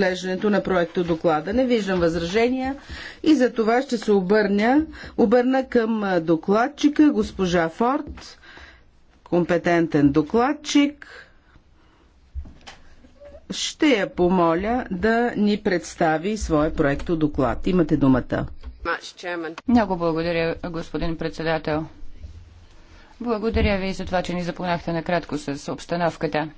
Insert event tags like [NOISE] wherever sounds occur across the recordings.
разглеждането на проекта доклада. Не виждам възражения и за това ще се обърня, обърна към докладчика госпожа Форд, компетентен докладчик. Ще я помоля да ни представи своя проекто доклад. Имате думата. Много благодаря, господин председател. Благодаря ви за това, че ни запознахте накратко с обстановката.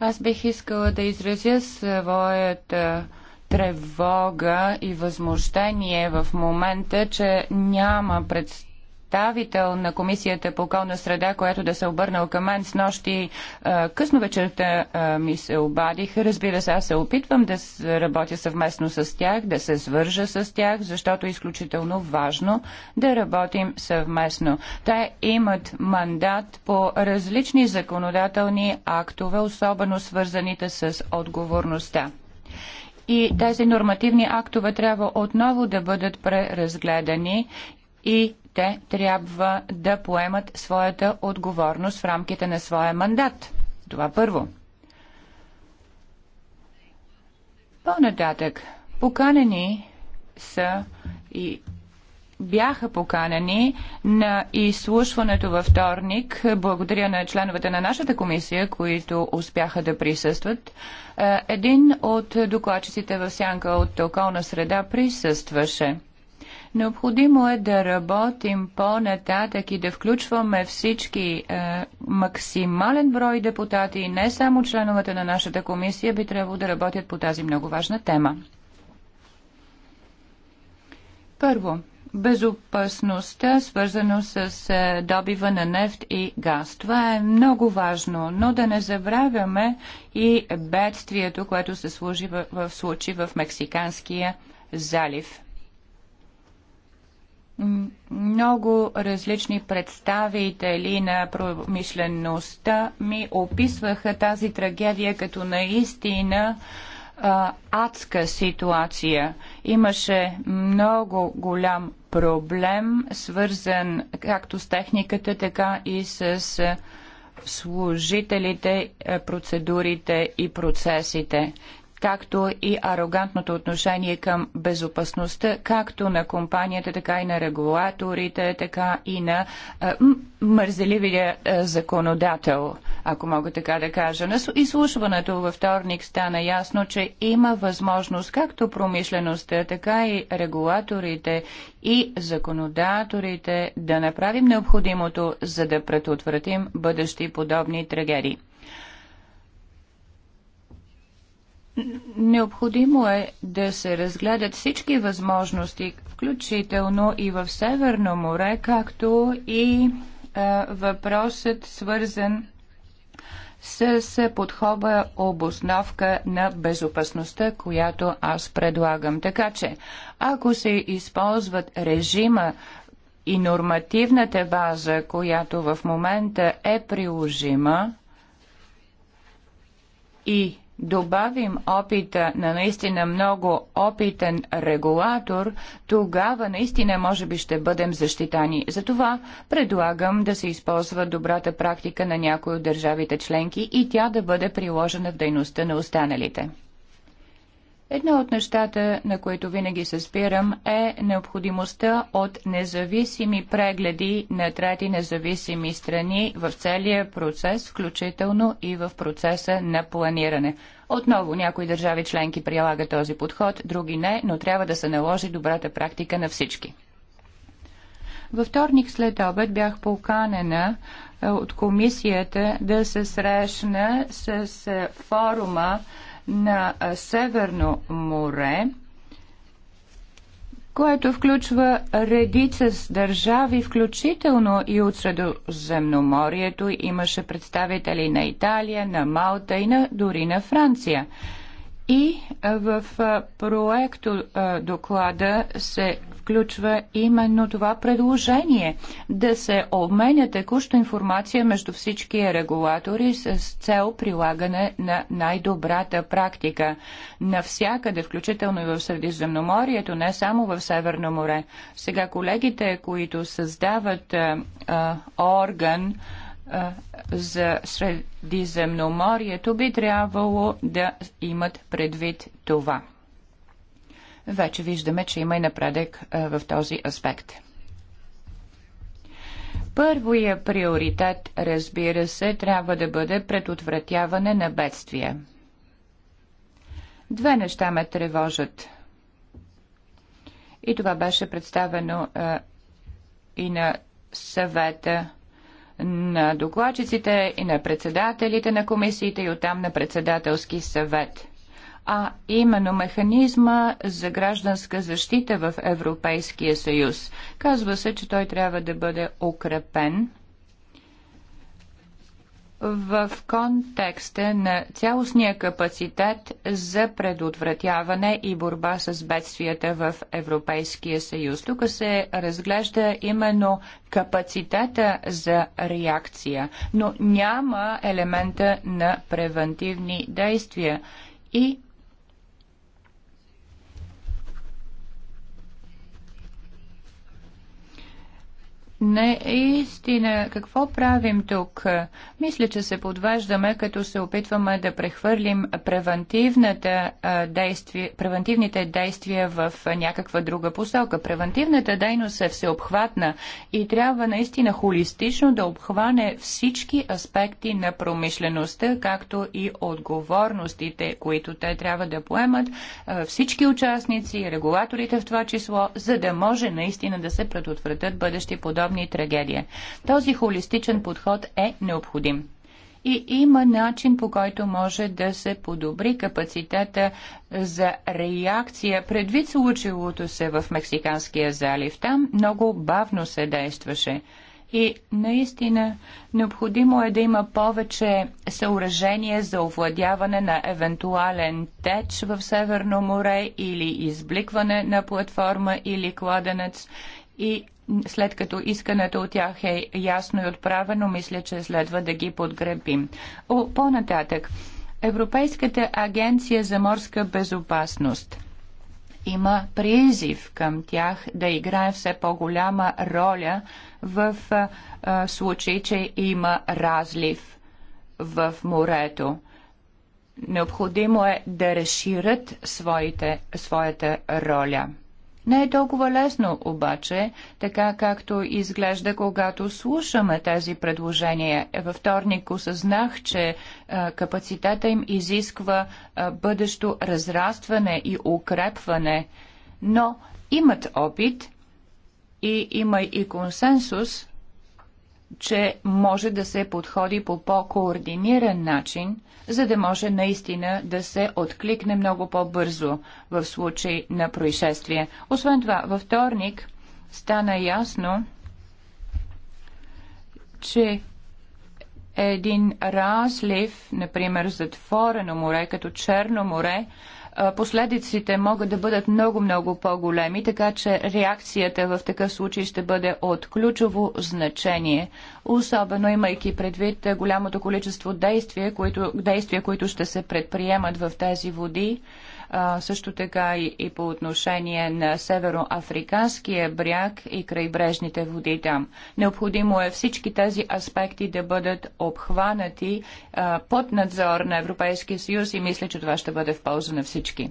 Аз бих искала да изразя своята тревога и възмущение в момента, че няма представител представител на Комисията по околна среда, която да се обърнал към мен с нощи. Е, късно вечерта е, ми се обадих. Разбира се, аз се опитвам да работя съвместно с тях, да се свържа с тях, защото е изключително важно да работим съвместно. Те имат мандат по различни законодателни актове, особено свързаните с отговорността и тези нормативни актове трябва отново да бъдат преразгледани и те трябва да поемат своята отговорност в рамките на своя мандат. Това първо. По-нататък, поканени са и бяха поканени на изслушването във вторник, благодаря на членовете на нашата комисия, които успяха да присъстват. Е, един от докладчиците в сянка от околна среда присъстваше. Необходимо е да работим по-нататък и да включваме всички е, максимален брой депутати и не само членовете на нашата комисия би трябвало да работят по тази много важна тема. Първо, безопасността, свързано с е, добива на нефт и газ. Това е много важно, но да не забравяме и бедствието, което се служи в, в случай в Мексиканския залив много различни представители на промишлеността ми описваха тази трагедия като наистина а, адска ситуация. Имаше много голям проблем, свързан както с техниката, така и с служителите, процедурите и процесите както и арогантното отношение към безопасността, както на компанията, така и на регулаторите, така и на е, мързеливия е, законодател, ако мога така да кажа. На изслушването във вторник стана ясно, че има възможност както промишлеността, така и регулаторите и законодаторите да направим необходимото, за да предотвратим бъдещи подобни трагедии. Необходимо е да се разгледат всички възможности, включително и в Северно море, както и а, въпросът свързан с подхоба обосновка на безопасността, която аз предлагам. Така че, ако се използват режима и нормативната база, която в момента е приложима и добавим опита на наистина много опитен регулатор, тогава наистина може би ще бъдем защитани. Затова предлагам да се използва добрата практика на някои от държавите членки и тя да бъде приложена в дейността на останалите. Едно от нещата, на които винаги се спирам, е необходимостта от независими прегледи на трети независими страни в целия процес, включително и в процеса на планиране. Отново някои държави членки прилагат този подход, други не, но трябва да се наложи добрата практика на всички. Във вторник след обед бях поканена е, от комисията да се срещна с е, форума на Северно море, което включва редица с държави, включително и от Средоземноморието. Имаше представители на Италия, на Малта и на, дори на Франция. И в проекто доклада се включва именно това предложение да се обменя текуща информация между всички регулатори с цел прилагане на най-добрата практика навсякъде, включително и в Средиземноморието, не само в Северно море. Сега колегите, които създават а, а, орган, за Средиземноморието би трябвало да имат предвид това вече виждаме, че има и напредък в този аспект. Първия приоритет, разбира се, трябва да бъде предотвратяване на бедствия. Две неща ме тревожат. И това беше представено а, и на съвета на докладчиците, и на председателите на комисиите, и оттам на председателски съвет а именно механизма за гражданска защита в Европейския съюз. Казва се, че той трябва да бъде укрепен в контекста на цялостния капацитет за предотвратяване и борба с бедствията в Европейския съюз. Тук се разглежда именно капацитета за реакция, но няма елемента на превентивни действия и Наистина, какво правим тук? Мисля, че се подваждаме, като се опитваме да прехвърлим превентивната действие, превентивните действия в някаква друга посока. Превентивната дейност е всеобхватна и трябва наистина холистично да обхване всички аспекти на промишлеността, както и отговорностите, които те трябва да поемат всички участници, регулаторите в това число, за да може наистина да се предотвратят бъдещи подобни подобни трагедии. Този холистичен подход е необходим и има начин по който може да се подобри капацитета за реакция предвид случилото се в Мексиканския залив. Там много бавно се действаше. И наистина необходимо е да има повече съоръжение за овладяване на евентуален теч в Северно море или избликване на платформа или кладенец и след като искането от тях е ясно и отправено, мисля, че следва да ги подкрепим. По-нататък, Европейската агенция за морска безопасност има призив към тях да играе все по-голяма роля в а, случай, че има разлив в морето. Необходимо е да разширят своите, своята роля. Не е толкова лесно обаче, така както изглежда, когато слушаме тези предложения. Във вторник осъзнах, че а, е, капацитета им изисква а, е, бъдещо разрастване и укрепване, но имат опит и има и консенсус че може да се подходи по по-координиран начин, за да може наистина да се откликне много по-бързо в случай на происшествие. Освен това, във вторник стана ясно, че един разлив, например затворено море, като Черно море, последиците могат да бъдат много-много по-големи, така че реакцията в такъв случай ще бъде от ключово значение, особено имайки предвид голямото количество действия, които, действия, които ще се предприемат в тези води също така и, и по отношение на североафриканския бряг и крайбрежните води там. Необходимо е всички тези аспекти да бъдат обхванати а, под надзор на Европейския съюз и мисля, че това ще бъде в полза на всички.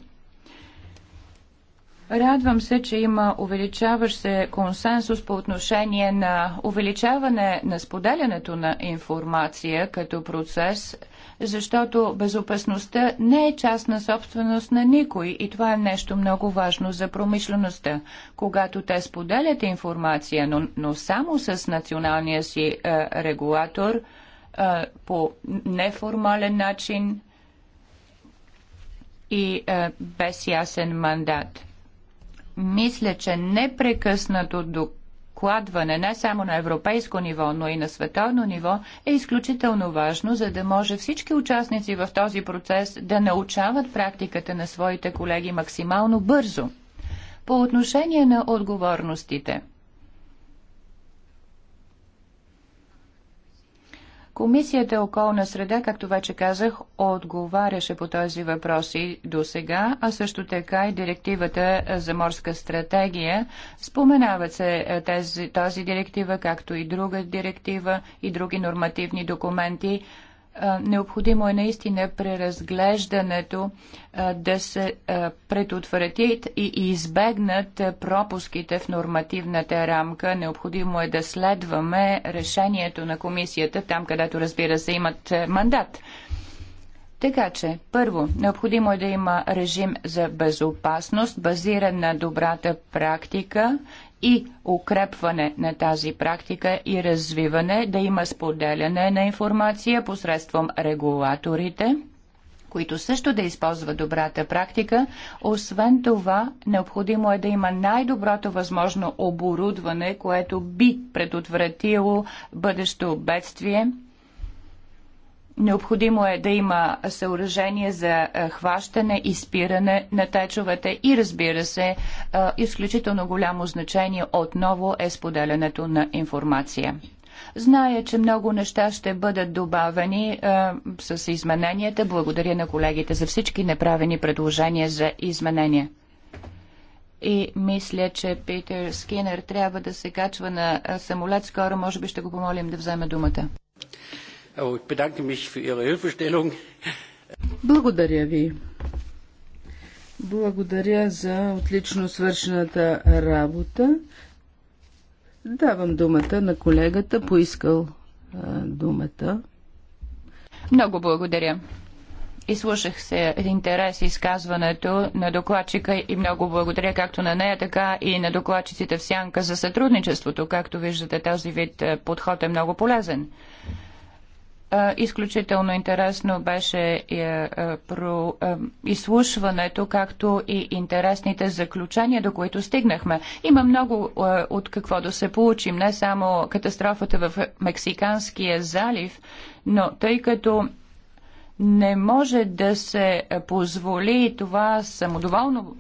Радвам се, че има увеличаващ се консенсус по отношение на увеличаване на споделянето на информация като процес – защото безопасността не е частна собственост на никой и това е нещо много важно за промишлеността. Когато те споделят информация, но, но само с националния си е, регулатор е, по неформален начин и е, без ясен мандат. Мисля, че непрекъснато до докладване не само на европейско ниво, но и на световно ниво е изключително важно, за да може всички участници в този процес да научават практиката на своите колеги максимално бързо. По отношение на отговорностите – Комисията околна среда, както вече казах, отговаряше по този въпрос и до сега, а също така и директивата за морска стратегия. Споменават се е, тези, тази директива, както и друга директива и други нормативни документи, необходимо е наистина преразглеждането да се предотвратят и избегнат пропуските в нормативната рамка. Необходимо е да следваме решението на комисията там, където разбира се имат мандат. Така че, първо, необходимо е да има режим за безопасност, базиран на добрата практика и укрепване на тази практика и развиване, да има споделяне на информация посредством регулаторите които също да използват добрата практика. Освен това, необходимо е да има най-доброто възможно оборудване, което би предотвратило бъдещо бедствие – Необходимо е да има съоръжение за хващане и спиране на течовете и разбира се, изключително голямо значение отново е споделянето на информация. Зная, че много неща ще бъдат добавени е, с измененията. Благодаря на колегите за всички направени предложения за изменения. И мисля, че Питер Скинер трябва да се качва на самолет. Скоро може би ще го помолим да вземе думата. Oh, благодаря ви. Благодаря за отлично свършената работа. Давам думата на колегата, поискал а, думата. Много благодаря. Изслушах се интерес изказването на докладчика и много благодаря както на нея, така и на докладчиците в сянка за сътрудничеството. Както виждате, този вид подход е много полезен. Изключително интересно беше е, е, е, изслушването, както и интересните заключения, до които стигнахме. Има много от какво да се получим, не само катастрофата в Мексиканския залив, но тъй като не може да се позволи това самодоволно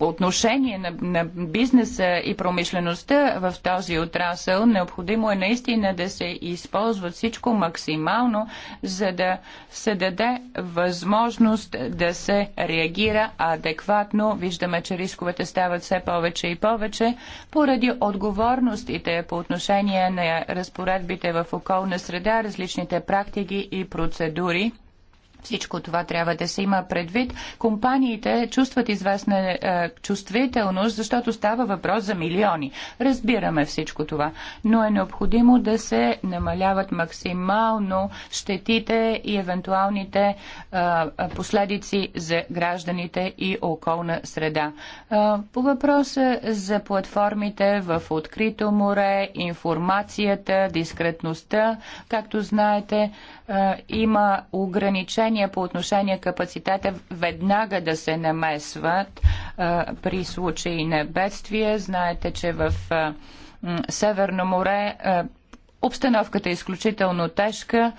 отношение на, на бизнеса и промишлеността в този отрасъл. Необходимо е наистина да се използва всичко максимално, за да се даде възможност да се реагира адекватно. Виждаме, че рисковете стават все повече и повече поради отговорностите по отношение на разпоредбите в околна среда, различните практики и процедури. Всичко това трябва да се има предвид. Компаниите чувстват известна е, чувствителност, защото става въпрос за милиони. Разбираме всичко това, но е необходимо да се намаляват максимално щетите и евентуалните е, последици за гражданите и околна среда. Е, по въпроса за платформите в открито море, информацията, дискретността, както знаете, е, има ограничения по отношение капацитета веднага да се намесват е, при случаи на бедствие. Знаете, че в е, Северно море Обстановката е изключително тежка,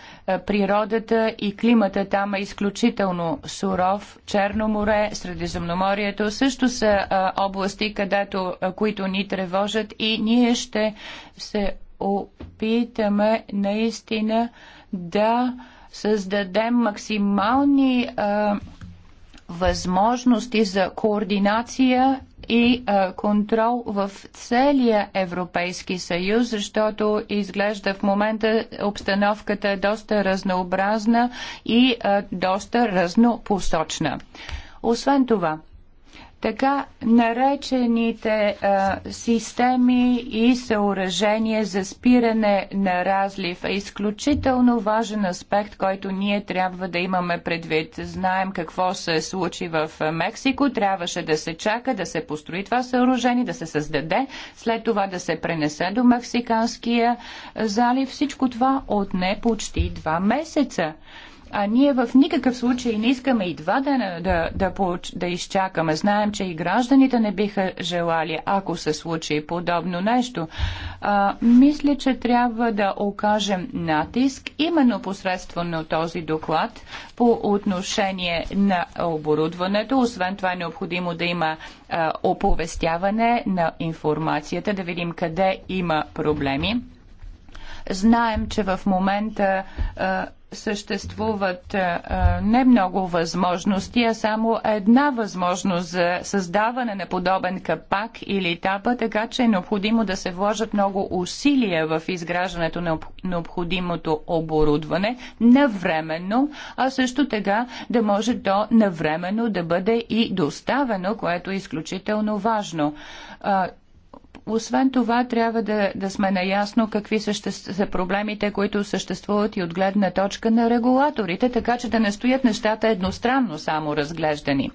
природата и климата там е изключително суров. Черно море, Средиземноморието също са области, където, които ни тревожат и ние ще се опитаме наистина да създадем максимални а, възможности за координация и а, контрол в целия Европейски съюз, защото изглежда в момента обстановката е доста разнообразна и а, доста разнопосочна. Освен това, така наречените а, системи и съоръжения за спиране на разлив е изключително важен аспект, който ние трябва да имаме предвид. Знаем какво се случи в Мексико. Трябваше да се чака да се построи това съоръжение, да се създаде, след това да се пренесе до Мексиканския залив. Всичко това отне почти два месеца. А ние в никакъв случай не искаме и два дена да, да, да изчакаме. Знаем, че и гражданите не биха желали, ако се случи подобно нещо. А, мисля, че трябва да окажем натиск именно посредством на този доклад по отношение на оборудването. Освен това е необходимо да има а, оповестяване на информацията, да видим къде има проблеми. Знаем, че в момента а, съществуват не много възможности, а само една възможност за създаване на подобен капак или тапа, така че е необходимо да се вложат много усилия в изграждането на необходимото оборудване навременно, а също така да може то навременно да бъде и доставено, което е изключително важно. Освен това, трябва да, да сме наясно какви са проблемите, които съществуват и от гледна точка на регулаторите, така че да не стоят нещата едностранно само разглеждани.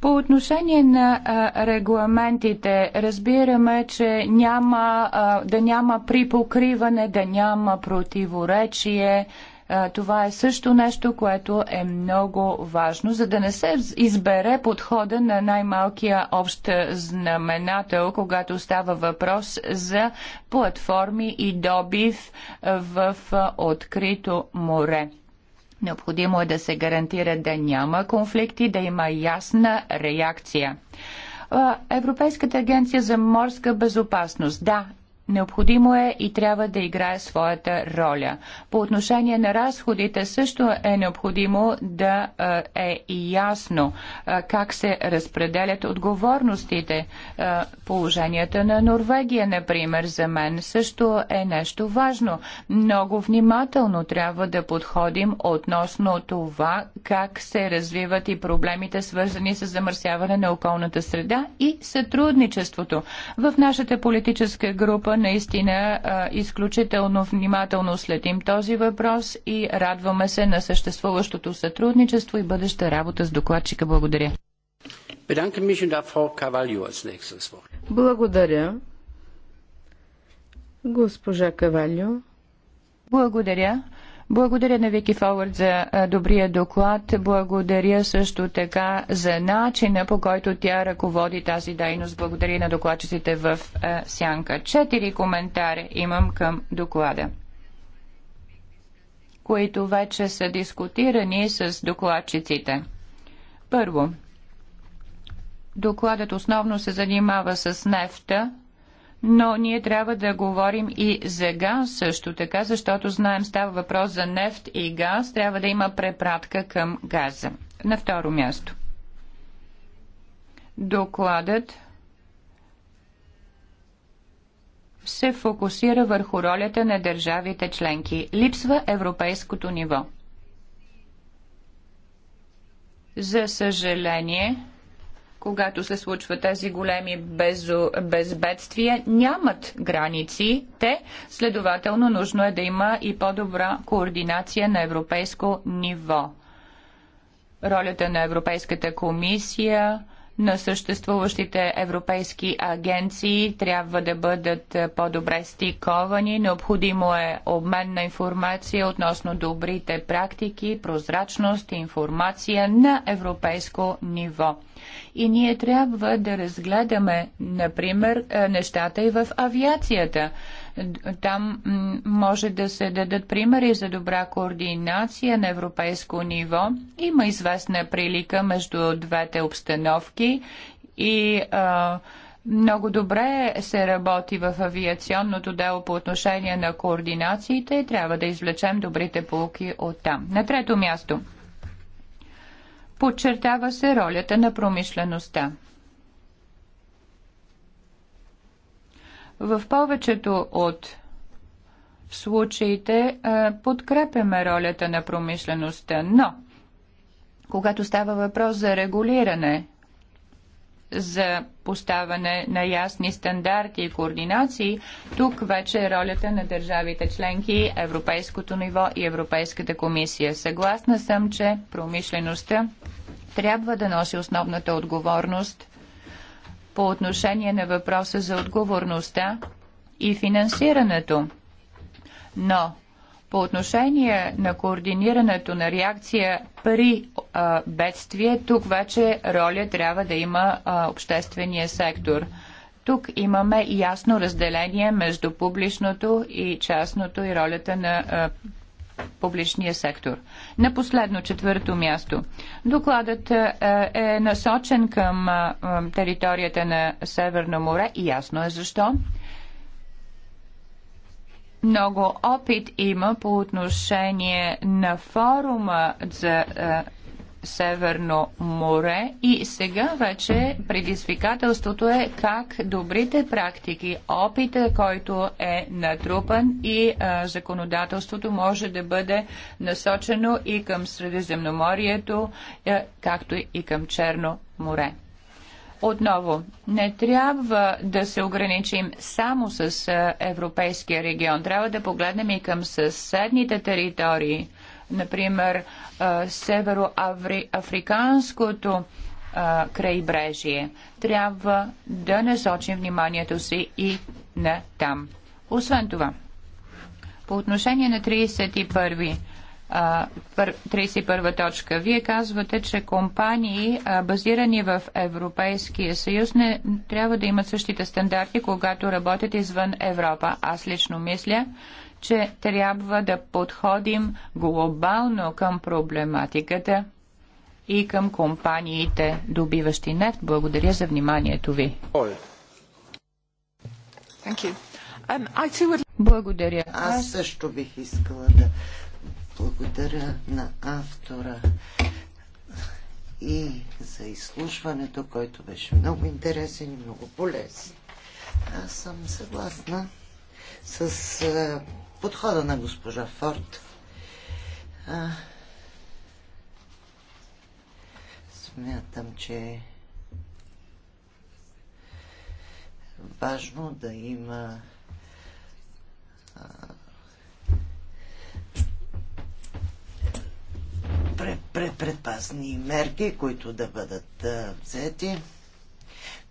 По отношение на а, регламентите, разбираме, че няма, а, да няма припокриване, да няма противоречие, това е също нещо, което е много важно, за да не се избере подхода на най-малкия общ знаменател, когато става въпрос за платформи и добив в открито море. Необходимо е да се гарантира да няма конфликти, да има ясна реакция. Европейската агенция за морска безопасност. Да, Необходимо е и трябва да играе своята роля. По отношение на разходите също е необходимо да е, е ясно е, как се разпределят отговорностите. Е, положенията на Норвегия, например, за мен също е нещо важно. Много внимателно трябва да подходим относно това как се развиват и проблемите, свързани с замърсяване на околната среда и сътрудничеството. В нашата политическа група наистина изключително внимателно следим този въпрос и радваме се на съществуващото сътрудничество и бъдеща работа с докладчика. Благодаря. Благодаря. Госпожа Кавалио. Благодаря. Благодаря на Вики Форвард за добрия доклад. Благодаря също така за начина по който тя ръководи тази дейност. Благодаря на докладчиците в Сянка. Четири коментари имам към доклада които вече са дискутирани с докладчиците. Първо, докладът основно се занимава с нефта, но ние трябва да говорим и за газ също така, защото знаем става въпрос за нефт и газ, трябва да има препратка към газа. На второ място. Докладът се фокусира върху ролята на държавите членки. Липсва европейското ниво. За съжаление, когато се случват тези големи безбедствия, нямат граници. Те, следователно, нужно е да има и по-добра координация на европейско ниво. Ролята на Европейската комисия, на съществуващите европейски агенции трябва да бъдат по-добре стиковани. Необходимо е обмен на информация относно добрите практики, прозрачност и информация на европейско ниво. И ние трябва да разгледаме, например, е, нещата и в авиацията. Там може да се дадат примери за добра координация на европейско ниво. Има известна прилика между двете обстановки и а, много добре се работи в авиационното дело по отношение на координациите и трябва да извлечем добрите полки от там. На трето място – Подчертава се ролята на промишлеността. В повечето от случаите подкрепяме ролята на промишлеността, но когато става въпрос за регулиране за поставане на ясни стандарти и координации, тук вече е ролята на държавите членки, европейското ниво и Европейската комисия. Съгласна съм, че промишлеността трябва да носи основната отговорност по отношение на въпроса за отговорността и финансирането. Но по отношение на координирането на реакция при а, бедствие, тук вече роля трябва да има а, обществения сектор. Тук имаме ясно разделение между публичното и частното и ролята на а, публичния сектор. На последно четвърто място. Докладът е насочен към територията на Северно море и ясно е защо много опит има по отношение на форума за е, Северно море и сега вече предизвикателството е как добрите практики, опита, който е натрупан и е, законодателството може да бъде насочено и към Средиземноморието, е, както и към Черно море. Отново, не трябва да се ограничим само с е, европейския регион. Трябва да погледнем и към съседните територии. Например, е, североафриканското е, крайбрежие. Трябва да насочим вниманието си и на там. Освен това, по отношение на 31 31 точка. Вие казвате, че компании, базирани в Европейския съюз, не трябва да имат същите стандарти, когато работят извън Европа. Аз лично мисля, че трябва да подходим глобално към проблематиката и към компаниите, добиващи нефт. Благодаря за вниманието ви. Um, Благодаря. Аз също бих искала да благодаря на автора и за изслушването, който беше много интересен и много полезен. Аз съм съгласна с а, подхода на госпожа Форд. А, смятам, че е важно да има а, предпазни мерки, които да бъдат взети.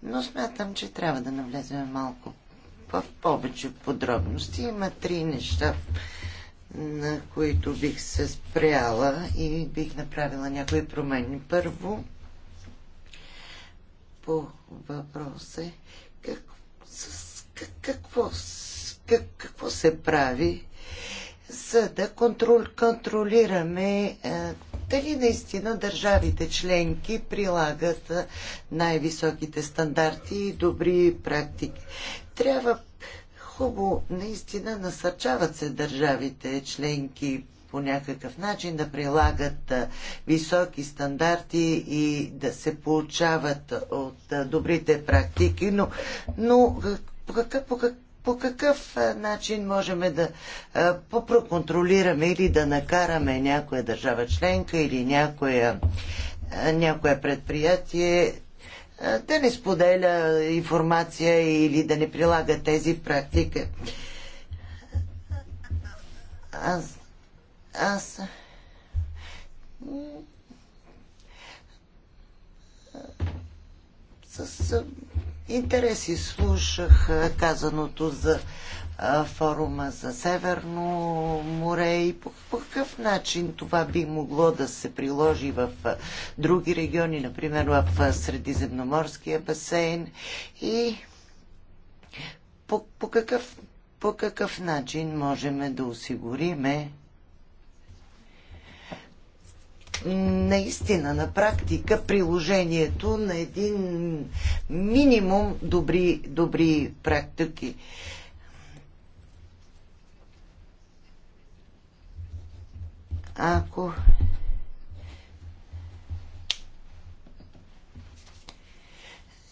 Но смятам, че трябва да навлезем малко в повече подробности. Има три неща, на които бих се спряла и бих направила някои промени. Първо, по въпроса е как, с, как, какво, как, какво се прави, за да контрол, контролираме дали наистина държавите членки прилагат най-високите стандарти и добри практики. Трябва хубаво, наистина насърчават се държавите членки по някакъв начин да прилагат високи стандарти и да се получават от добрите практики, но, но по, какъв, по, как, по какъв начин можем да проконтролираме или да накараме някоя държава членка или някоя, някое предприятие да не споделя информация или да не прилага тези практики. Аз. Аз. С и слушах е, казаното за форума за Северно море и по, по какъв начин това би могло да се приложи в други региони, например в Средиземноморския басейн и по, по, какъв, по какъв начин можем да осигуриме наистина на практика приложението на един минимум добри, добри практики. Ако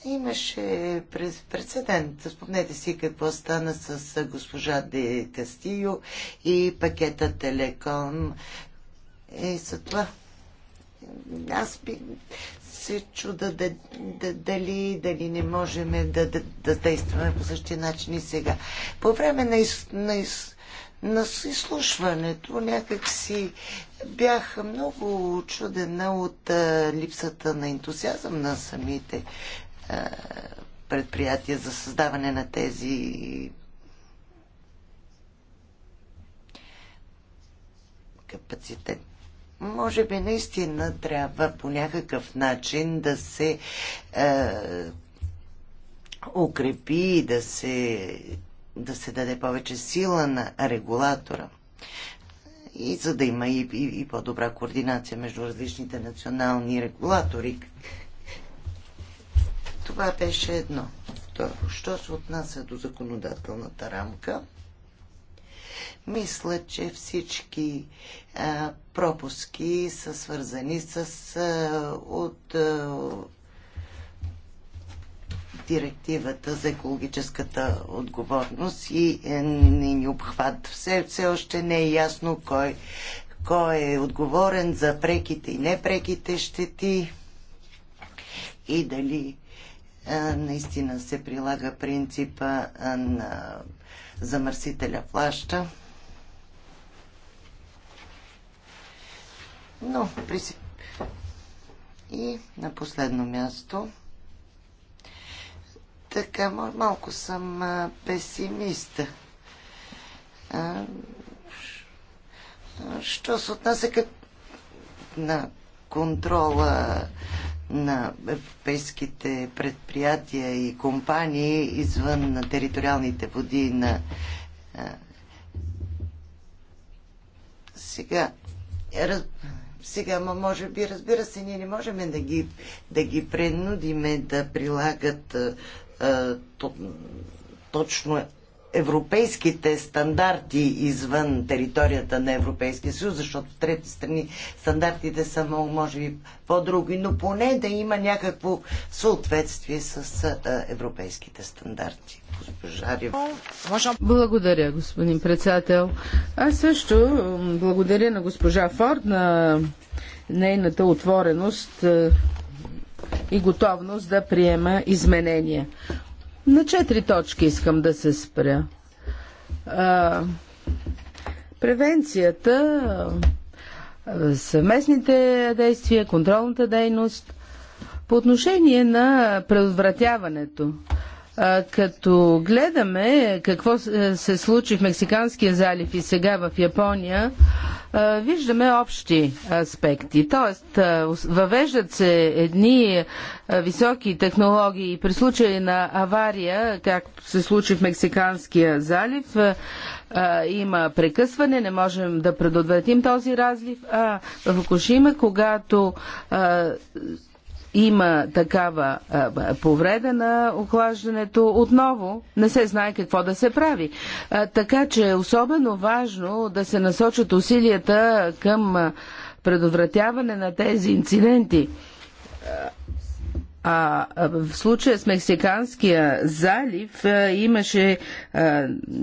Имаше прецедент. Спомнете си какво стана с госпожа Де Кастио и пакета Телеком. И е, за това аз би се чуда да, да, дали, дали не можем да, да, да действаме по същия начин и сега. По време на, из, на, из, на изслушването някак си бях много чудена от а, липсата на ентусиазъм на самите а, предприятия за създаване на тези капацитет може би наистина трябва по някакъв начин да се е, укрепи и да се, да се даде повече сила на регулатора. И за да има и, и, и по-добра координация между различните национални регулатори. Това беше едно. Второ, що се отнася до законодателната рамка? Мисля, че всички а, пропуски са свързани с а, от а, директивата за екологическата отговорност и не ни обхват. Все, все още не е ясно кой, кой е отговорен за преките и непреките щети и дали наистина се прилага принципа на замърсителя плаща. Но при... И на последно място. Така, малко съм песимист. Що се отнася като на контрола на европейските предприятия и компании извън на териториалните води на сега раз... сега, може би, разбира се, ние не можем да ги, да ги принудиме да прилагат а, то, точно европейските стандарти извън територията на Европейския съюз, защото в трети страни стандартите са много, може би, по-други, но поне да има някакво съответствие с европейските стандарти. Госпожа Рив. Благодаря, господин председател. Аз също благодаря на госпожа Форд, на нейната отвореност и готовност да приема изменения. На четири точки искам да се спря. А, превенцията, съвместните действия, контролната дейност по отношение на предотвратяването. Като гледаме какво е, се случи в Мексиканския залив и сега в Япония, виждаме общи аспекти. Тоест, въвеждат се едни високи технологии при случай на авария, както се случи в Мексиканския залив, има прекъсване, не можем да предотвратим този разлив. А в Окушима, когато има такава повреда на охлаждането, отново не се знае какво да се прави. Така че е особено важно да се насочат усилията към предотвратяване на тези инциденти. А в случая с Мексиканския залив имаше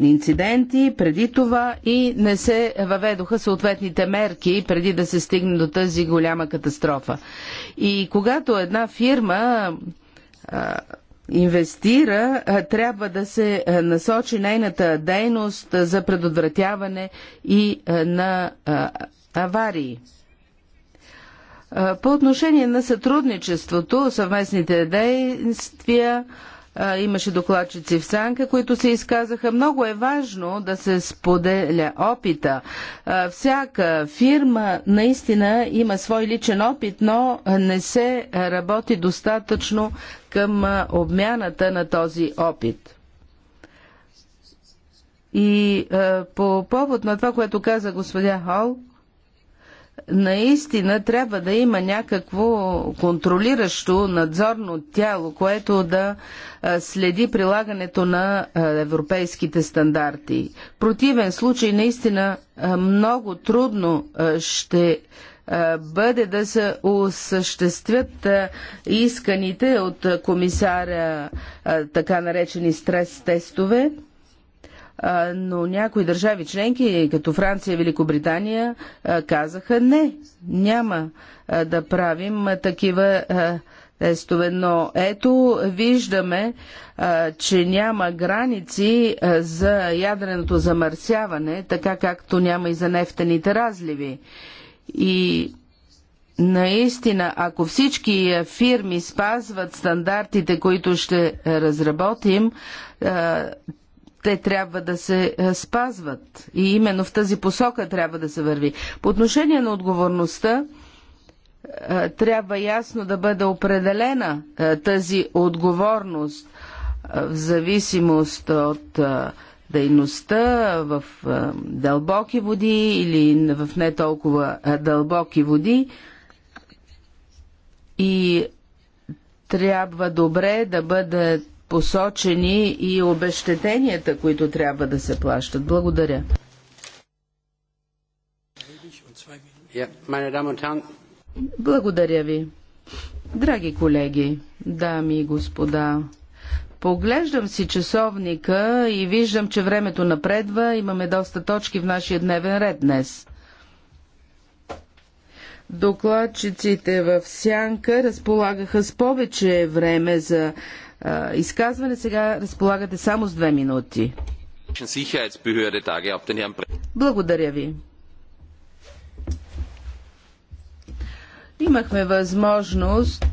инциденти преди това и не се въведоха съответните мерки преди да се стигне до тази голяма катастрофа. И когато една фирма инвестира, трябва да се насочи нейната дейност за предотвратяване и на аварии. По отношение на сътрудничеството, съвместните действия, имаше докладчици в Санка, които се изказаха. Много е важно да се споделя опита. Всяка фирма наистина има свой личен опит, но не се работи достатъчно към обмяната на този опит. И по повод на това, което каза господя Хол, наистина трябва да има някакво контролиращо надзорно тяло, което да следи прилагането на европейските стандарти. В противен случай наистина много трудно ще бъде да се осъществят исканите от комисаря така наречени стрес тестове но някои държави членки, като Франция и Великобритания, казаха не, няма да правим такива тестове. Но ето виждаме, че няма граници за ядреното замърсяване, така както няма и за нефтените разливи. И наистина, ако всички фирми спазват стандартите, които ще разработим, те трябва да се е, спазват. И именно в тази посока трябва да се върви. По отношение на отговорността, е, трябва ясно да бъде определена е, тази отговорност в зависимост от дейността в дълбоки води или в не толкова дълбоки води. И трябва добре да бъдат посочени и обещетенията, които трябва да се плащат. Благодаря. Благодаря ви. Драги колеги, дами и господа, поглеждам си часовника и виждам, че времето напредва. Имаме доста точки в нашия дневен ред днес. Докладчиците в Сянка разполагаха с повече време за изказване. Сега разполагате само с две минути. Благодаря ви. Имахме възможност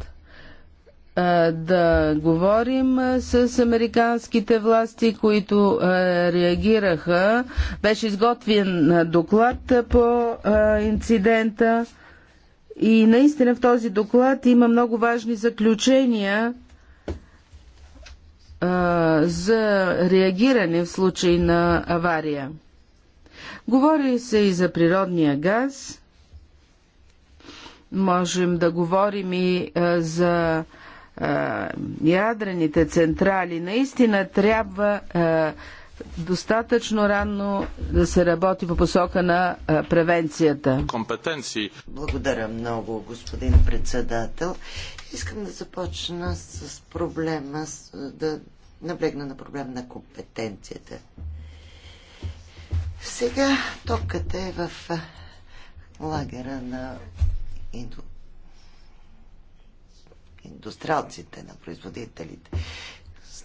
да говорим с американските власти, които реагираха. Беше изготвен доклад по инцидента и наистина в този доклад има много важни заключения за реагиране в случай на авария. Говори се и за природния газ. Можем да говорим и за ядрените централи. Наистина трябва достатъчно рано да се работи по посока на превенцията. Компетенции. Благодаря много, господин председател. Искам да започна с проблема, да наблегна на проблем на компетенцията. Сега топката е в лагера на инду... индустриалците, на производителите.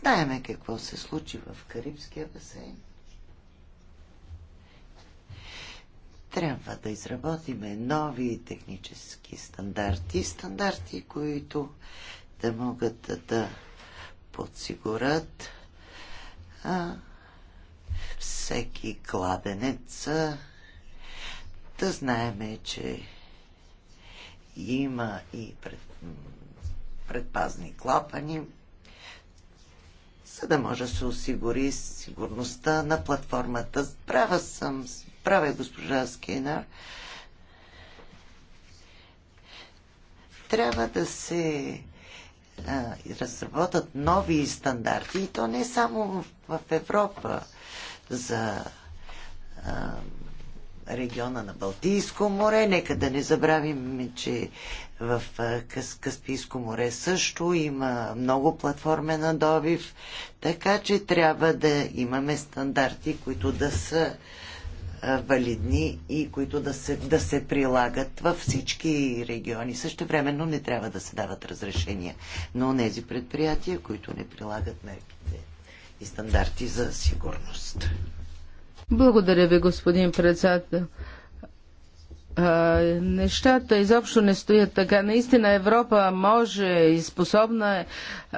Знаеме какво се случи в Карибския басейн. Трябва да изработиме нови технически стандарти, стандарти, които да могат да подсигурят а, всеки кладенец да знаеме, че има и пред, предпазни клапани, за да може да се осигури сигурността на платформата. Права съм, права е госпожа Скинар. Трябва да се а, разработят нови стандарти, и то не само в Европа за а, региона на Балтийско море. Нека да не забравим, че в Каспийско море също има много платформе на добив, така че трябва да имаме стандарти, които да са валидни и които да се, да се прилагат във всички региони. Също времено не трябва да се дават разрешения на тези предприятия, които не прилагат мерките и стандарти за сигурност. Благодаря ви, господин председател. А, нещата изобщо не стоят така. Наистина Европа може и способна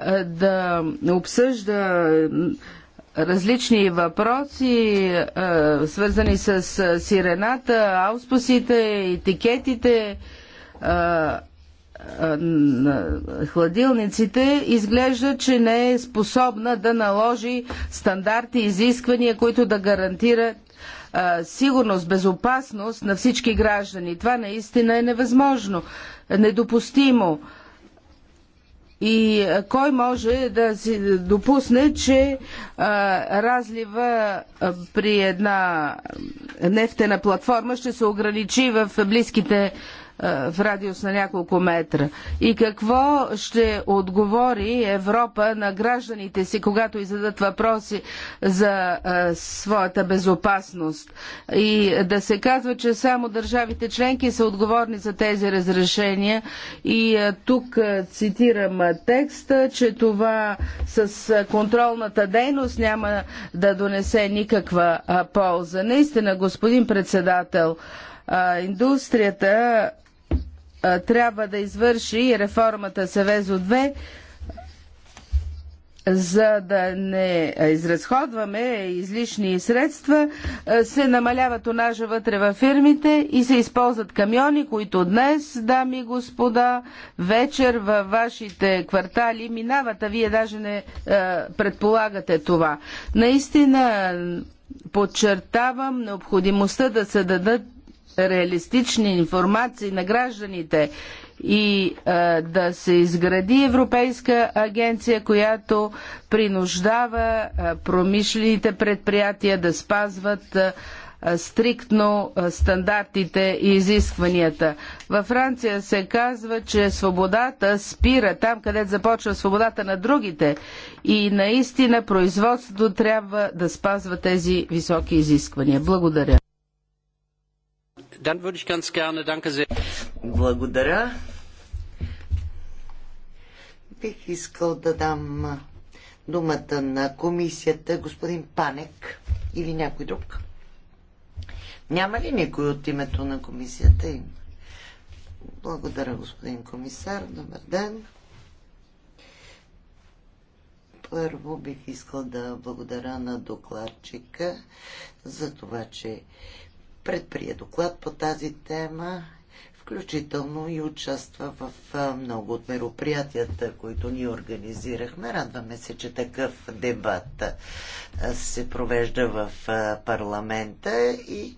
е да обсъжда различни въпроси, а, е, свързани с сирената, ауспусите, етикетите. А, е, хладилниците, изглежда, че не е способна да наложи стандарти, изисквания, които да гарантират сигурност, безопасност на всички граждани. Това наистина е невъзможно, недопустимо. И кой може да си допусне, че а, разлива а, при една нефтена платформа ще се ограничи в близките е, в радиус на няколко метра. И какво ще отговори Европа на гражданите си, когато издадат въпроси за е, своята безопасност? И да се казва, че само държавите членки са отговорни за тези разрешения. И е, тук цитирам текста, че това с контролната дейност няма да донесе никаква полза. Наистина, господин председател, индустрията трябва да извърши реформата Севезо 2, за да не изразходваме излишни средства, се намалява тонажа вътре във фирмите и се използват камиони, които днес, дами и господа, вечер във вашите квартали минават, а вие даже не предполагате това. Наистина подчертавам необходимостта да се дадат реалистични информации на гражданите и а, да се изгради Европейска агенция, която принуждава а, промишлените предприятия да спазват а, стриктно стандартите и изискванията. Във Франция се казва, че свободата спира там, където започва свободата на другите и наистина производството трябва да спазва тези високи изисквания. Благодаря. Dann würde ich ganz gerne, danke sehr. Благодаря. Бих искал да дам думата на комисията господин Панек или някой друг. Няма ли никой от името на комисията им? Благодаря, господин комисар. Добър ден. Първо бих искал да благодаря на докладчика за това, че предприе доклад по тази тема, включително и участва в много от мероприятията, които ние организирахме. Радваме се, че такъв дебат се провежда в парламента и,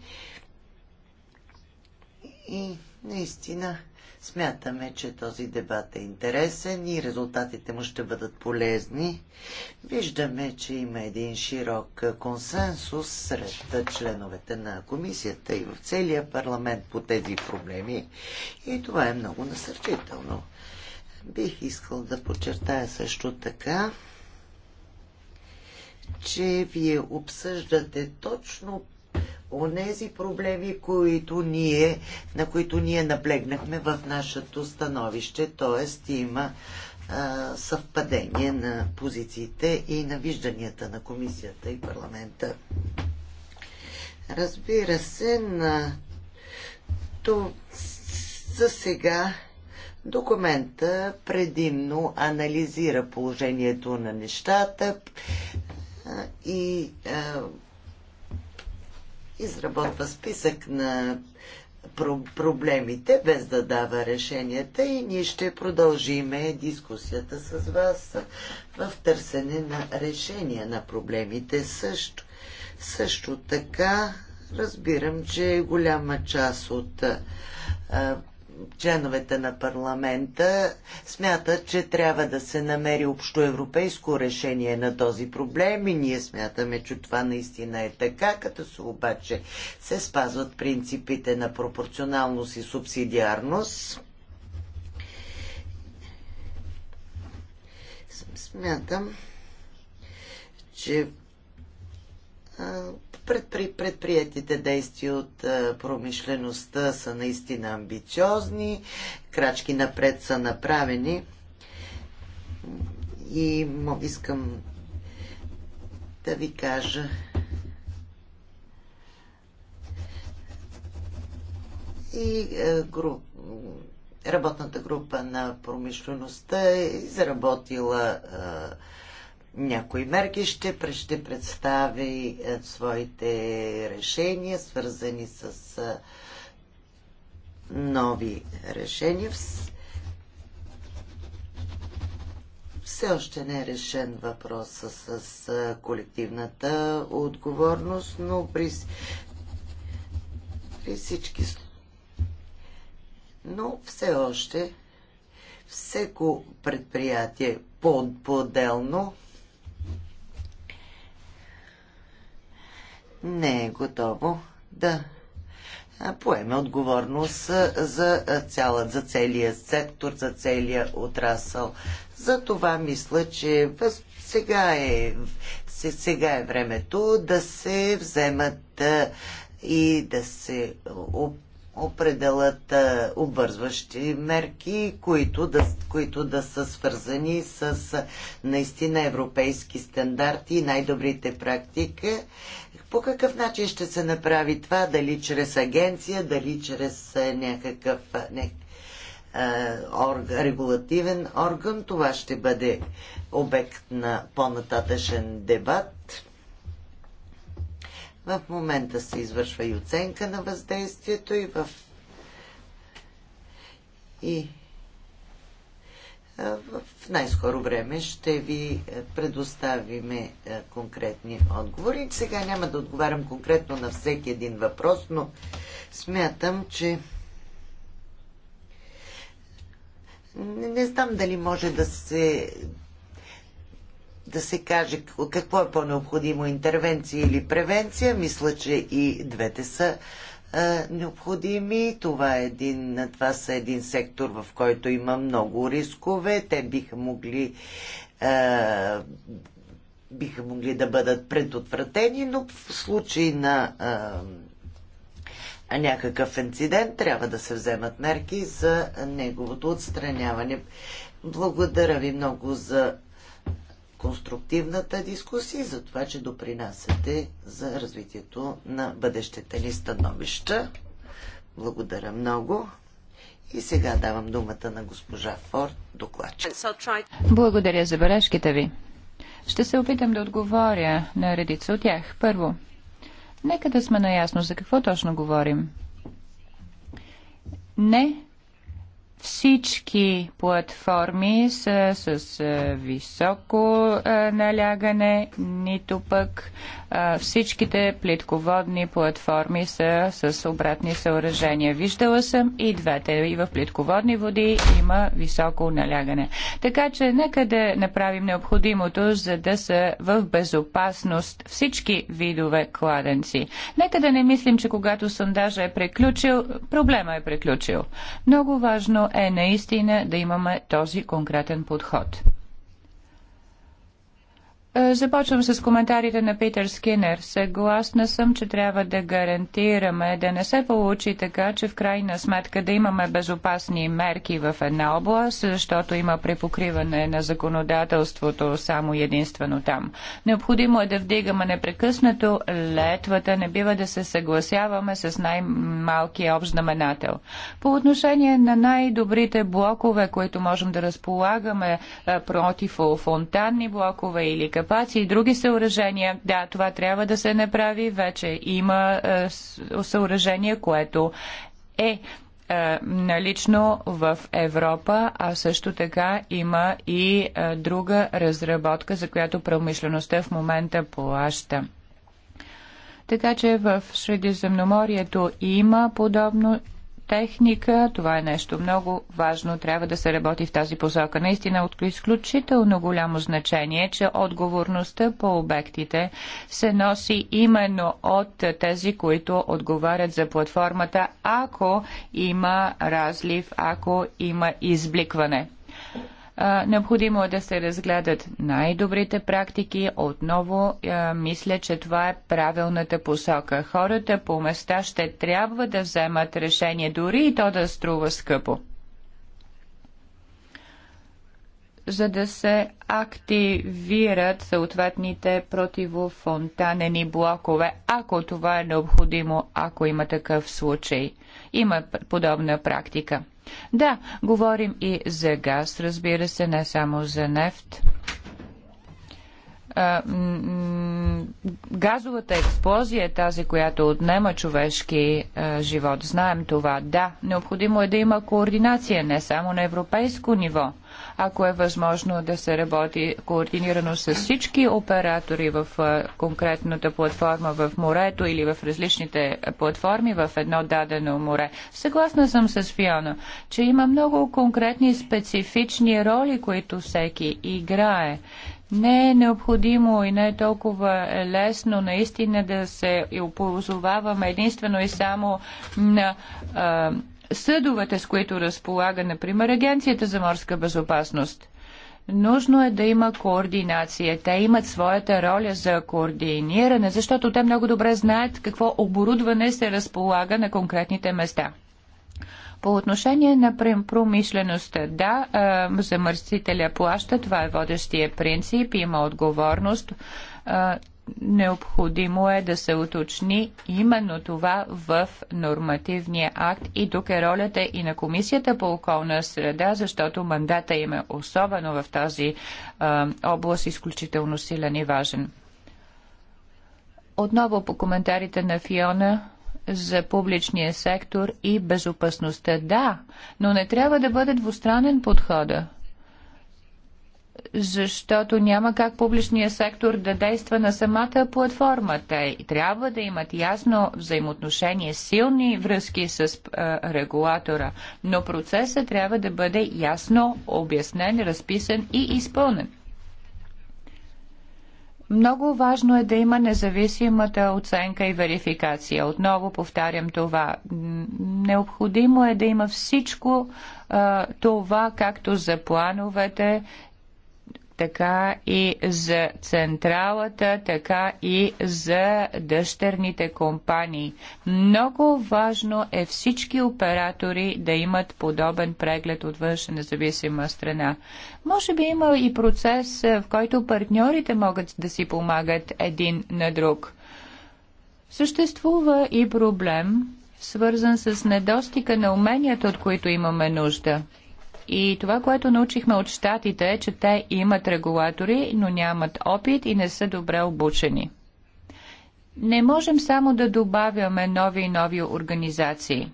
и наистина Смятаме, че този дебат е интересен и резултатите му ще бъдат полезни. Виждаме, че има един широк консенсус сред членовете на комисията и в целия парламент по тези проблеми. И това е много насърчително. Бих искал да подчертая също така, че вие обсъждате точно онези проблеми, които ние, на които ние наблегнахме в нашето становище, т.е. има а, съвпадение на позициите и на вижданията на комисията и парламента. Разбира се, на то за сега документа предимно анализира положението на нещата и а, изработва списък на проблемите, без да дава решенията и ние ще продължиме дискусията с вас в търсене на решения на проблемите също. Също така разбирам, че голяма част от членовете на парламента смятат, че трябва да се намери общоевропейско решение на този проблем и ние смятаме, че това наистина е така, като се обаче се спазват принципите на пропорционалност и субсидиарност. Смятам, че Предпри, предприятите действия от промишлеността са наистина амбициозни, крачки напред са направени и искам да ви кажа, и груп, работната група на промишлеността е заработила някои мерки, ще, ще представи е, своите решения, свързани с е, нови решения. Все още не е решен въпроса с е, колективната отговорност, но при, при всички но все още всеко предприятие по-отделно по не е готово да поеме отговорност за, цяла, за целия сектор, за целия отрасъл. За това мисля, че сега е, сега е времето да се вземат и да се определят обвързващи мерки, които да, които да са свързани с наистина европейски стандарти и най-добрите практики по какъв начин ще се направи това? Дали чрез агенция, дали чрез е, някакъв не, е, орг, регулативен орган? Това ще бъде обект на по-нататъчен дебат. В момента се извършва и оценка на въздействието и в и в най-скоро време ще ви е, предоставиме е, конкретни отговори. Сега няма да отговарям конкретно на всеки един въпрос, но смятам, че не, не знам дали може да се да се каже какво е по-необходимо интервенция или превенция. Мисля, че и двете са необходими. Това, е един, това са един сектор, в който има много рискове. Те биха могли биха могли да бъдат предотвратени, но в случай на а, някакъв инцидент трябва да се вземат мерки за неговото отстраняване. Благодаря ви много за конструктивната дискусия и за това, че допринасяте за развитието на бъдещите ни становища. Благодаря много. И сега давам думата на госпожа Форд, докладчик. Благодаря за бележките ви. Ще се опитам да отговоря на редица от тях. Първо, нека да сме наясно за какво точно говорим. Не всички платформи са с високо налягане, нито пък всичките плитководни платформи са с обратни съоръжения. Виждала съм и двете. И в плитководни води има високо налягане. Така че нека да направим необходимото, за да са в безопасност всички видове кладенци. Нека да не мислим, че когато сондажа е приключил, проблема е приключил. Много важно е наистина да имаме този конкретен подход. Е, започвам с коментарите на Питър Скинер. Съгласна съм, че трябва да гарантираме да не се получи така, че в крайна сметка да имаме безопасни мерки в една област, защото има препокриване на законодателството само единствено там. Необходимо е да вдигаме непрекъснато летвата, не бива да се съгласяваме с най-малкия общ знаменател. По отношение на най-добрите блокове, които можем да разполагаме е, против фонтанни блокове или капитални, запаси и други съоръжения. Да, това трябва да се направи. Вече има е, съоръжение, което е, е налично в Европа, а също така има и е, друга разработка, за която промишлеността в момента плаща. Така че в Средиземноморието има подобно техника. Това е нещо много важно. Трябва да се работи в тази посока. Наистина от изключително голямо значение, че отговорността по обектите се носи именно от тези, които отговарят за платформата, ако има разлив, ако има избликване необходимо е да се разгледат най-добрите практики. Отново а, мисля, че това е правилната посока. Хората по места ще трябва да вземат решение, дори и то да струва скъпо. За да се активират съответните противофонтанени блокове, ако това е необходимо, ако има такъв случай. Има подобна практика. Да, говорим и за газ, разбира се, не само за нефт газовата експлозия е тази, която отнема човешки живот. Знаем това. Да, необходимо е да има координация не само на европейско ниво – ако е възможно да се работи координирано с всички оператори в конкретната платформа в морето или в различните платформи в едно дадено море. Съгласна съм с Фиона, че има много конкретни специфични роли, които всеки играе. Не е необходимо и не е толкова лесно наистина да се оползоваваме единствено и само на а, съдовете, с които разполага, например, Агенцията за морска безопасност. Нужно е да има координация. Те имат своята роля за координиране, защото те много добре знаят какво оборудване се разполага на конкретните места. По отношение на промишлеността, да, замърсителя плаща, това е водещия принцип, има отговорност необходимо е да се уточни именно това в нормативния акт и тук е ролята и на Комисията по околна среда, защото мандата им е особено в тази а, област изключително силен и важен. Отново по коментарите на Фиона за публичния сектор и безопасността. Да, но не трябва да бъде двустранен подхода защото няма как публичния сектор да действа на самата платформа. Те трябва да имат ясно взаимоотношение, силни връзки с а, регулатора, но процесът трябва да бъде ясно обяснен, разписан и изпълнен. Много важно е да има независимата оценка и верификация. Отново повтарям това. Необходимо е да има всичко а, това, както за плановете, така и за централата, така и за дъщерните компании. Много важно е всички оператори да имат подобен преглед от външна независима страна. Може би има и процес, е, в който партньорите могат да си помагат един на друг. Съществува и проблем, свързан с недостига на уменията, от които имаме нужда. И това, което научихме от щатите е, че те имат регулатори, но нямат опит и не са добре обучени. Не можем само да добавяме нови и нови организации.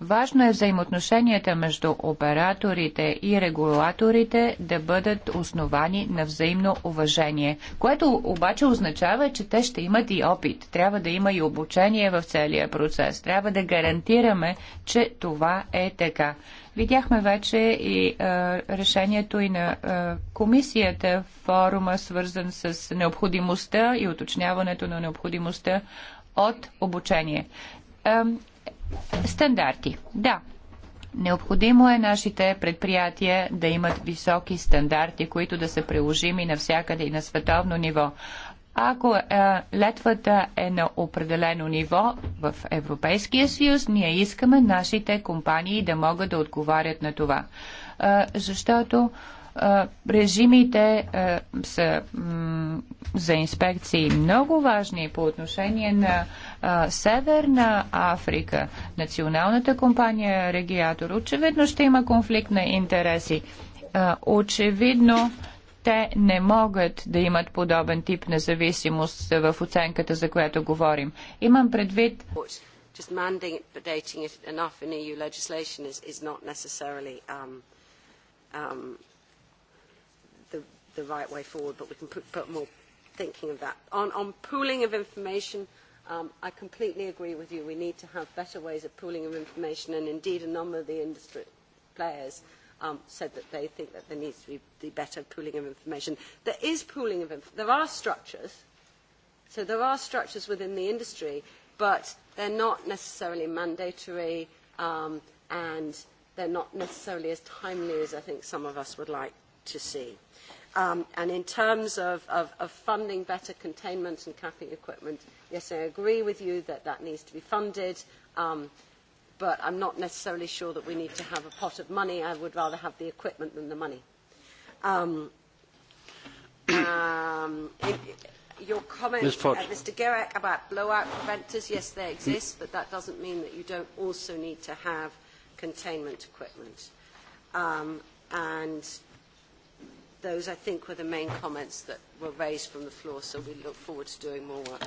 Важно е взаимоотношенията между операторите и регулаторите да бъдат основани на взаимно уважение, което обаче означава, че те ще имат и опит. Трябва да има и обучение в целия процес. Трябва да гарантираме, че това е така. Видяхме вече и а, решението и на а, комисията, форума свързан с необходимостта и уточняването на необходимостта от обучение. А, стандарти. Да, Необходимо е нашите предприятия да имат високи стандарти, които да са приложими навсякъде и на световно ниво. Ако е, летвата е на определено ниво в Европейския съюз, ние искаме нашите компании да могат да отговарят на това. Е, защото е, режимите са за инспекции много важни по отношение на Северна Африка. Националната компания Региатор очевидно ще има конфликт на интереси. Очевидно те не могат да имат подобен тип независимост в оценката, за която говорим. Имам предвид just mandating it enough in EU legislation is, is not necessarily um, um, the, the right way forward, but we can put, put more thinking of that. On, on pooling of information, um, I completely agree with you. We need to have better ways of pooling of information, and indeed a number of the industry players um, said that they think that there needs to be better pooling of information. There is pooling of information. There are structures. So there are structures within the industry, but they're not necessarily mandatory um, and they're not necessarily as timely as I think some of us would like to see. Um, and in terms of, of, of funding better containment and capping equipment, yes, I agree with you that that needs to be funded. Um, but I am not necessarily sure that we need to have a pot of money. I would rather have the equipment than the money. your comment, Mr. Gerek, about blowout preventers, yes, they exist, but that doesn't mean that you don't also need to have containment equipment. and those, I think, were the main comments that were raised from the floor, so we look forward to doing more work.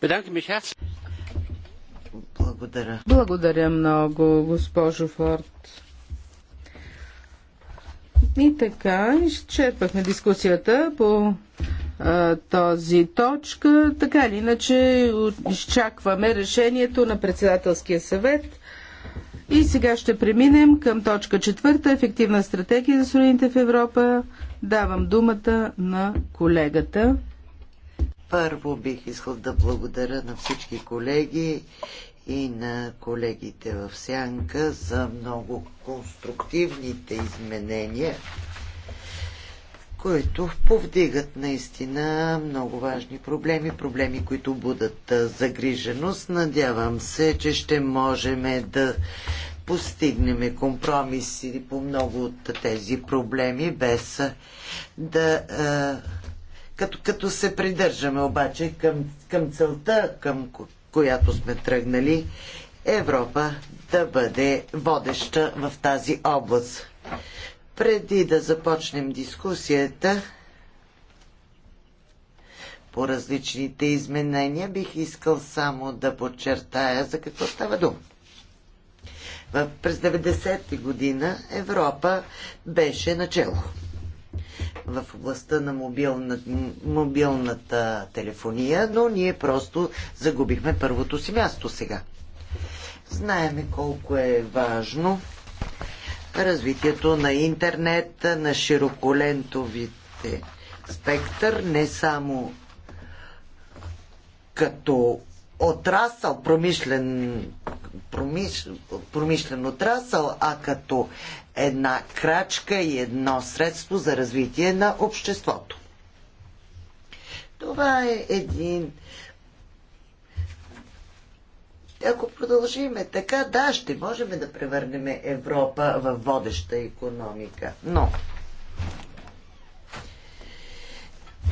Bedanke mich herzlich. Благодаря. Благодаря много, госпожо Форд. И така, изчерпахме дискусията по а, този точка. Така или иначе, изчакваме решението на председателския съвет. И сега ще преминем към точка четвърта. Ефективна стратегия за суровините в Европа. Давам думата на колегата. Първо бих искал да благодаря на всички колеги и на колегите в Сянка за много конструктивните изменения, които повдигат наистина много важни проблеми, проблеми, които будат загриженост. Надявам се, че ще можем да постигнем компромиси по много от тези проблеми, без да като, като се придържаме обаче към, към целта, към която сме тръгнали, Европа да бъде водеща в тази област. Преди да започнем дискусията по различните изменения, бих искал само да подчертая за какво става дума. През 90 те година Европа беше начало в областта на мобилна, мобилната телефония, но ние просто загубихме първото си място сега. Знаеме колко е важно развитието на интернет, на широколентовите спектър, не само като отрасъл, промишлен, промиш, промишлен отрасъл, а като една крачка и едно средство за развитие на обществото. Това е един. Ако продължиме така, да, ще можем да превърнем Европа в водеща економика. Но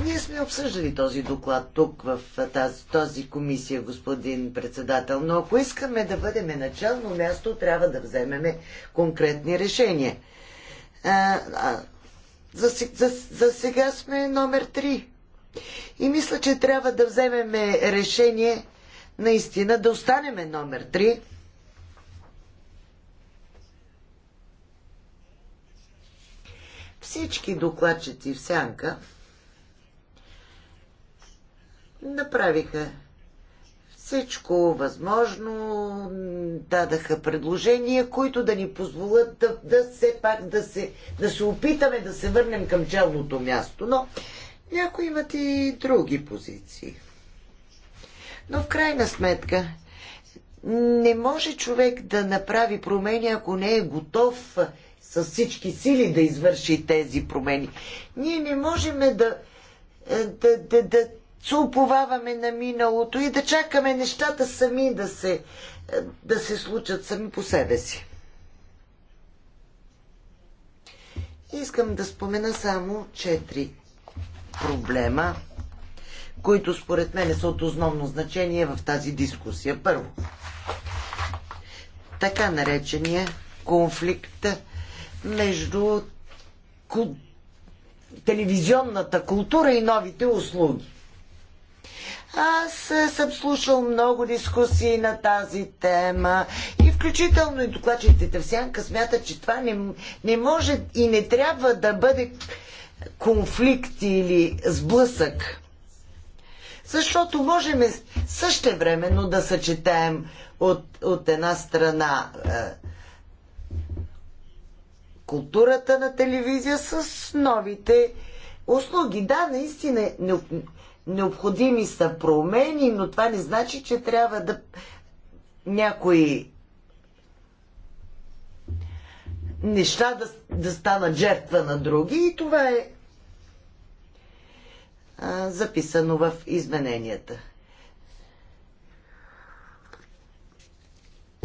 Ние сме обсъждали този доклад тук в тази, този комисия, господин председател, но ако искаме да бъдем начално място, трябва да вземеме конкретни решения. А, а, за, за, за сега сме номер 3. И мисля, че трябва да вземем решение наистина да останеме номер 3. Всички докладчици в сянка направиха всичко възможно, дадаха предложения, които да ни позволят да, да се пак да се, да се опитаме да се върнем към челното място. Но някои имат и други позиции. Но в крайна сметка не може човек да направи промени, ако не е готов с всички сили да извърши тези промени. Ние не можем да, да, да, да се уповаваме на миналото и да чакаме нещата сами да се, е, да се случат сами по себе си. Искам да спомена само четири проблема, които според мен са от основно значение в тази дискусия. Първо, така наречения конфликт между телевизионната култура и новите услуги. Аз е, съм слушал много дискусии на тази тема и включително и докладчиците в Сянка смятат, че това не, не може и не трябва да бъде конфликт или сблъсък. Защото можем същевременно да съчетаем от, от една страна е, културата на телевизия с новите услуги. Да, наистина е Необходими са промени, но това не значи, че трябва да някои неща да, да станат жертва на други и това е а, записано в измененията.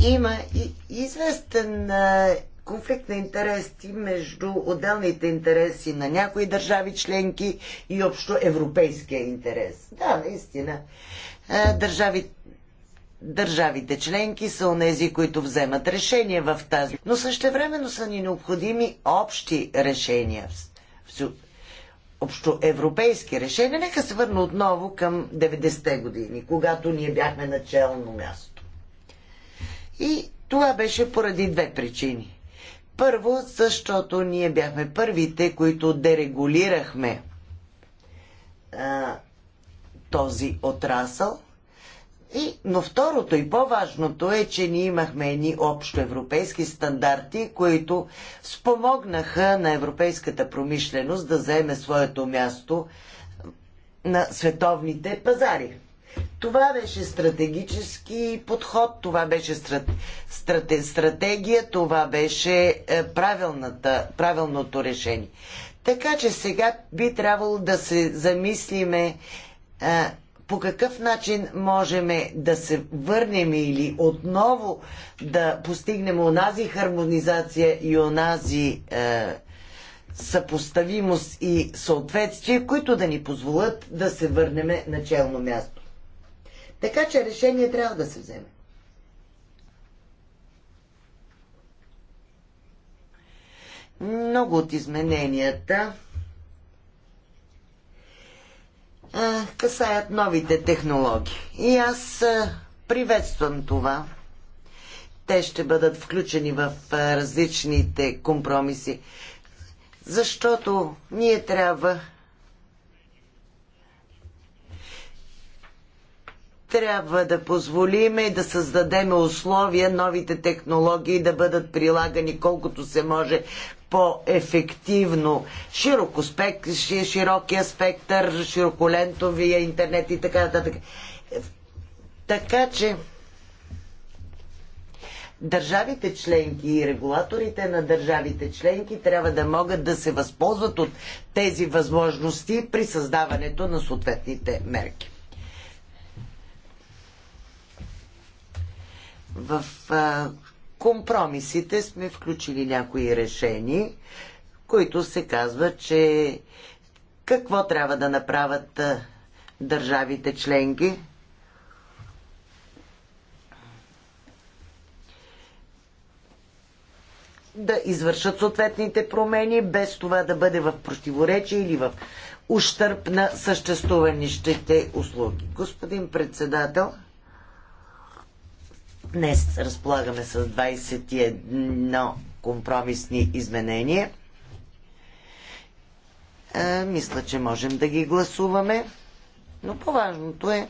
Има и известен а, конфликт на интереси между отделните интереси на някои държави членки и общо европейския интерес. Да, наистина. Е, държави, държавите членки са онези, които вземат решения в тази. Но същевременно са ни необходими общи решения. Общо европейски решения. Нека се върна отново към 90-те години, когато ние бяхме начално място. И това беше поради две причини. Първо, защото ние бяхме първите, които дерегулирахме а, този отрасъл. И, но второто и по-важното е, че ние имахме едни общоевропейски стандарти, които спомогнаха на европейската промишленост да заеме своето място на световните пазари. Това беше стратегически подход, това беше страт, стратегия, това беше е, правилното решение. Така че сега би трябвало да се замислиме а, е, по какъв начин можем да се върнем или отново да постигнем онази хармонизация и онази е, съпоставимост и съответствие, които да ни позволят да се върнем на челно място. Така че решение трябва да се вземе. Много от измененията а, касаят новите технологии. И аз а, приветствам това. Те ще бъдат включени в а, различните компромиси, защото ние трябва трябва да позволим и да създадем условия новите технологии да бъдат прилагани колкото се може по-ефективно. Широко широкия спектър, широколентовия интернет и така нататък. Така че държавите членки и регулаторите на държавите членки трябва да могат да се възползват от тези възможности при създаването на съответните мерки. в компромисите сме включили някои решения, които се казва, че какво трябва да направят държавите членки. да извършат съответните промени, без това да бъде в противоречие или в ущърп на съществуващите услуги. Господин председател, Днес разполагаме с 21 компромисни изменения. А, е, мисля, че можем да ги гласуваме, но по-важното е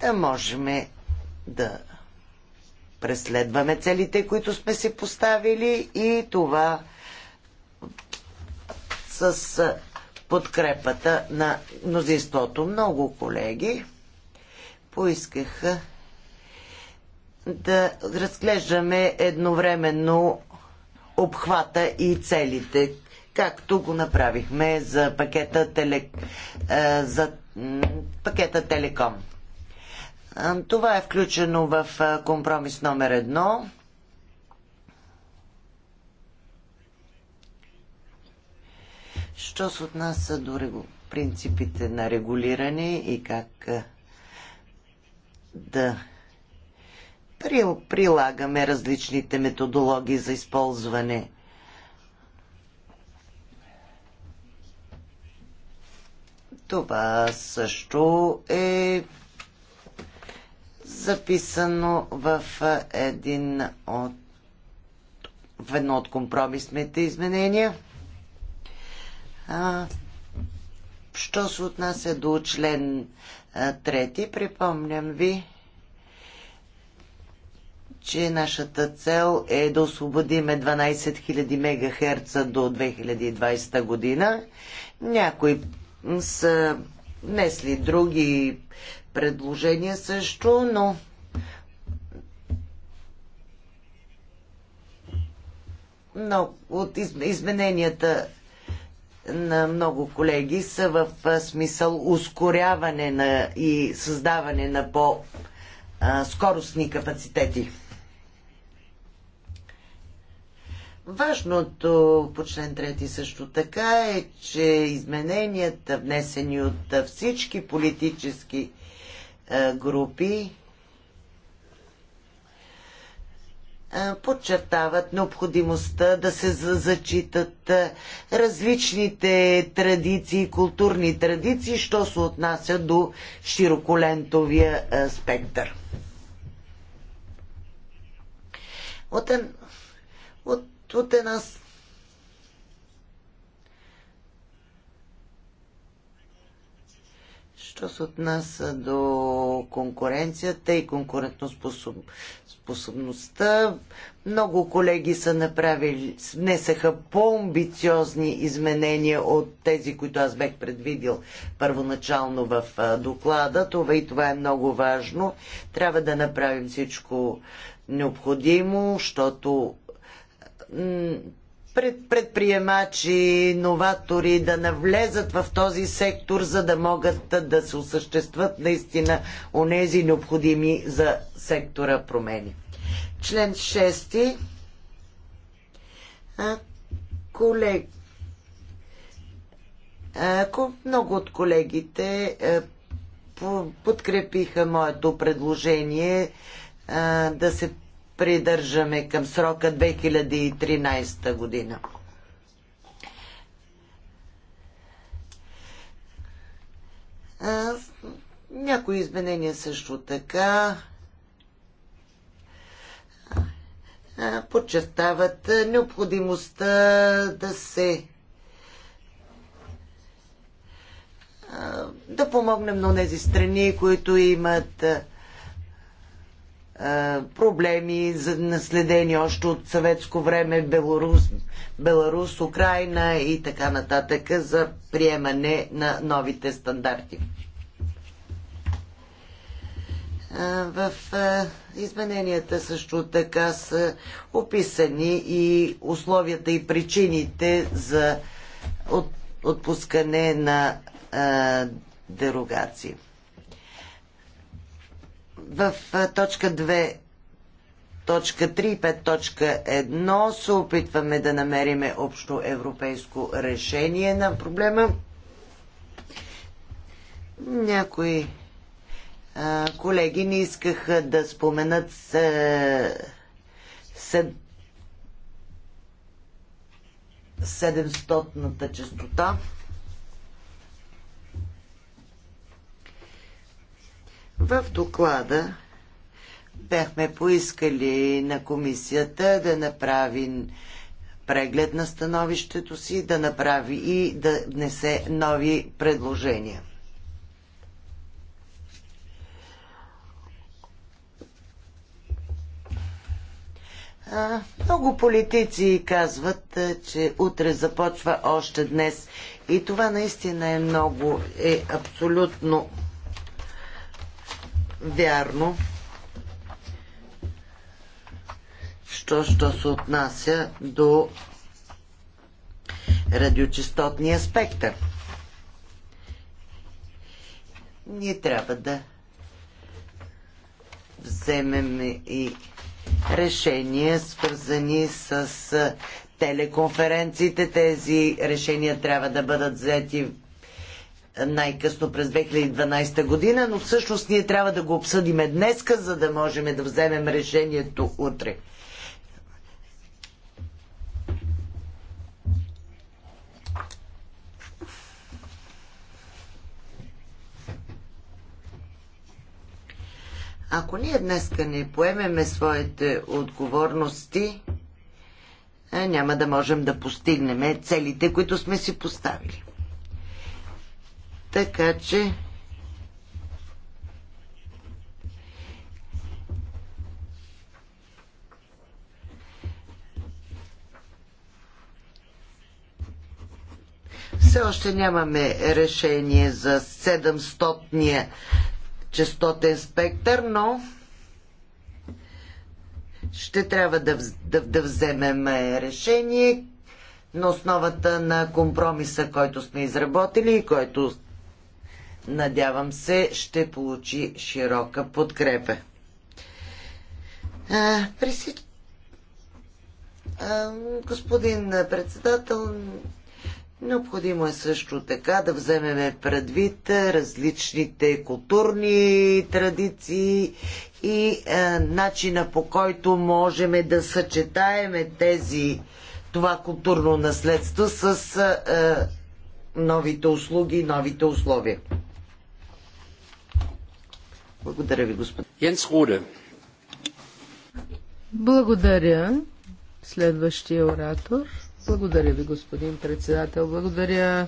да можем да преследваме целите, които сме си поставили и това с подкрепата на мнозинството. Много колеги поискаха да разглеждаме едновременно обхвата и целите, както го направихме за пакета, теле, е, за пакета Телеком. Е, това е включено в е, компромис номер едно. Що се отнася до принципите на регулиране и как да прилагаме различните методологии за използване Това също е записано в един от в едно от компромисните изменения. А, що се отнася до член а, трети, припомням ви, че нашата цел е да освободиме 12 000 МГц до 2020 година. Някои са внесли други предложения също, но но от измененията на много колеги са в смисъл ускоряване на и създаване на по-скоростни капацитети. Важното по член 3 също така е, че измененията, внесени от всички политически групи, подчертават необходимостта да се зачитат различните традиции, културни традиции, що се отнася до широколентовия спектър. От, ен... от, от една Що се отнася до конкуренцията и конкурентоспособността способността. Много колеги са направили, внесаха по-амбициозни изменения от тези, които аз бех предвидил първоначално в доклада. Това и това е много важно. Трябва да направим всичко необходимо, защото предприемачи, новатори да навлезат в този сектор, за да могат да се осъществят наистина онези необходими за сектора промени. Член 6. Колег... Ако много от колегите подкрепиха моето предложение да се придържаме към срока 2013 година. А, някои изменения също така подчертават необходимостта да се да помогнем на тези страни, които имат проблеми, наследени още от съветско време, Белорус, Беларус, Украина и така нататък за приемане на новите стандарти. В измененията също така са описани и условията и причините за отпускане на дерогации в точка 2 точка 3 и 1 се опитваме да намериме общо европейско решение на проблема. Някои а, колеги не искаха да споменат с, с 700-ната частота. В доклада бяхме поискали на комисията да направи преглед на становището си, да направи и да внесе нови предложения. Много политици казват, че утре започва още днес. И това наистина е много, е абсолютно вярно, що, що се отнася до радиочастотния спектър. Ние трябва да вземем и решения, свързани с телеконференциите. Тези решения трябва да бъдат взети най-късно през 2012 година, но всъщност ние трябва да го обсъдиме днеска, за да можем да вземем решението утре. Ако ние днеска не поемеме своите отговорности, е, няма да можем да постигнем целите, които сме си поставили. Така че Все още нямаме решение за 700-ния частотен спектър, но ще трябва да, да, да вземем решение на основата на компромиса, който сме изработили и който надявам се, ще получи широка подкрепа. А, при а, Господин председател, необходимо е също така да вземем предвид различните културни традиции и а, начина по който можем да съчетаем тези, това културно наследство с а, новите услуги и новите условия. Благодаря ви, господин. Йенс Руде. Благодаря. Следващия оратор. Благодаря ви, господин председател. Благодаря,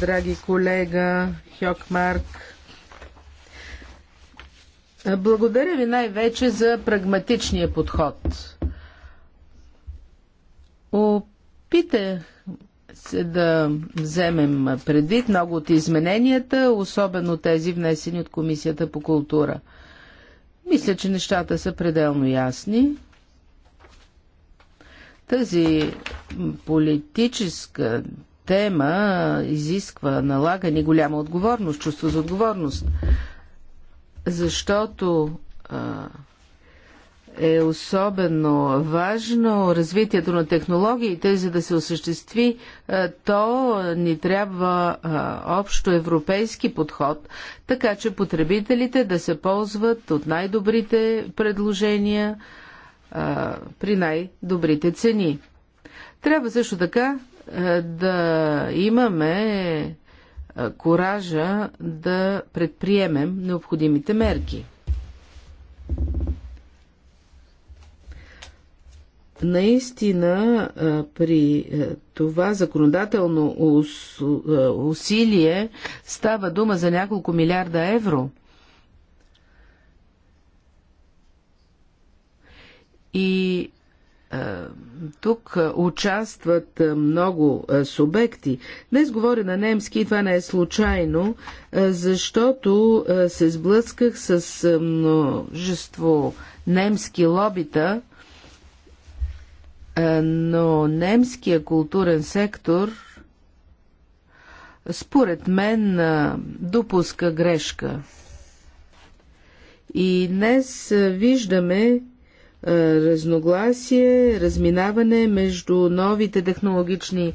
драги колега Хьок Марк. Благодаря ви най-вече за прагматичния подход. Опитах се да вземем предвид много от измененията, особено тези внесени от Комисията по култура. Мисля, че нещата са пределно ясни. Тази политическа тема изисква налагане голяма отговорност, чувство за отговорност, защото а, е особено важно развитието на технологиите, за да се осъществи, то ни трябва общо европейски подход, така че потребителите да се ползват от най-добрите предложения при най-добрите цени. Трябва също така да имаме коража да предприемем необходимите мерки наистина при това законодателно усилие става дума за няколко милиарда евро. И тук участват много субекти. Днес говоря на немски и това не е случайно, защото се сблъсках с множество немски лобита – е, но немския културен сектор според мен е, допуска грешка. И днес е, виждаме разногласие, разминаване между новите технологични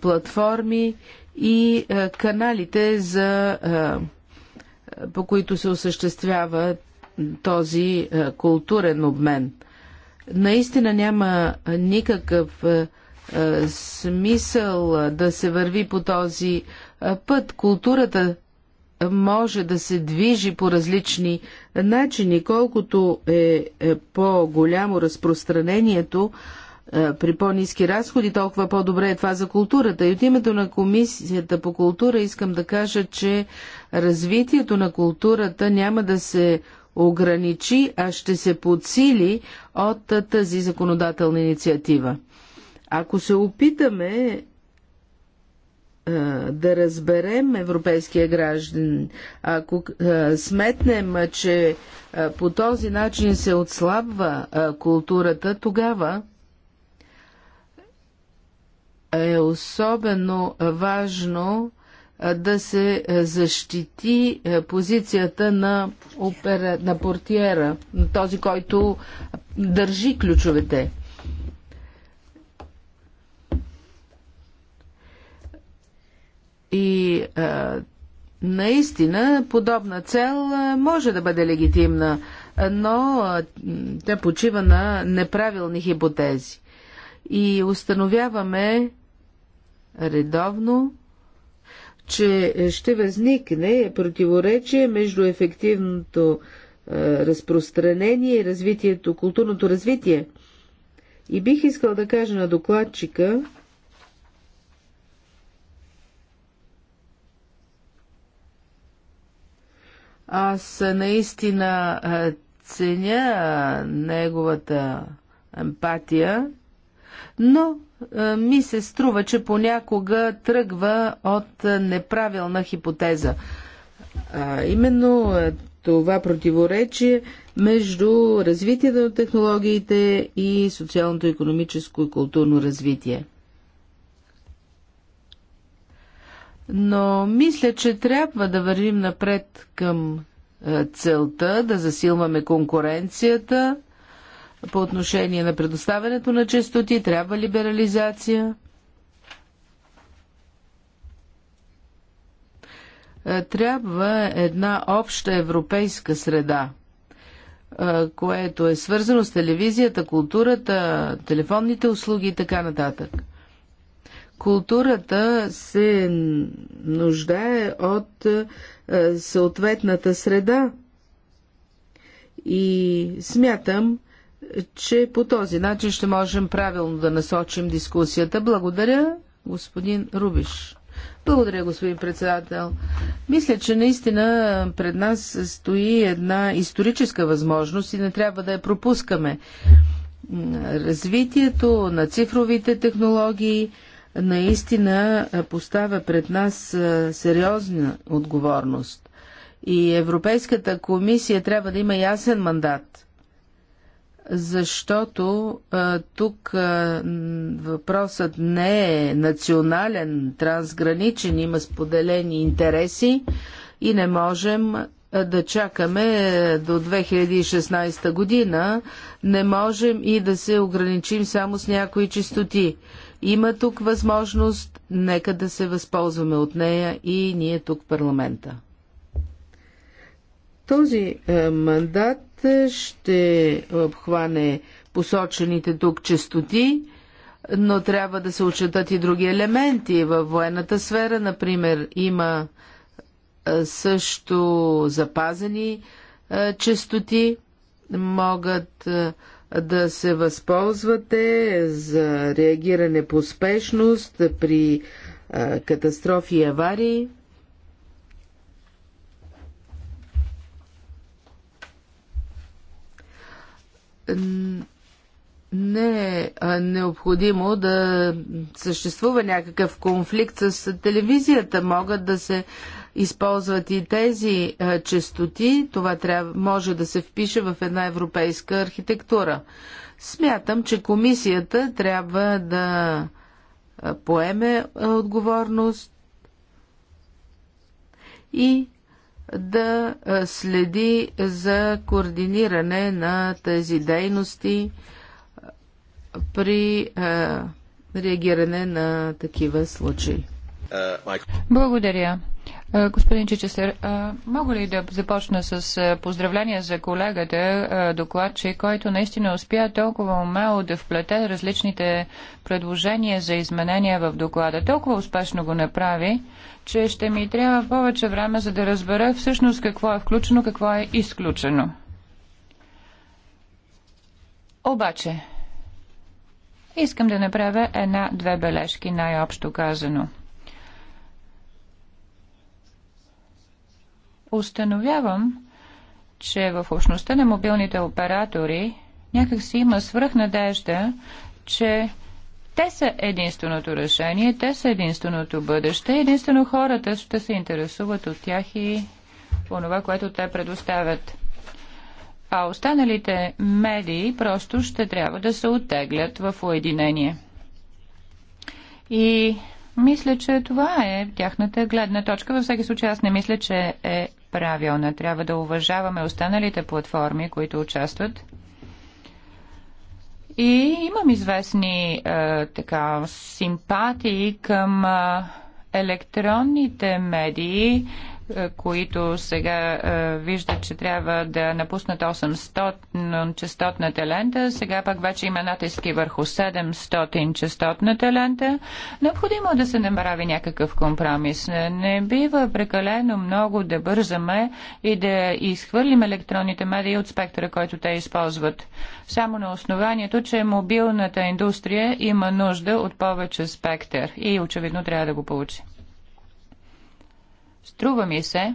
платформи и каналите, за, по които се осъществява този културен обмен – Наистина няма никакъв смисъл да се върви по този път. Културата може да се движи по различни начини. Колкото е, е по-голямо разпространението при по-низки разходи, толкова по-добре е това за културата. И от името на Комисията по култура искам да кажа, че развитието на културата няма да се ограничи, а ще се подсили от тази законодателна инициатива. Ако се опитаме да разберем европейския граждан, ако сметнем, че по този начин се отслабва културата, тогава е особено важно да се защити позицията на, опера, на портиера, на този, който държи ключовете. И а, наистина подобна цел може да бъде легитимна, но а, тя почива на неправилни хипотези. И установяваме редовно, че ще възникне противоречие между ефективното е, разпространение и развитието, културното развитие. И бих искал да кажа на докладчика, Аз наистина е, ценя е, неговата емпатия, но е, ми се струва, че понякога тръгва от е, неправилна хипотеза. А, именно е, това противоречие между развитието на технологиите и социалното, економическо и културно развитие. Но мисля, че трябва да вървим напред към целта, да засилваме конкуренцията, по отношение на предоставянето на честоти? Трябва либерализация? Е, трябва една обща европейска среда, е, което е свързано с телевизията, културата, телефонните услуги и така нататък. Културата се нуждае от е, съответната среда и смятам, че по този начин ще можем правилно да насочим дискусията. Благодаря, господин Рубиш. Благодаря, господин председател. Мисля, че наистина пред нас стои една историческа възможност и не трябва да я пропускаме. Развитието на цифровите технологии наистина поставя пред нас сериозна отговорност. И Европейската комисия трябва да има ясен мандат – защото а, тук а, въпросът не е национален, трансграничен, има споделени интереси и не можем да чакаме до 2016 година, не можем и да се ограничим само с някои чистоти. Има тук възможност, нека да се възползваме от нея и ние тук в парламента. Този е, мандат е, ще обхване посочените тук честоти, но трябва да се отчетат и други елементи. Във военната сфера, например, има е, също запазени частоти, могат да се възползвате за реагиране по спешност при катастрофи и аварии. не е необходимо да съществува някакъв конфликт с телевизията. Могат да се използват и тези частоти. Това трябва, може да се впише в една европейска архитектура. Смятам, че комисията трябва да поеме отговорност и да следи за координиране на тези дейности при реагиране на такива случаи. Благодаря. Господин Чичесър, мога ли да започна с поздравления за колегата докладчик, който наистина успя толкова умело да вплете различните предложения за изменения в доклада. Толкова успешно го направи, че ще ми трябва повече време, за да разбера всъщност какво е включено, какво е изключено. Обаче, искам да направя една-две бележки, най-общо казано. Установявам, че в общността на мобилните оператори някакси има свръхнадежда, че те са единственото решение, те са единственото бъдеще, единствено хората ще се интересуват от тях и онова, което те предоставят. А останалите медии просто ще трябва да се оттеглят в уединение. И мисля, че това е тяхната гледна точка. Във всеки случай аз не мисля, че е правилна. Трябва да уважаваме останалите платформи, които участват и имам известни е, така симпатии към е, електронните медии, е, които сега е, виждат, че трябва да напуснат 800 частотната лента. Сега пак вече има натиски върху 700 частотната лента. Необходимо е да се направи някакъв компромис. Не бива прекалено много да бързаме и да изхвърлим електронните медии от спектъра, който те използват. Само на основанието, че мобилната индустрия има нужда от повече спектър и очевидно трябва да го получи. Струва ми се,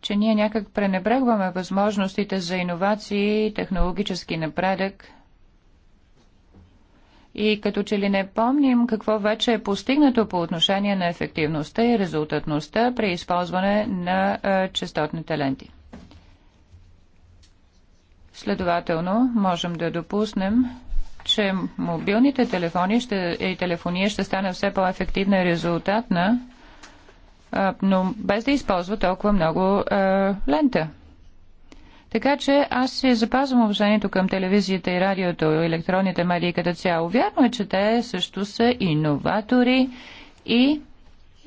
че ние някак пренебрегваме възможностите за иновации, технологически напредък и като че ли не помним какво вече е постигнато по отношение на ефективността и резултатността при използване на е, частотните ленти. Следователно, можем да допуснем, че мобилните телефони ще, и телефония ще стане все по-ефективна и резултатна но без да използва толкова много лента. Така че аз си запазвам уважението към телевизията и радиото, електронните медии като цяло. Вярно е, че те също са иноватори и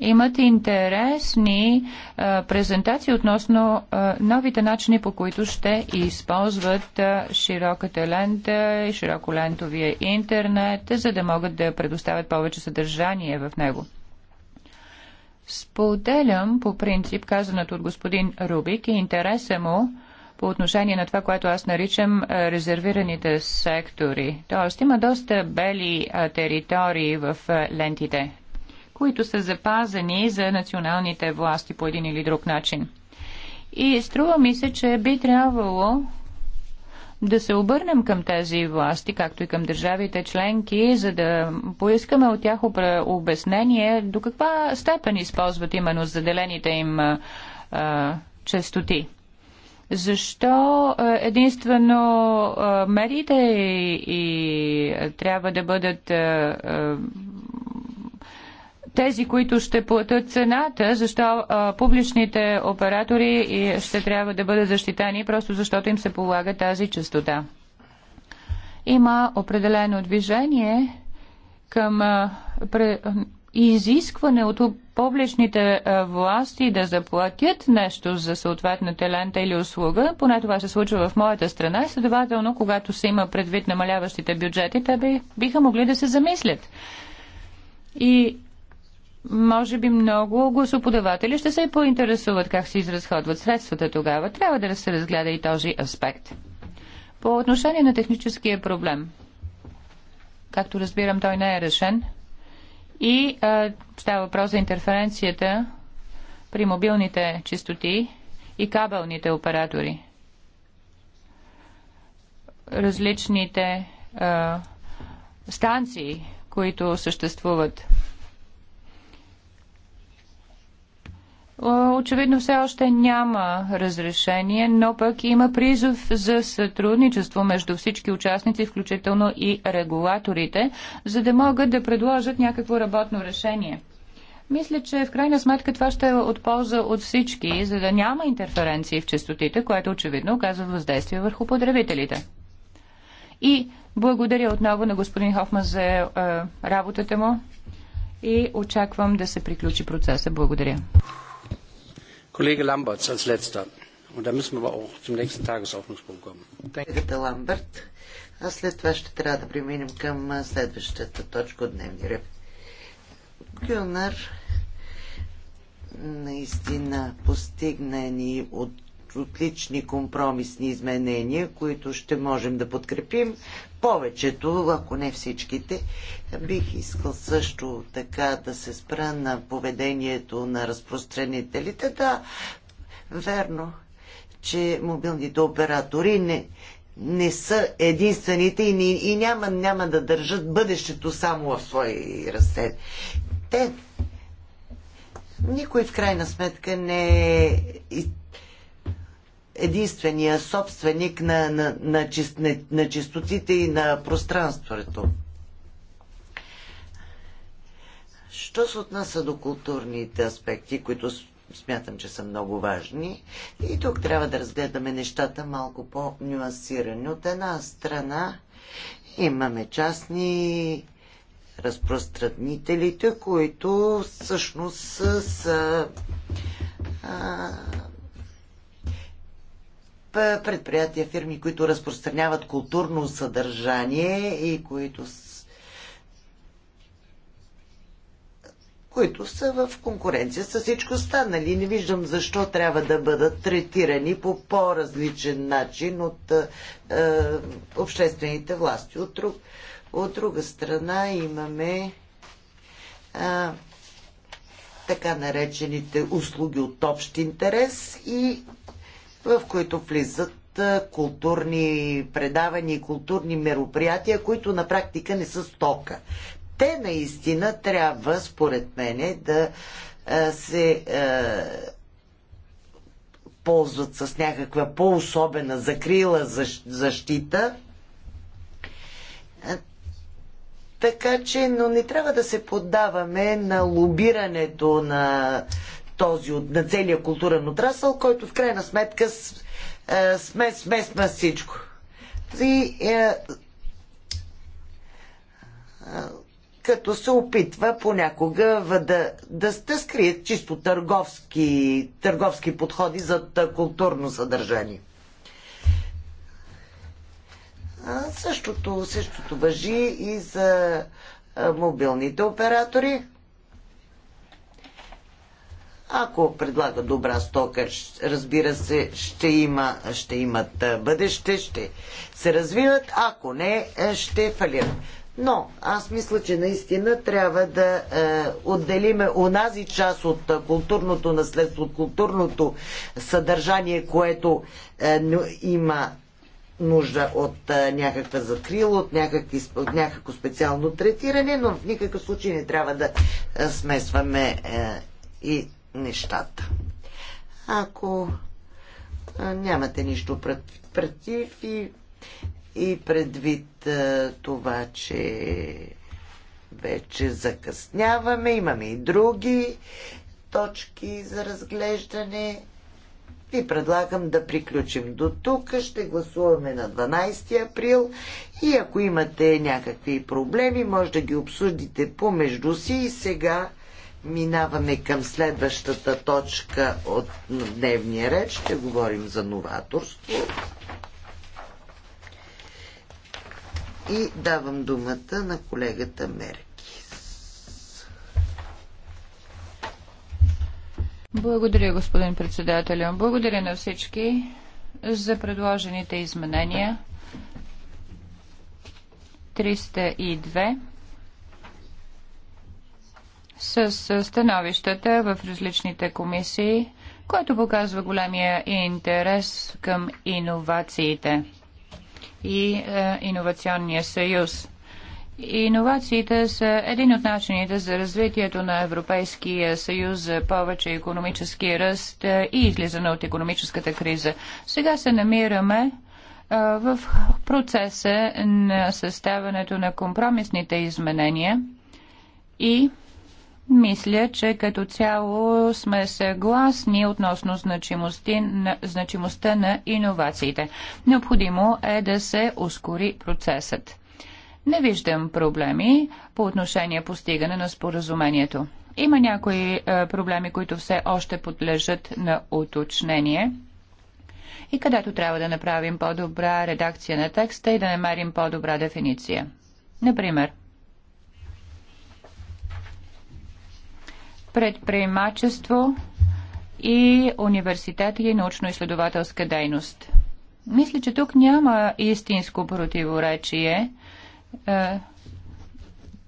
имат интересни а, презентации относно а, новите начини, по които ще използват а, широката лента и широколентовия интернет, за да могат да предоставят повече съдържание в него. Споделям по принцип казаното от господин Рубик и интереса му по отношение на това, което аз наричам е, резервираните сектори. Тоест има доста бели територии в лентите, които са запазени за националните власти по един или друг начин. И струва ми се, че би трябвало да се обърнем към тези власти, както и към държавите членки, за да поискаме от тях обяснение до каква степен използват именно заделените им а, честоти. Защо единствено медиите и, и трябва да бъдат тези, които ще платят цената, защо а, публичните оператори ще трябва да бъдат защитени, просто защото им се полага тази частота. Има определено движение към а, пре, изискване от публичните власти да заплатят нещо за съответната лента или услуга. Поне това се случва в моята страна и следователно, когато се има предвид намаляващите бюджети, те би, биха могли да се замислят. И може би много гласоподаватели ще се поинтересуват как се изразходват средствата тогава. Трябва да се разгледа и този аспект. По отношение на техническия проблем, както разбирам, той не е решен. И а, става въпрос за интерференцията при мобилните чистоти и кабелните оператори. Различните а, станции, които съществуват Очевидно все още няма разрешение, но пък има призов за сътрудничество между всички участници, включително и регулаторите, за да могат да предложат някакво работно решение. Мисля, че в крайна сметка това ще е от полза от всички, за да няма интерференции в частотите, което очевидно оказва въздействие върху потребителите. И благодаря отново на господин Хофман за е, работата му и очаквам да се приключи процеса. Благодаря. Kollege Lamberts als letzter. Und da müssen wir aber auch zum nächsten Tagesordnungspunkt kommen. Колегата Ламберт, аз след това ще трябва да преминем към следващата точка от дневния ред. Гюнар наистина постигна ни от отлични компромисни изменения, които ще можем да подкрепим повечето, ако не всичките. Бих искал също така да се спра на поведението на разпространителите. Да, верно, че мобилните оператори не, не са единствените и, не, и няма, няма да държат бъдещето само в свои ръце. Те никой в крайна сметка не е единствения собственик на, на, на, чист, на, на чистотите и на пространството. Що се отнася до културните аспекти, които смятам, че са много важни, и тук трябва да разгледаме нещата малко по-нюансирани. От една страна имаме частни разпространителите, които всъщност са, са а, предприятия, фирми, които разпространяват културно съдържание и които които са в конкуренция с всичко станали. Не виждам защо трябва да бъдат третирани по по-различен начин от е, е, обществените власти. От, друг, от друга страна имаме е, така наречените услуги от общ интерес и в които влизат културни предавания и културни мероприятия, които на практика не са стока. Те наистина трябва, според мене, да се ползват с някаква по-особена закрила, защита. Така че, но не трябва да се поддаваме на лобирането на този, на целия културен отрасъл, който в крайна сметка е, сме, смесва всичко. И, е, е, като се опитва понякога да, да, да скрият чисто търговски, търговски подходи за културно съдържание. А, същото, същото въжи и за мобилните оператори. Ако предлага добра стока, разбира се, ще, има, ще имат бъдеще, ще се развиват. Ако не, ще фалират. Но аз мисля, че наистина трябва да е, отделиме онази част от културното наследство, от културното съдържание, което е, има нужда от е, някаква закрила, от, от някакво специално третиране, но в никакъв случай не трябва да е, смесваме е, и нещата. Ако нямате нищо пред, против и, и предвид а, това, че вече закъсняваме, имаме и други точки за разглеждане. Ви предлагам да приключим до тук. Ще гласуваме на 12 април и ако имате някакви проблеми, може да ги обсудите помежду си и сега минаваме към следващата точка от дневния ред. Ще говорим за новаторство. И давам думата на колегата Меркис. Благодаря, господин председател. Благодаря на всички за предложените изменения. 302 с становищата в различните комисии, което показва големия интерес към иновациите и е, иновационния съюз. Иновациите са един от начините за развитието на Европейския съюз за повече економически ръст е, и излизане от економическата криза. Сега се намираме е, в процеса на съставането на компромисните изменения и мисля, че като цяло сме съгласни относно значимостта на иновациите. Необходимо е да се ускори процесът. Не виждам проблеми по отношение постигане на споразумението. Има някои е, проблеми, които все още подлежат на уточнение и където трябва да направим по-добра редакция на текста и да намерим по-добра дефиниция. Например, предприемачество и университет и научно-изследователска дейност. Мисля, че тук няма истинско противоречие е,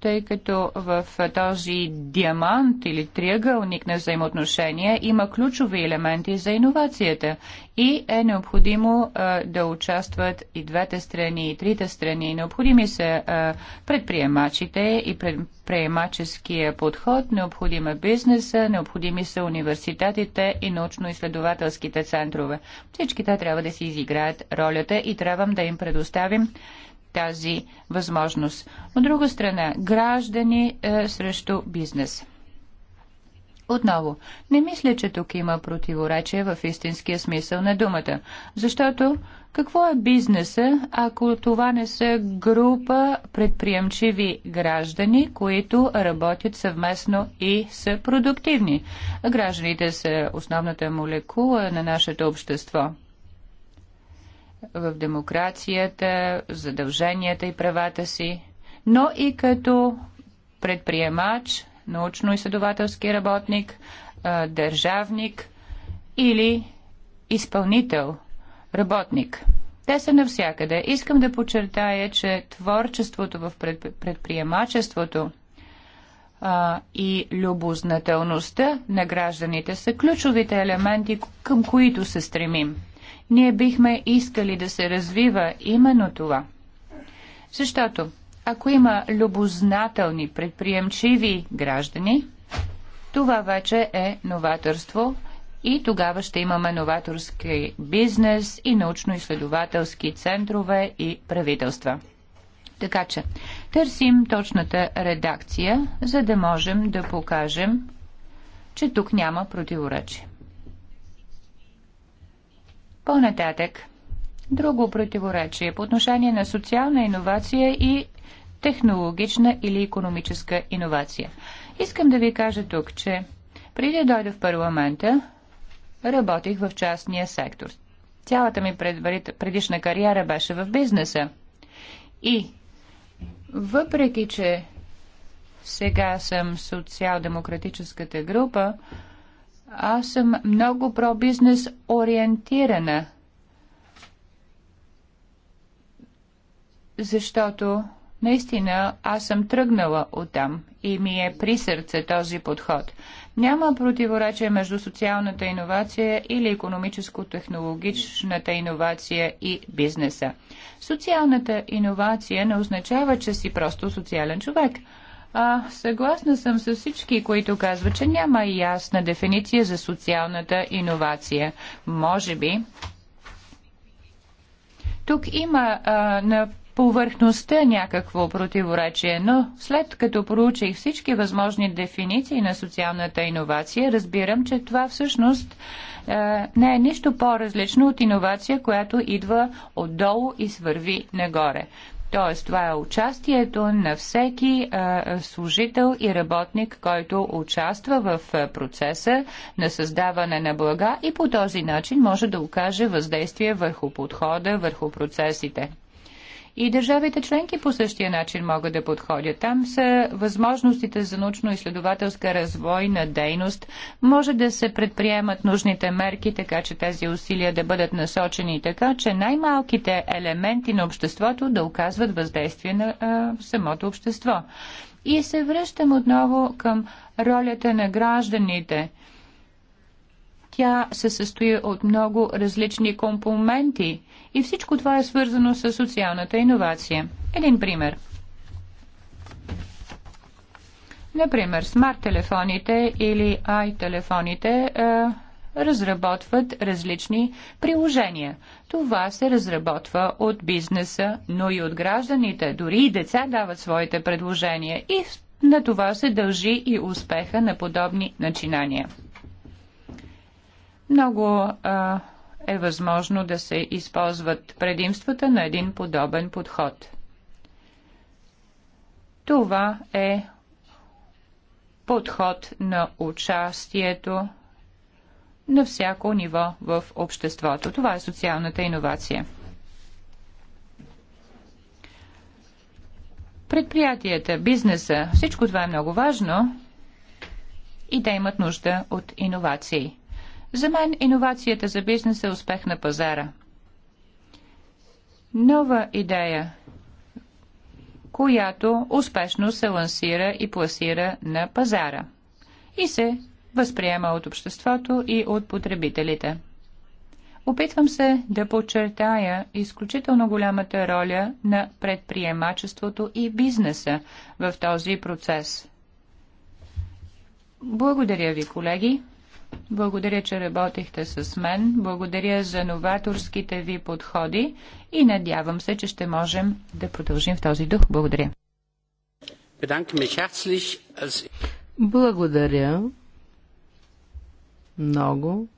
тъй като в този диамант или триъгълник на взаимоотношения има ключови елементи за иновацията и е необходимо а, да участват и двете страни, и трите страни. Необходими са а, предприемачите и предприемаческия подход, необходим е бизнеса, необходими са университетите и научно-изследователските центрове. Всички те трябва да си изиграят ролята и трябва да им предоставим тази възможност. От друга страна, граждани е, срещу бизнес. Отново, не мисля, че тук има противоречие в истинския смисъл на думата, защото какво е бизнеса, ако това не са група предприемчиви граждани, които работят съвместно и са продуктивни? Гражданите са основната молекула на нашето общество в демокрацията, задълженията и правата си, но и като предприемач, научно-изследователски работник, държавник или изпълнител, работник. Те са навсякъде. Искам да подчертая, че творчеството в предприемачеството а, и любознателността на гражданите са ключовите елементи, към които се стремим. Ние бихме искали да се развива именно това. Защото ако има любознателни, предприемчиви граждани, това вече е новаторство и тогава ще имаме новаторски бизнес и научно-изследователски центрове и правителства. Така че търсим точната редакция, за да можем да покажем, че тук няма противоречие. По-нататък, друго противоречие по отношение на социална иновация и технологична или економическа иновация. Искам да ви кажа тук, че преди да дойда в парламента, работих в частния сектор. Цялата ми предишна кариера беше в бизнеса. И въпреки, че сега съм социал-демократическата група, аз съм много про бизнес ориентирана, защото наистина аз съм тръгнала оттам и ми е при сърце този подход. Няма противоречие между социалната иновация или економическо-технологичната иновация и бизнеса. Социалната иновация не означава, че си просто социален човек – а, съгласна съм с всички, които казват, че няма ясна дефиниция за социалната иновация. Може би. Тук има а, на повърхността някакво противоречие, но след като проучих всички възможни дефиниции на социалната иновация, разбирам, че това всъщност а, не е нищо по-различно от иновация, която идва отдолу и свърви нагоре. Тоест, това е участието на всеки а, е, служител и работник, който участва в е, процеса на създаване на блага и по този начин може да окаже въздействие върху подхода, върху процесите. И държавите членки по същия начин могат да подходят. Там са възможностите за научно-изследователска развойна дейност. Може да се предприемат нужните мерки, така че тези усилия да бъдат насочени така, че най-малките елементи на обществото да оказват въздействие на а, самото общество. И се връщам отново към ролята на гражданите. Тя се състои от много различни компоменти. И всичко това е свързано с социалната иновация. Един пример. Например, смарт-телефоните или i-телефоните е, разработват различни приложения. Това се разработва от бизнеса, но и от гражданите. Дори и деца дават своите предложения и на това се дължи и успеха на подобни начинания. Много е, е възможно да се използват предимствата на един подобен подход. Това е подход на участието на всяко ниво в обществото. Това е социалната иновация. Предприятията, бизнеса, всичко това е много важно и те имат нужда от иновации. За мен иновацията за бизнес е успех на пазара. Нова идея, която успешно се лансира и пласира на пазара и се възприема от обществото и от потребителите. Опитвам се да подчертая изключително голямата роля на предприемачеството и бизнеса в този процес. Благодаря ви, колеги. Благодаря, че работихте с мен. Благодаря за новаторските ви подходи и надявам се, че ще можем да продължим в този дух. Благодаря. Благодаря много.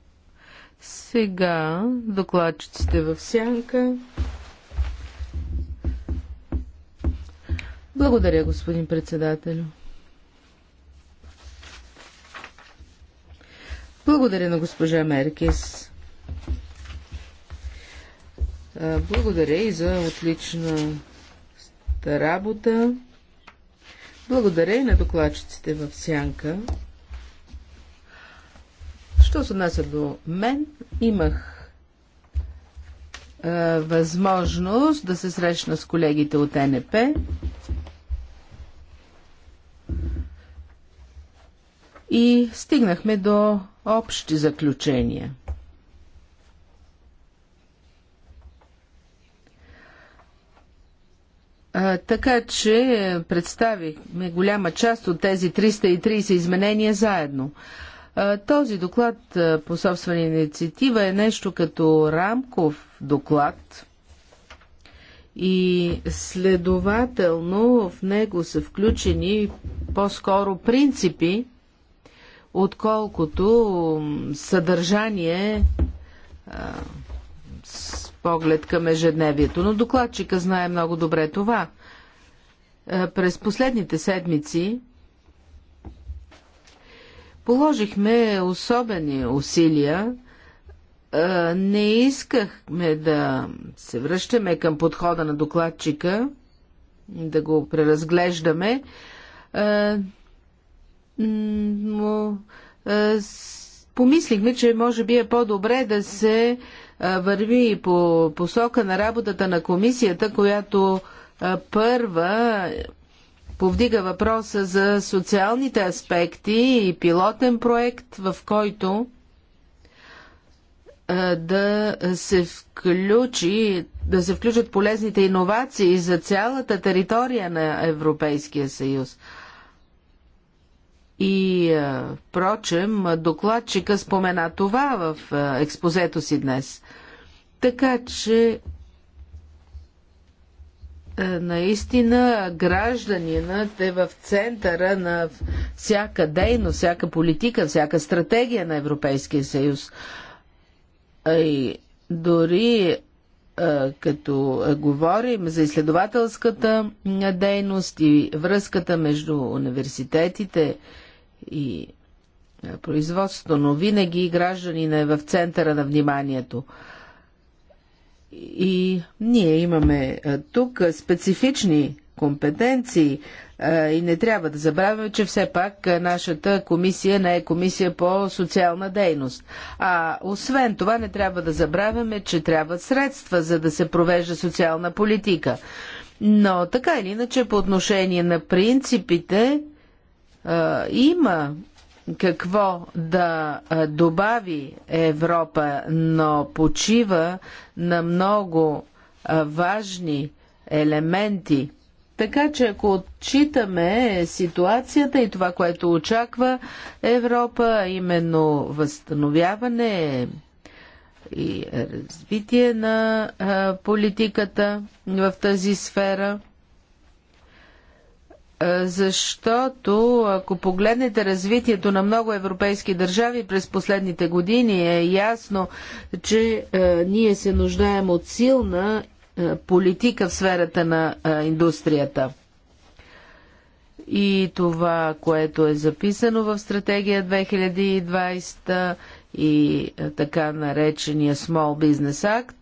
Сега докладчиците в сянка. Благодаря, господин председателю. Благодаря на госпожа Меркис. Благодаря и за отлична работа. Благодаря и на докладчиците в Сянка. Що се отнася до мен, имах е, възможност да се срещна с колегите от НП и стигнахме до общи заключения. така че представихме голяма част от тези 330 изменения заедно. Този доклад по собствена инициатива е нещо като рамков доклад и следователно в него са включени по-скоро принципи, отколкото съдържание а, с поглед към ежедневието. Но докладчика знае много добре това. А, през последните седмици положихме особени усилия. А, не искахме да се връщаме към подхода на докладчика, да го преразглеждаме но е, помислихме, че може би е по-добре да се е, върви по посока на работата на комисията, която е, първа повдига въпроса за социалните аспекти и пилотен проект, в който да се включи, да се включат полезните иновации за цялата територия на Европейския съюз. И, е, впрочем, докладчика спомена това в е, експозето си днес. Така че, е, наистина, гражданинът е в центъра на всяка дейност, всяка политика, всяка стратегия на Европейския съюз. И дори като говорим за изследователската дейност и връзката между университетите и е, производството, но винаги гражданина е в центъра на вниманието. И ние имаме е, тук специфични компетенции е, и не трябва да забравяме, че все пак нашата комисия не е комисия по социална дейност. А освен това не трябва да забравяме, че трябват средства, за да се провежда социална политика. Но така или иначе по отношение на принципите, има какво да добави Европа, но почива на много важни елементи. Така че ако отчитаме ситуацията и това, което очаква Европа, именно възстановяване и развитие на политиката в тази сфера, е, защото ако погледнете развитието на много европейски държави през последните години, е ясно, че е, ние се нуждаем от силна е, политика в сферата на е, индустрията. И това, което е записано в стратегия 2020 и е, така наречения Small Business Act,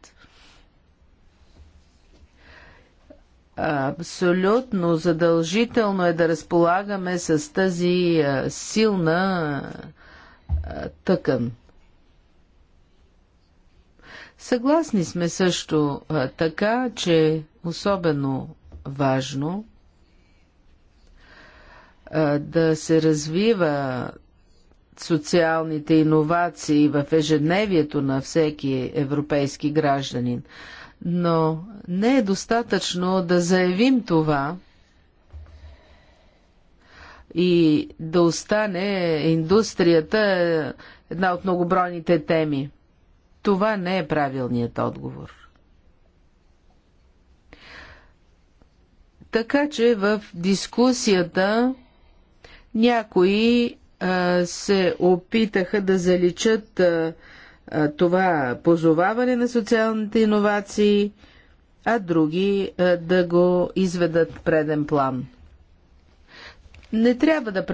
Абсолютно задължително е да разполагаме с тази силна тъкан. Съгласни сме също така, че особено важно да се развива социалните иновации в ежедневието на всеки европейски гражданин но не е достатъчно да заявим това и да остане индустрията една от многобройните теми. Това не е правилният отговор. Така че в дискусията някои а, се опитаха да заличат а, това позоваване на социалните иновации, а други да го изведат преден план. Не трябва да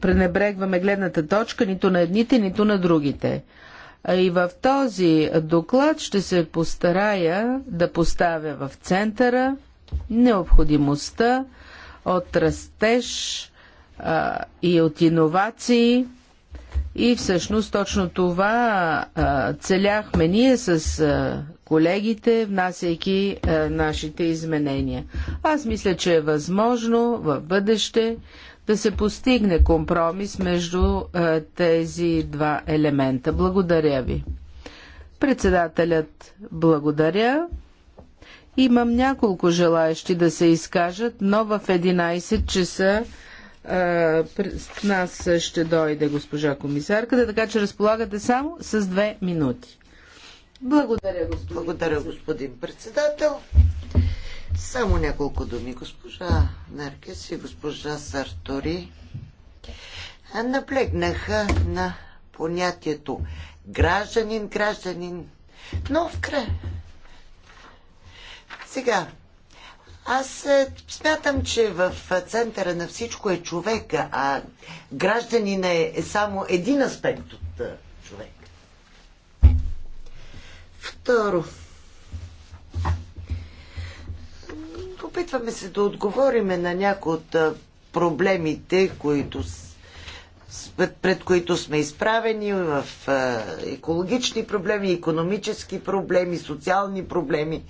пренебрегваме гледната точка нито на едните, нито на другите. И в този доклад ще се постарая да поставя в центъра необходимостта от растеж и от иновации и всъщност точно това целяхме ние с колегите, внасяйки нашите изменения. Аз мисля, че е възможно в бъдеще да се постигне компромис между тези два елемента. Благодаря ви. Председателят благодаря. Имам няколко желаящи да се изкажат, но в 11 часа с нас ще дойде госпожа комисарката, така че разполагате само с две минути. Благодаря, господин, Благодаря, господин председател. Само няколко думи, госпожа Меркес и госпожа Сартори наплегнаха на понятието гражданин, гражданин, но в край. Сега, аз е, смятам, че в центъра на всичко е човека, а гражданина е, е само един аспект от е, човек. Второ. Опитваме се да отговориме на някои от проблемите, които пред които сме изправени в екологични проблеми, економически проблеми, социални проблеми.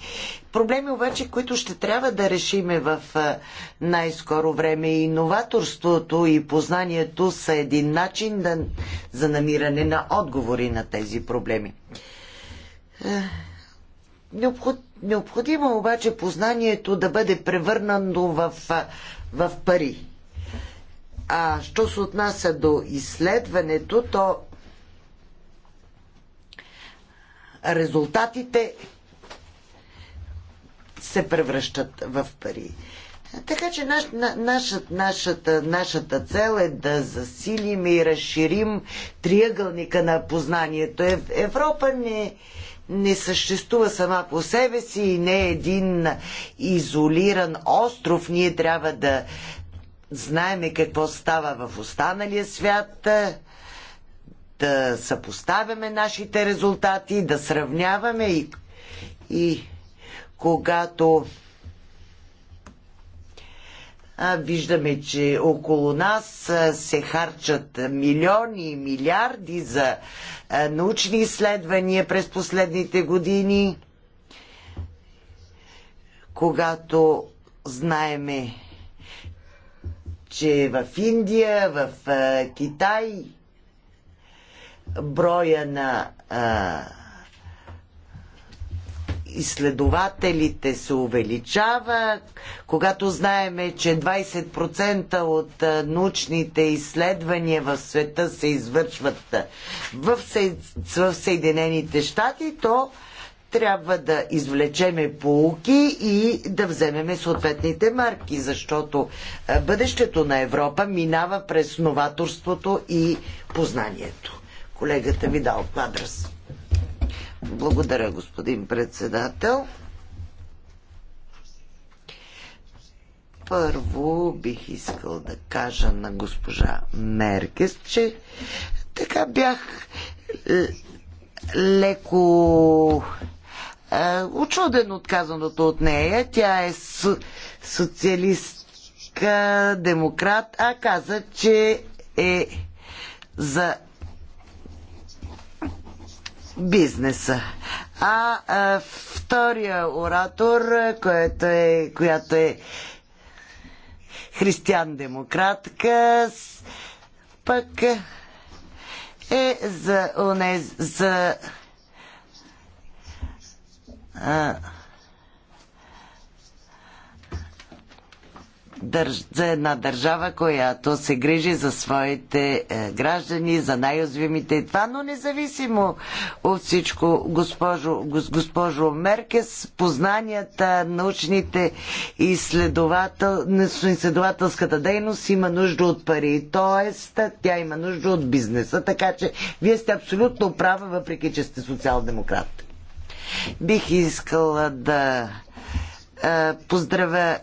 Проблеми обаче, които ще трябва да решиме в най-скоро време. Иноваторството и познанието са един начин да, за намиране на отговори на тези проблеми. Необход, необходимо обаче познанието да бъде превърнано в, в пари а що се отнася до изследването, то резултатите се превръщат в пари. Така че наш, на, нашата, нашата, нашата цел е да засилим и разширим триъгълника на познанието. Ев, Европа не, не съществува сама по себе си и не е един изолиран остров. Ние трябва да знаеме какво става в останалия свят, е, да съпоставяме нашите резултати, да сравняваме и, и когато а, виждаме, че около нас а, е, се харчат милиони и милиарди за а, е, научни изследвания през последните години, когато знаеме че в Индия, в Китай броя на а, изследователите се увеличава. Когато знаеме, че 20% от научните изследвания в света се извършват в, Съединените щати, то трябва да извлечеме полуки и да вземеме съответните марки, защото бъдещето на Европа минава през новаторството и познанието. Колегата ви дал квадрас. Благодаря, господин председател. Първо бих искал да кажа на госпожа Меркес, че така бях е, леко е, очуден от казаното от нея. Тя е социалистка, демократ, а каза, че е за бизнеса. А, а втория оратор, която е, която е християн-демократка, пък е за, за за една държава, която се грижи за своите е, граждани, за най-озвимите и това, но независимо от всичко, госпожо, госпожо Меркес, познанията, научните изследовател, изследователската дейност има нужда от пари, т.е. тя има нужда от бизнеса, така че вие сте абсолютно права, въпреки че сте социал-демократ. Бих искала да е, поздравя е,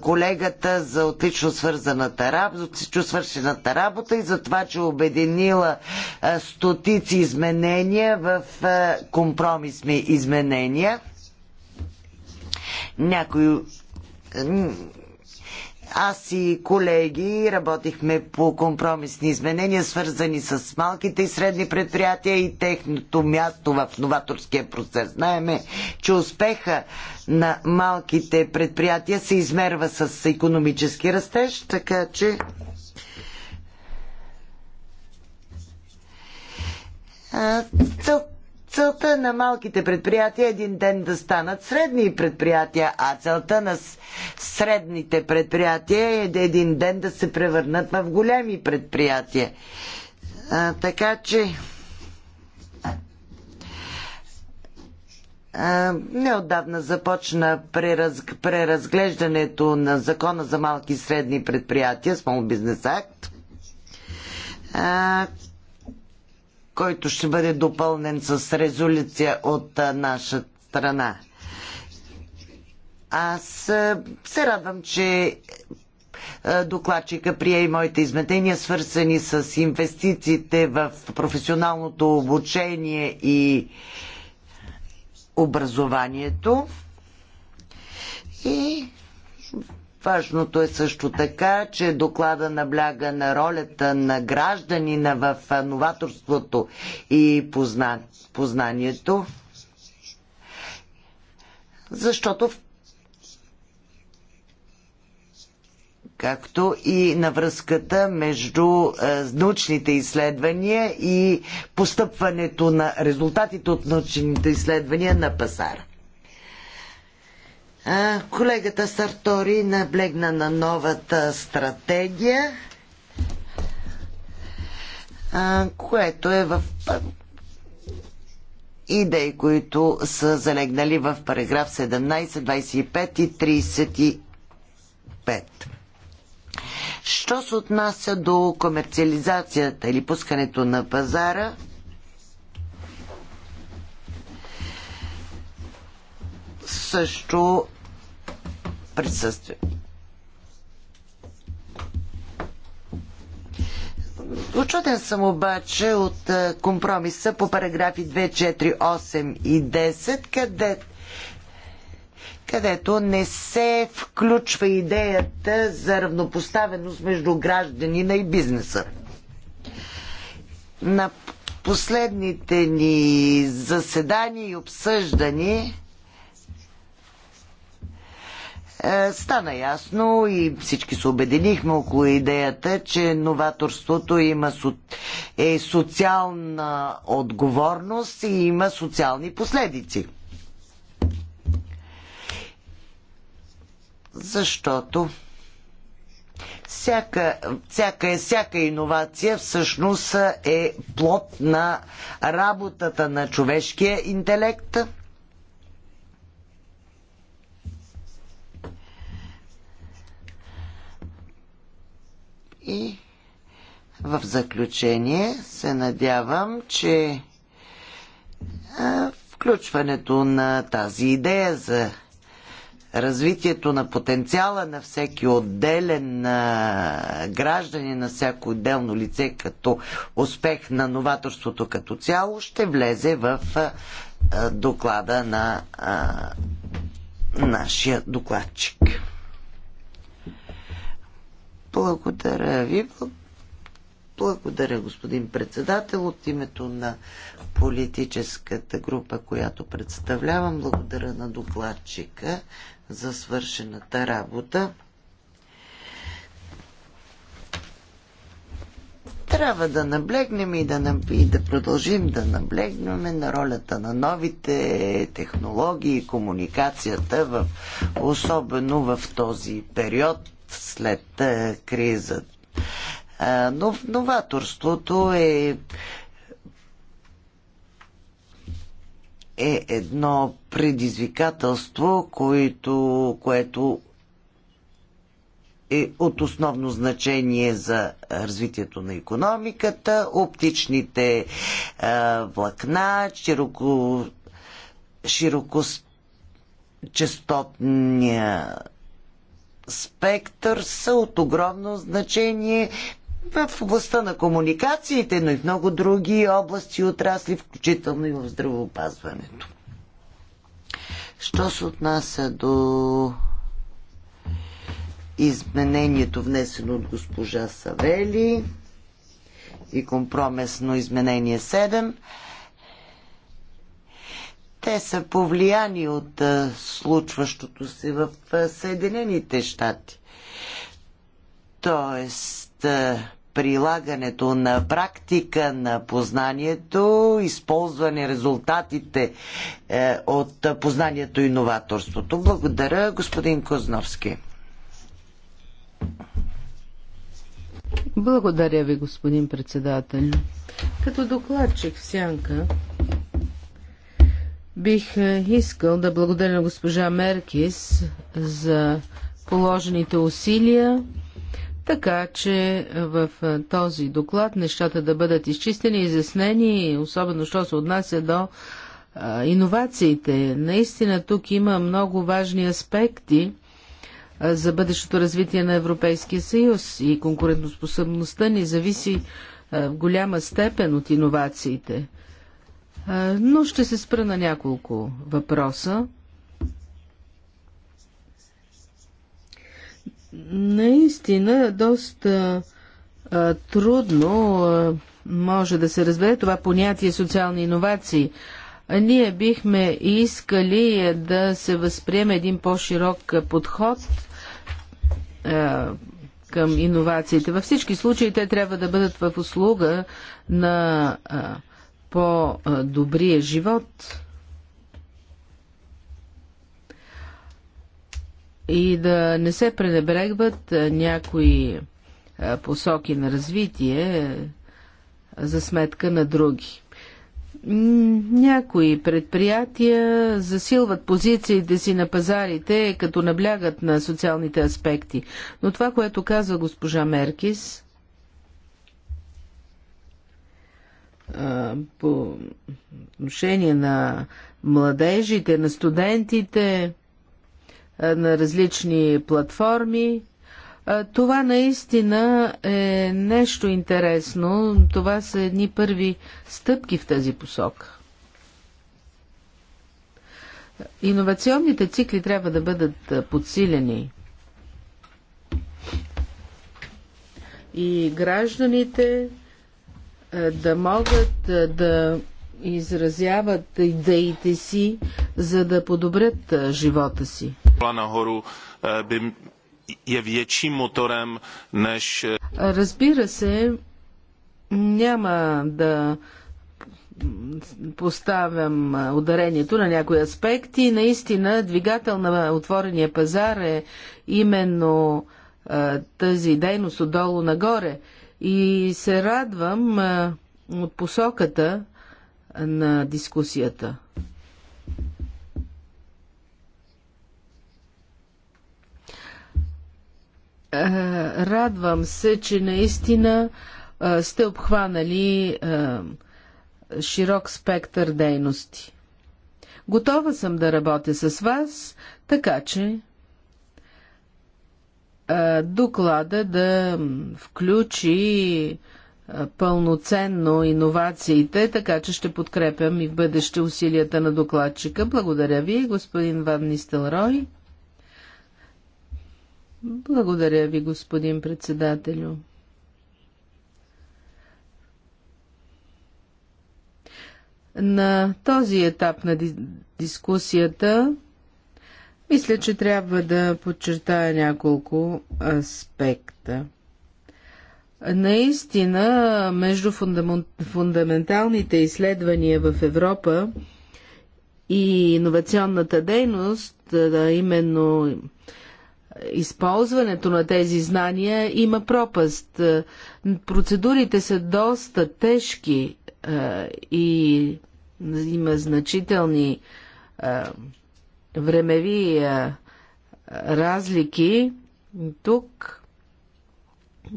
колегата за отлично свързаната работа, за свършената работа и за това, че обединила е, стотици изменения в компромисни изменения. Някои аз и колеги работихме по компромисни изменения, свързани с малките и средни предприятия и техното място в новаторския процес. Знаеме, че успеха на малките предприятия се измерва с економически растеж, така че целта на малките предприятия е един ден да станат средни предприятия, а целта на средните предприятия е да един ден да се превърнат в големи предприятия. А, така че. Неотдавна започна прераз... преразглеждането на закона за малки и средни предприятия, Small Business Act, който ще бъде допълнен с резолюция от наша страна. Аз се радвам, че докладчика прие и моите изметения, свързани с инвестициите в професионалното обучение и образованието. И Важното е също така, че доклада набляга на ролята на гражданина в новаторството и позна... познанието, защото в както и на връзката между е, научните изследвания и постъпването на резултатите от научните изследвания на пазара. Колегата Сартори наблегна на новата стратегия, което е в идеи, които са залегнали в параграф 17, 25 и 35. Що се отнася до комерциализацията или пускането на пазара, също присъствие. Учуден съм обаче от е, компромиса по параграфи 2, 4, 8 и 10, къде, където не се включва идеята за равнопоставеност между гражданина и бизнеса. На последните ни заседания и обсъждания е, стана ясно и всички се обединихме около идеята, че новаторството има е социална отговорност и има социални последици. Защото всяка, всяка, всяка иновация всъщност е плод на работата на човешкия интелект – И в заключение се надявам, че включването на тази идея за развитието на потенциала на всеки отделен граждани на всяко отделно лице като успех на новаторството като цяло, ще влезе в доклада на нашия докладчик. Благодаря ви. Благодаря, господин председател. От името на политическата група, която представлявам, благодаря на докладчика за свършената работа. трябва да наблегнем и да, и да продължим да наблегнем на ролята на новите технологии и комуникацията, в... особено в този период след а, криза. А, но новаторството е е едно предизвикателство, което, което е от основно значение за развитието на економиката, оптичните а, влакна, широко, широко частотния спектър са от огромно значение в областта на комуникациите, но и в много други области и отрасли, включително и в здравеопазването. Що се отнася до изменението, внесено от госпожа Савели и компромесно изменение 7, те са повлияни от случващото се в Съединените щати. Тоест, прилагането на практика на познанието, използване резултатите е, от познанието и новаторството. Благодаря, господин Козновски. Благодаря ви, господин председател. Като докладчик в Сянка Бих е, искал да благодаря на госпожа Меркис за положените усилия, така че в е, този доклад нещата да бъдат изчистени, изяснени, особено що се отнася до е, иновациите. Наистина тук има много важни аспекти за бъдещото развитие на Европейския съюз и конкурентоспособността ни зависи в голяма степен от иновациите но ще се спра на няколко въпроса. Наистина, доста а, трудно а, може да се разбере това понятие социални иновации. А ние бихме искали да се възприеме един по-широк подход а, към иновациите. Във всички случаи те трябва да бъдат в услуга на а, по-добрия живот и да не се пренебрегват някои посоки на развитие за сметка на други. Някои предприятия засилват позициите си на пазарите, като наблягат на социалните аспекти. Но това, което казва госпожа Меркис, по отношение на младежите, на студентите, на различни платформи. Това наистина е нещо интересно. Това са едни първи стъпки в тази посока. Иновационните цикли трябва да бъдат подсилени. И гражданите, е, да могат е, да изразяват идеите си, за да подобрят е, живота си. Разбира се, няма да поставям ударението на някои аспекти. Наистина, двигател на отворения пазар е именно тази дейност отдолу нагоре – и се радвам от посоката на дискусията. Радвам се, че наистина сте обхванали широк спектър дейности. Готова съм да работя с вас, така че е, доклада да включи е, пълноценно иновациите, така че ще подкрепям и в бъдеще усилията на докладчика. Благодаря ви, господин Ван Нистелрой. Благодаря ви, господин председателю. На този етап на дискусията мисля, че трябва да подчертая няколко аспекта. Наистина, между фундаменталните изследвания в Европа и иновационната дейност, да, именно използването на тези знания, има пропаст. Процедурите са доста тежки и има значителни времеви а, разлики. Тук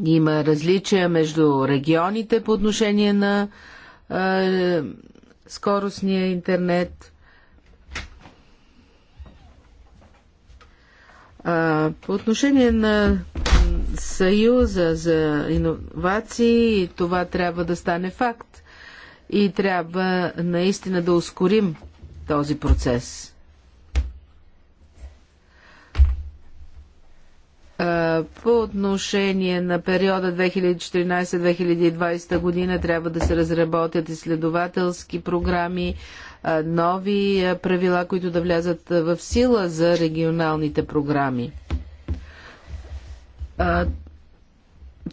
има различия между регионите по отношение на а, скоростния интернет. А, по отношение на Съюза за иновации, това трябва да стане факт. И трябва наистина да ускорим този процес. По отношение на периода 2014-2020 година трябва да се разработят изследователски програми, нови правила, които да влязат в сила за регионалните програми.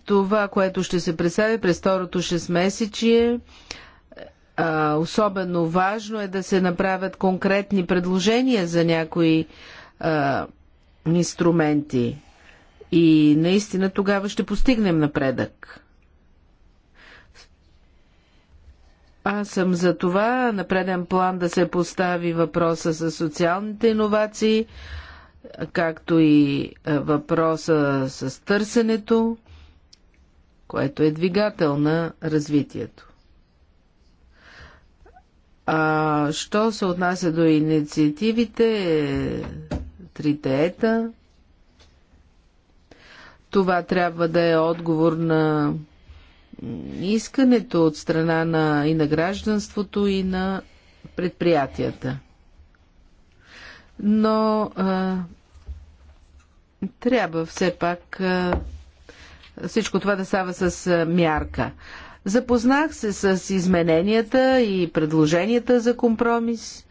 Това, което ще се представи през второто 6 месечие, особено важно е да се направят конкретни предложения за някои инструменти и наистина тогава ще постигнем напредък. Аз съм за това на преден план да се постави въпроса за социалните иновации, както и е, въпроса с търсенето, което е двигател на развитието. А, що се отнася до инициативите, трите ета, това трябва да е отговор на искането от страна на, и на гражданството, и на предприятията. Но а, трябва все пак а, всичко това да става с а, мярка. Запознах се с измененията и предложенията за компромис.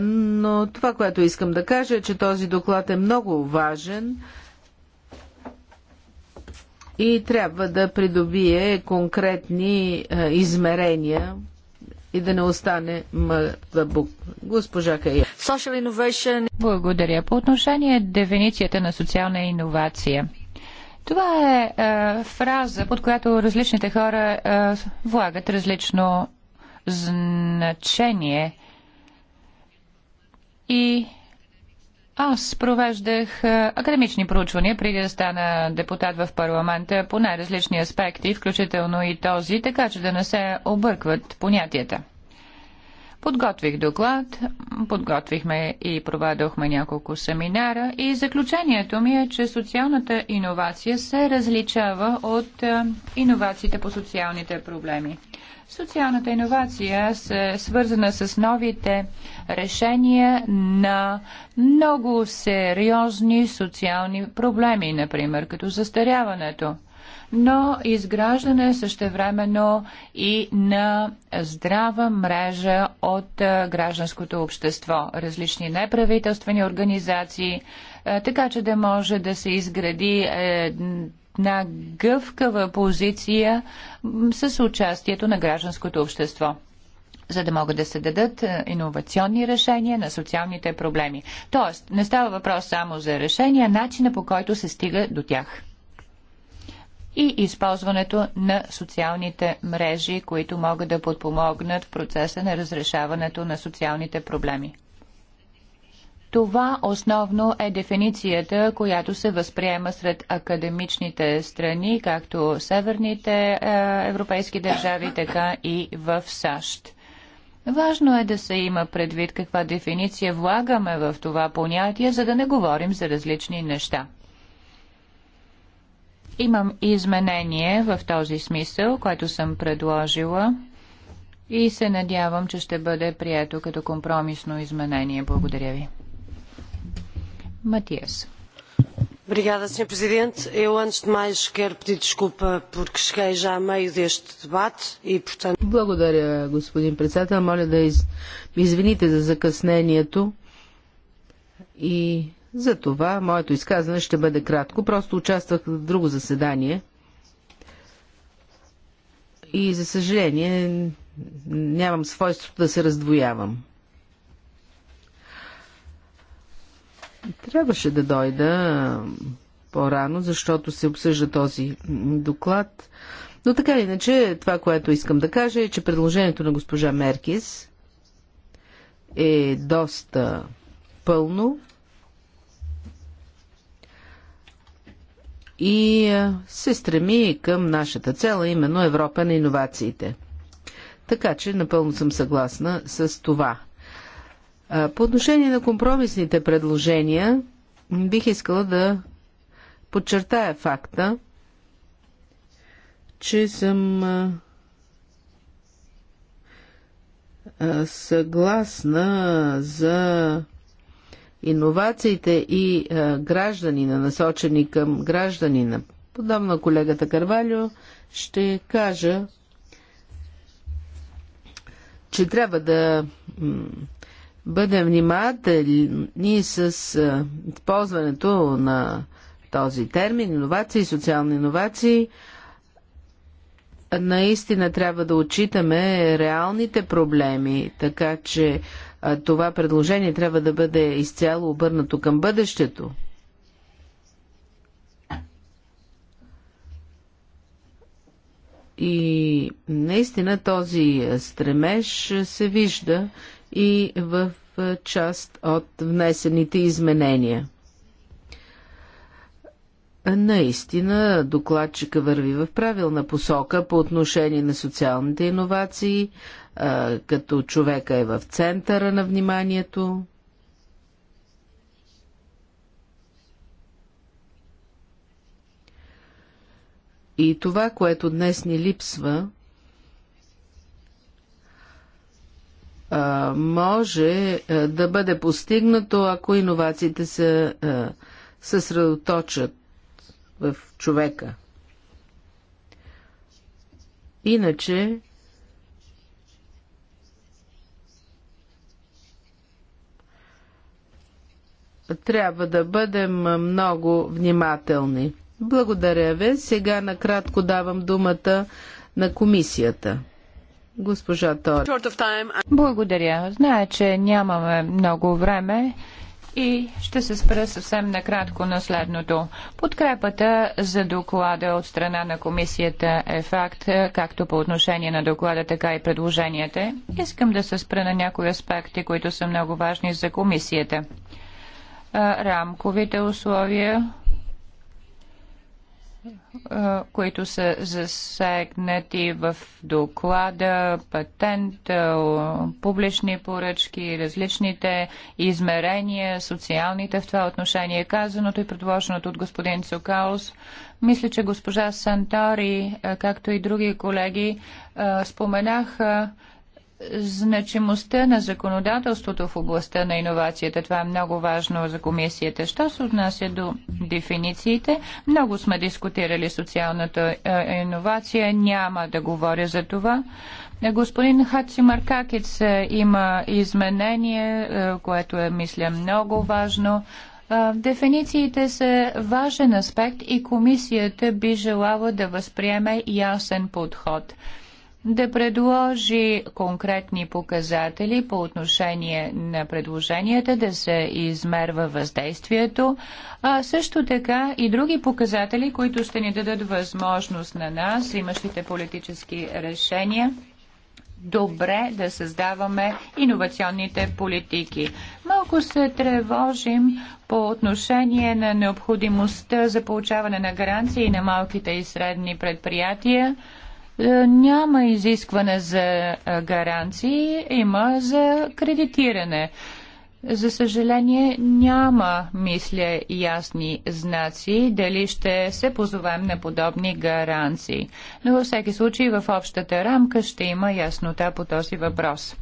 Но това, което искам да кажа е, че този доклад е много важен и трябва да придобие конкретни измерения и да не остане мъдъбук. Госпожа Кая. Благодаря. По отношение дефиницията на социална иновация. Това е, е фраза, под която различните хора е, влагат различно значение. И аз провеждах академични проучвания преди да стана депутат в парламента по най-различни аспекти, включително и този, така че да не се объркват понятията. Подготвих доклад, подготвихме и проведохме няколко семинара и заключението ми е, че социалната иновация се различава от е, иновациите по социалните проблеми. Социалната иновация е свързана с новите решения на много сериозни социални проблеми, например като застаряването – но изграждане същевременно и на здрава мрежа от гражданското общество, различни неправителствени организации, така че да може да се изгради е, на гъвкава позиция с участието на гражданското общество за да могат да се дадат е, иновационни решения на социалните проблеми. Тоест, не става въпрос само за решения, а начина по който се стига до тях и използването на социалните мрежи, които могат да подпомогнат в процеса на разрешаването на социалните проблеми. Това основно е дефиницията, която се възприема сред академичните страни, както северните е, европейски държави, така и в САЩ. Важно е да се има предвид каква дефиниция влагаме в това понятие, за да не говорим за различни неща. Имам изменение в този смисъл, което съм предложила и се надявам, че ще бъде прието като компромисно изменение. Благодаря ви. Матиас. Obrigada, Sr. Presidente. Eu, antes de mais, quero pedir desculpa porque cheguei já a meio deste debate e, portanto... Благодаря, господин председател. Моля да извините за закъснението и затова моето изказване ще бъде кратко. Просто участвах в друго заседание. И за съжаление нямам свойството да се раздвоявам. Трябваше да дойда по-рано, защото се обсъжда този доклад. Но така иначе, това, което искам да кажа е, че предложението на госпожа Меркис е доста пълно и е, се стреми към нашата цел, именно Европа на иновациите. Така че напълно съм съгласна с това. По отношение на компромисните предложения, бих искала да подчертая факта, че съм съгласна за иновациите и е, гражданина, насочени към гражданина. Подобно колегата Карвалю ще кажа, че трябва да бъдем внимателни с е, използването на този термин иновации, социални иновации. Наистина трябва да отчитаме реалните проблеми, така че това предложение трябва да бъде изцяло обърнато към бъдещето. И наистина този е, стремеж е, се вижда и в е, част от внесените изменения. Наистина, докладчика върви в правилна посока по отношение на социалните иновации, като човека е в центъра на вниманието. И това, което днес ни липсва, може да бъде постигнато, ако иновациите се съсредоточат в човека. Иначе трябва да бъдем много внимателни. Благодаря ви. Сега накратко давам думата на комисията. Госпожа Тор. Благодаря. Зная, че нямаме много време и ще се спра съвсем накратко на следното. Подкрепата за доклада от страна на комисията е факт, както по отношение на доклада, така и предложенията. Искам да се спра на някои аспекти, които са много важни за комисията рамковите условия, които са засегнати в доклада, патент, публични поръчки, различните измерения, социалните в това отношение казаното и предложеното от господин Цукаус. Мисля, че госпожа Сантори, както и други колеги, споменаха значимостта на законодателството в областта на иновацията. Това е много важно за комисията. Що се отнася до дефинициите, много сме дискутирали социалната е, иновация. Няма да говоря за това. Господин Хаци Маркакец има изменение, е, което е, мисля, много важно. Е, дефинициите са важен аспект и комисията би желала да възприеме ясен подход – да предложи конкретни показатели по отношение на предложенията, да се измерва въздействието, а също така и други показатели, които ще ни дадат възможност на нас, имащите политически решения, добре да създаваме иновационните политики. Малко се тревожим по отношение на необходимостта за получаване на гаранции на малките и средни предприятия, е, няма изискване за е, гаранции, има за кредитиране. За съжаление няма, мисля, ясни знаци дали ще се позовем на подобни гаранции. Но във всеки случай в общата рамка ще има яснота по този въпрос.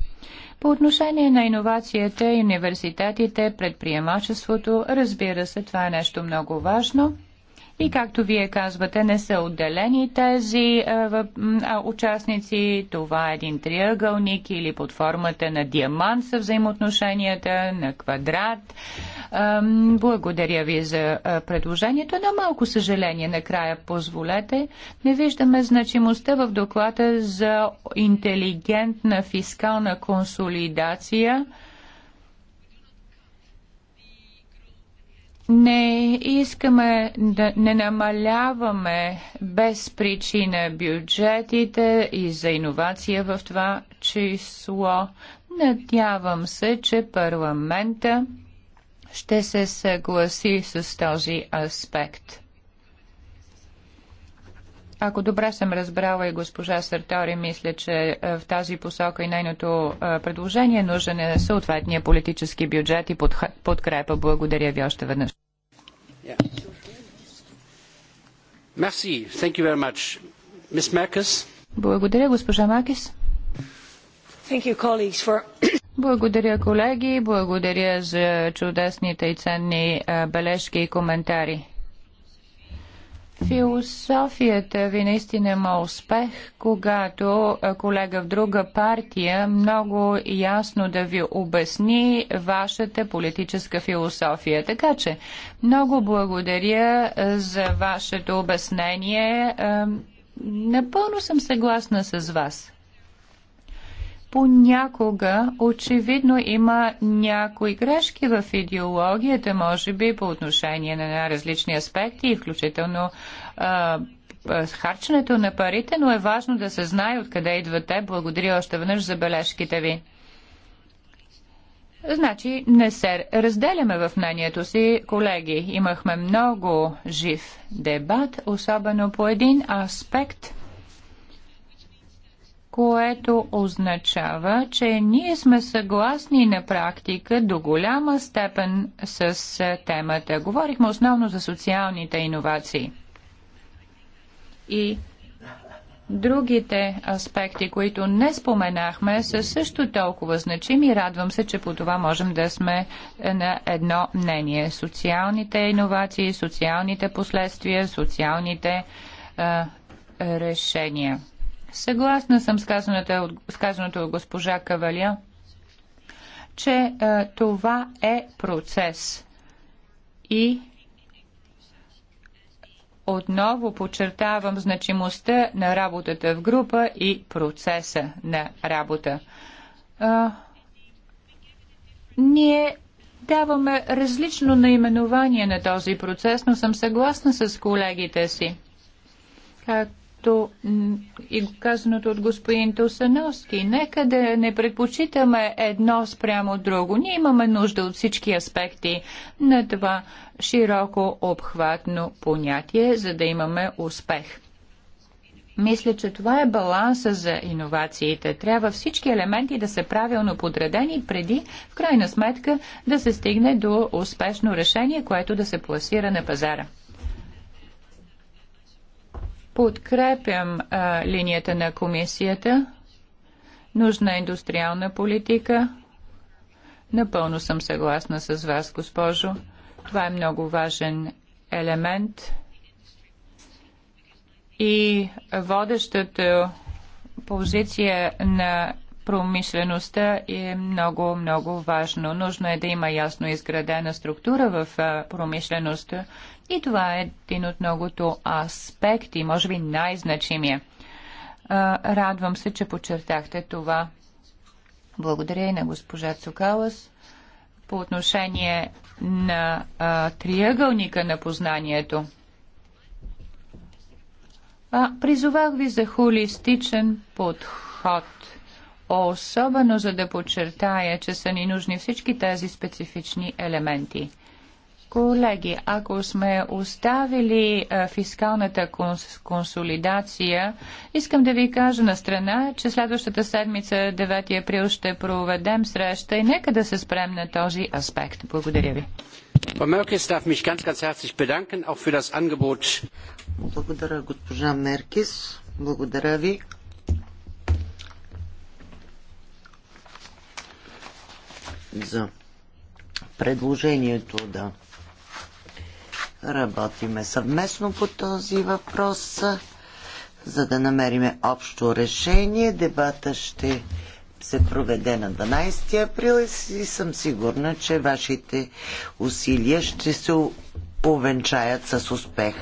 По отношение на иновацията, университетите, предприемачеството, разбира се, това е нещо много важно – и както вие казвате, не са отделени тези а, е, а, участници. Това е един триъгълник или под формата на диамант са взаимоотношенията, на квадрат. А, благодаря ви за е, предложението. На малко съжаление накрая, позволете. Не виждаме значимостта в доклада за интелигентна фискална консолидация. Не искаме да не намаляваме без причина бюджетите и за иновация в това число. Надявам се, че парламента ще се съгласи с този аспект. Ако добре съм разбрала и госпожа Сартори, мисля, че е, в тази посока и нейното е, предложение е нужен е съответния политически бюджет и подкрепа. Благодаря ви още веднъж. Yeah. Merci. Thank you very much. Miss Merkis. Благодаря, госпожа Макис. Thank you, colleagues, for... Благодаря, колеги. Благодаря за чудесните и ценни бележки и коментари. Философията ви наистина има успех, когато колега в друга партия много ясно да ви обясни вашата политическа философия. Така че много благодаря за вашето обяснение. Напълно съм съгласна с вас понякога очевидно има някои грешки в идеологията, може би по отношение на различни аспекти, включително а, харченето на парите, но е важно да се знае откъде идвате. Благодаря още веднъж за бележките ви. Значи не се разделяме в мнението си, колеги. Имахме много жив дебат, особено по един аспект – което означава, че ние сме съгласни на практика до голяма степен с е, темата. Говорихме основно за социалните иновации. И другите аспекти, които не споменахме, са също толкова значими. Радвам се, че по това можем да сме е, на едно мнение. Социалните иновации, социалните последствия, социалните а, е, решения. Съгласна съм с казаното от, сказаното от госпожа Кавалия, че е, това е процес и отново подчертавам значимостта на работата в група и процеса на работа. Е, ние даваме различно наименование на този процес, но съм съгласна с колегите си. Как е, както и казаното от господин Тосановски, Нека да не предпочитаме едно спрямо друго. Ние имаме нужда от всички аспекти на това широко обхватно понятие, за да имаме успех. Мисля, че това е баланса за иновациите. Трябва всички елементи да са правилно подредени преди, в крайна сметка, да се стигне до успешно решение, което да се пласира на пазара. Подкрепям а, линията на комисията. Нужна е индустриална политика. Напълно съм съгласна с вас, госпожо. Това е много важен елемент. И водещата позиция на промишлеността е много, много важно. Нужно е да има ясно изградена структура в промишлеността и това е един от многото аспекти, може би най-значимия. Радвам се, че подчертахте това. Благодаря и на госпожа Цукалас. По отношение на а, триъгълника на познанието. А, призовах ви за холистичен подход особено за да подчертая, че са ни нужни всички тези специфични елементи. Колеги, ако сме оставили фискалната консолидация, искам да ви кажа на страна, че следващата седмица, 9 април, ще проведем среща и нека да се спрем на този аспект. Благодаря ви. Благодаря, госпожа Меркис. Благодаря ви. за предложението да работиме съвместно по този въпрос, за да намериме общо решение. Дебата ще се проведе на 12 април и съм сигурна, че вашите усилия ще се увенчаят с успех.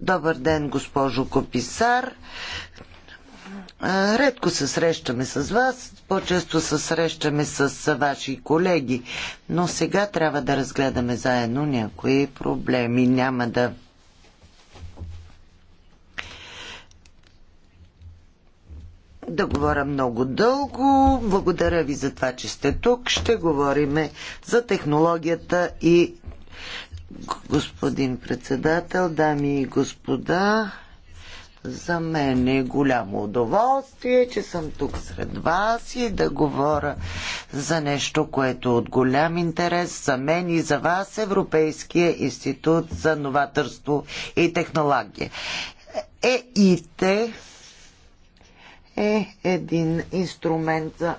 Добър ден, госпожо Кописар. Редко се срещаме с вас, по-често се срещаме с ваши колеги, но сега трябва да разгледаме заедно някои проблеми. Няма да. Да говоря много дълго. Благодаря ви за това, че сте тук. Ще говорим за технологията и господин председател, дами и господа. За мен е голямо удоволствие, че съм тук сред вас и да говоря за нещо, което е от голям интерес за мен и за вас, Европейския институт за новаторство и технология. ЕИТ е един инструмент за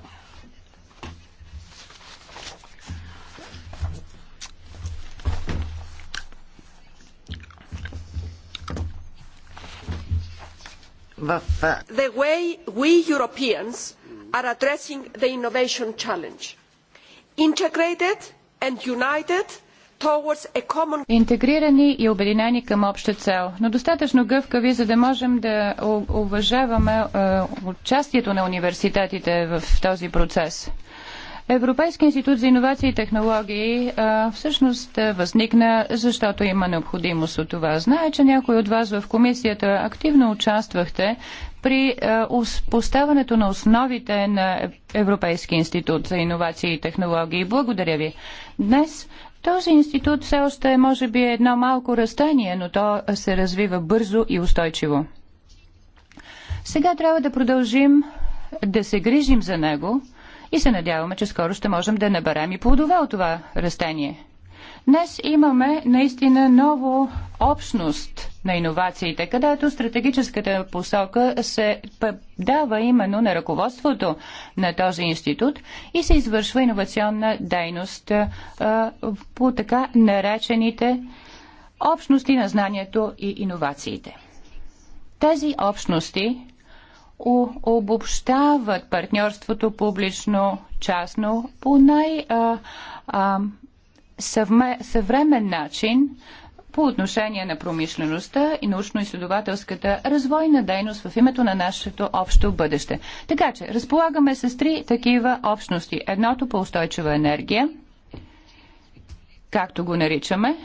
в... The way we Europeans are addressing the innovation challenge. Integrated and united towards a common... Интегрирани и обединени към обща цел, но достатъчно гъвкави, за да можем да уважаваме е, участието на университетите в този процес. Европейски институт за иновации и технологии а, всъщност възникна, защото има необходимост от това. Зная, че някои от вас в комисията активно участвахте при поставането на основите на Европейски институт за иновации и технологии. Благодаря ви. Днес този институт все още е, може би, едно малко растение, но то се развива бързо и устойчиво. Сега трябва да продължим да се грижим за него и се надяваме, че скоро ще можем да наберем и плодове от това растение. Днес имаме наистина ново общност на иновациите, където стратегическата посока се дава именно на ръководството на този институт и се извършва иновационна дейност а, по така наречените общности на знанието и иновациите. Тези общности обобщават партньорството публично-частно по най-съвремен начин по отношение на промишлеността и научно-изследователската развойна дейност в името на нашето общо бъдеще. Така че, разполагаме с три такива общности. Едното по устойчива енергия, както го наричаме,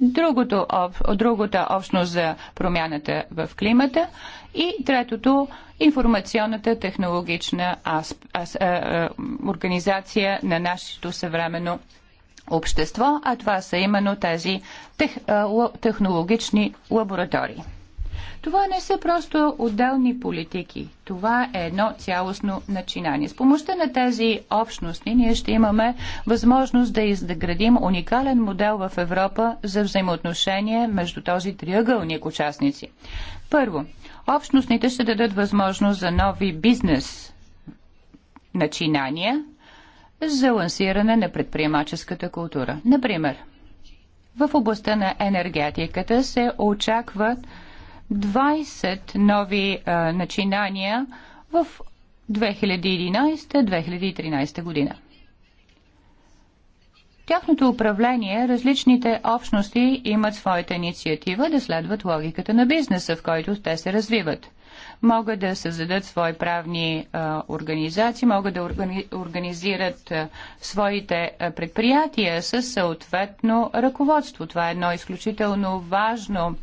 другото, другата общност за промяната в климата и третото информационната технологична асп, а, а, организация на нашето съвременно общество, а това са именно тези тех, а, технологични лаборатории. Това не са просто отделни политики. Това е едно цялостно начинание. С помощта на тези общности ние ще имаме възможност да изградим уникален модел в Европа за взаимоотношение между този триъгълник участници. Първо, Общностните ще дадат възможност за нови бизнес начинания за лансиране на предприемаческата култура. Например, в областта на енергетиката се очакват 20 нови а, начинания в 2011-2013 година тяхното управление различните общности имат своята инициатива да следват логиката на бизнеса, в който те се развиват. Могат да създадат свои правни а, организации, могат да органи, организират а, своите а, предприятия с съответно ръководство. Това е едно изключително важно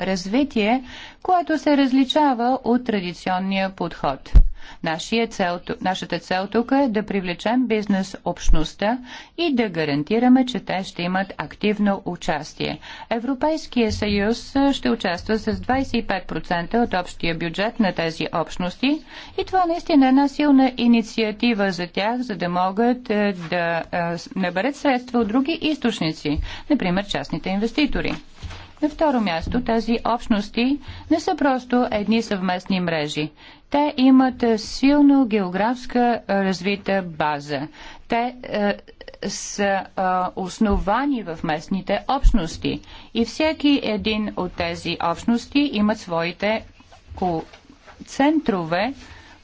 развитие, което се различава от традиционния подход. Цел, нашата цел тук е да привлечем бизнес общността и да гарантираме, че те ще имат активно участие. Европейския съюз ще участва с 25% от общия бюджет на тези общности и това наистина е една силна инициатива за тях, за да могат да наберат средства от други източници, например частните инвеститори. На второ място, тези общности не са просто едни съвместни мрежи. Те имат силно географска развита база. Те е, са е, основани в местните общности. И всеки един от тези общности имат своите центрове,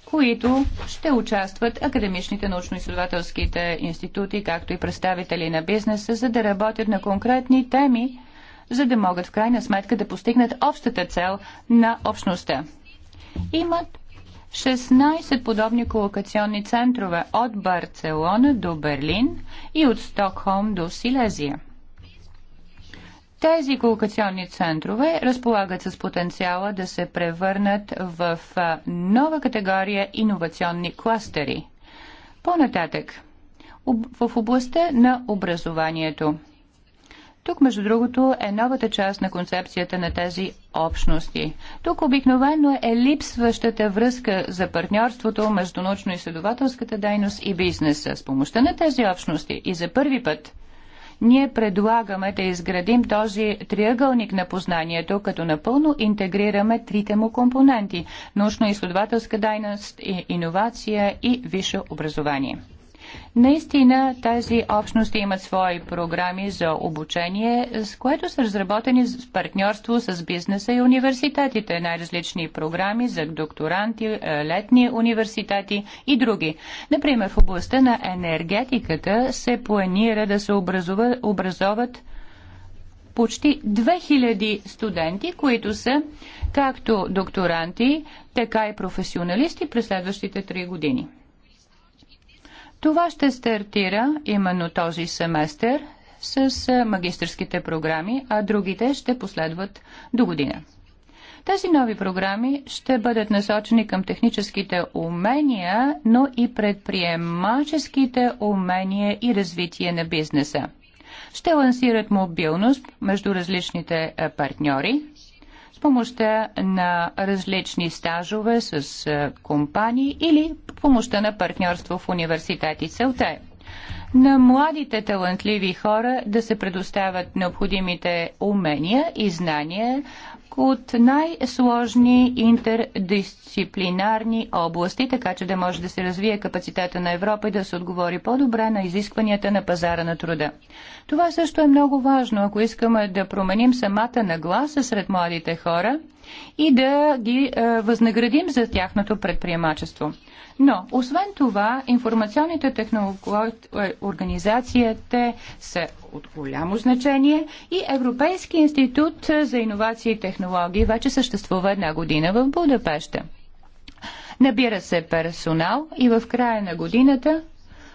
които ще участват академичните научно-изследователските институти, както и представители на бизнеса, за да работят на конкретни теми, за да могат в крайна сметка да постигнат общата цел на общността. Имат 16 подобни колокационни центрове от Барселона до Берлин и от Стокхолм до Силезия. Тези колокационни центрове разполагат с потенциала да се превърнат в нова категория иновационни кластери. По-нататък, в областта на образованието – тук, между другото, е новата част на концепцията на тези общности. Тук обикновено е липсващата връзка за партньорството между научно-изследователската дейност и бизнеса. С помощта на тези общности и за първи път ние предлагаме да изградим този триъгълник на познанието, като напълно интегрираме трите му компоненти – научно-изследователска дейност, иновация и висше образование. Наистина тези общност имат свои програми за обучение, с което са разработени с партньорство с бизнеса и университетите, най-различни програми за докторанти, е, летни университети и други. Например, в областта на енергетиката се планира да се образуват образоват почти 2000 студенти, които са както докторанти, така и професионалисти през следващите 3 години. Това ще стартира именно този семестър с магистрските програми, а другите ще последват до година. Тези нови програми ще бъдат насочени към техническите умения, но и предприемаческите умения и развитие на бизнеса. Ще лансират мобилност между различните партньори, помощта на различни стажове с е, компании или помощта на партньорство в университети. Целта е на младите талантливи хора да се предоставят необходимите умения и знания от най-сложни интердисциплинарни области, така че да може да се развие капацитета на Европа и да се отговори по-добре на изискванията на пазара на труда. Това също е много важно, ако искаме да променим самата нагласа сред младите хора и да ги е, възнаградим за тяхното предприемачество. Но, освен това, информационните технологии, е, организацията са от голямо значение и Европейски институт за иновации и технологии вече съществува една година в Будапеща. Набира се персонал и в края на годината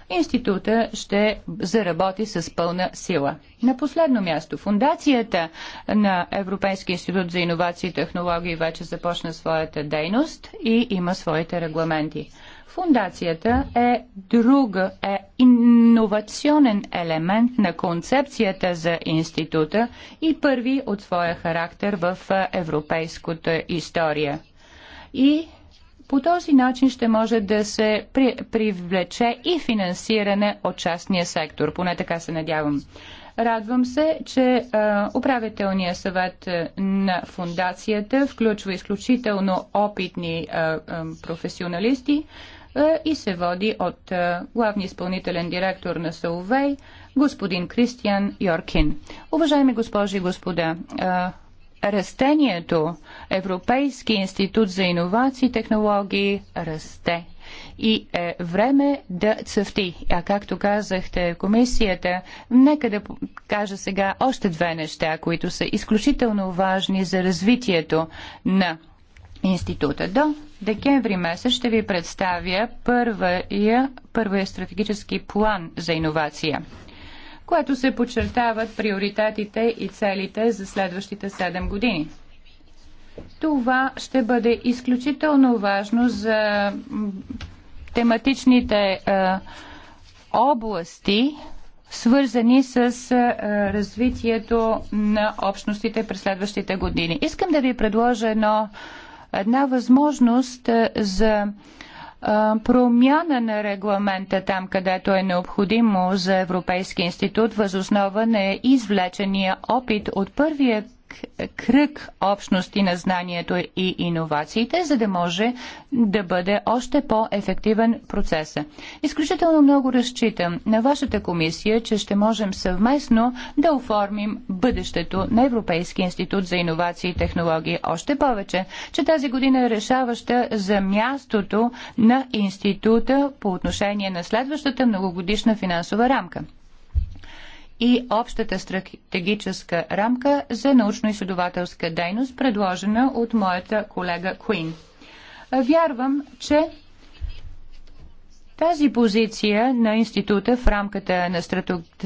института ще заработи с пълна сила. На последно място, фундацията на Европейския институт за иновации и технологии вече започна своята дейност и има своите регламенти. Фундацията е друг е иновационен елемент на концепцията за института и първи от своя характер в е, европейската история. И по този начин ще може да се при, привлече и финансиране от частния сектор. Поне така се надявам. Радвам се, че а, е, управителният съвет е, на фундацията включва изключително опитни а, а, професионалисти, е, и се води от е, главния изпълнителен директор на Соловей, господин Кристиан Йоркин. Уважаеми госпожи и господа, е, растението Европейски институт за иновации и технологии расте и е време да цъфти. А както казахте комисията, нека да кажа сега още две неща, които са изключително важни за развитието на института. До декември месец ще ви представя първия, първия стратегически план за иновация, което се подчертават приоритетите и целите за следващите 7 години. Това ще бъде изключително важно за тематичните а, области, свързани с а, развитието на общностите през следващите години. Искам да ви предложа едно а, една възможност е, за е, промяна на регламента там, където е необходимо за Европейски институт, възоснова на извлечения опит от първия кръг общности на знанието и иновациите, за да може да бъде още по-ефективен процеса. Изключително много разчитам на вашата комисия, че ще можем съвместно да оформим бъдещето на Европейски институт за иновации и технологии. Още повече, че тази година е решаваща за мястото на института по отношение на следващата многогодишна финансова рамка и общата стратегическа рамка за научно-изследователска дейност, предложена от моята колега Куин. Вярвам, че тази позиция на института в рамката на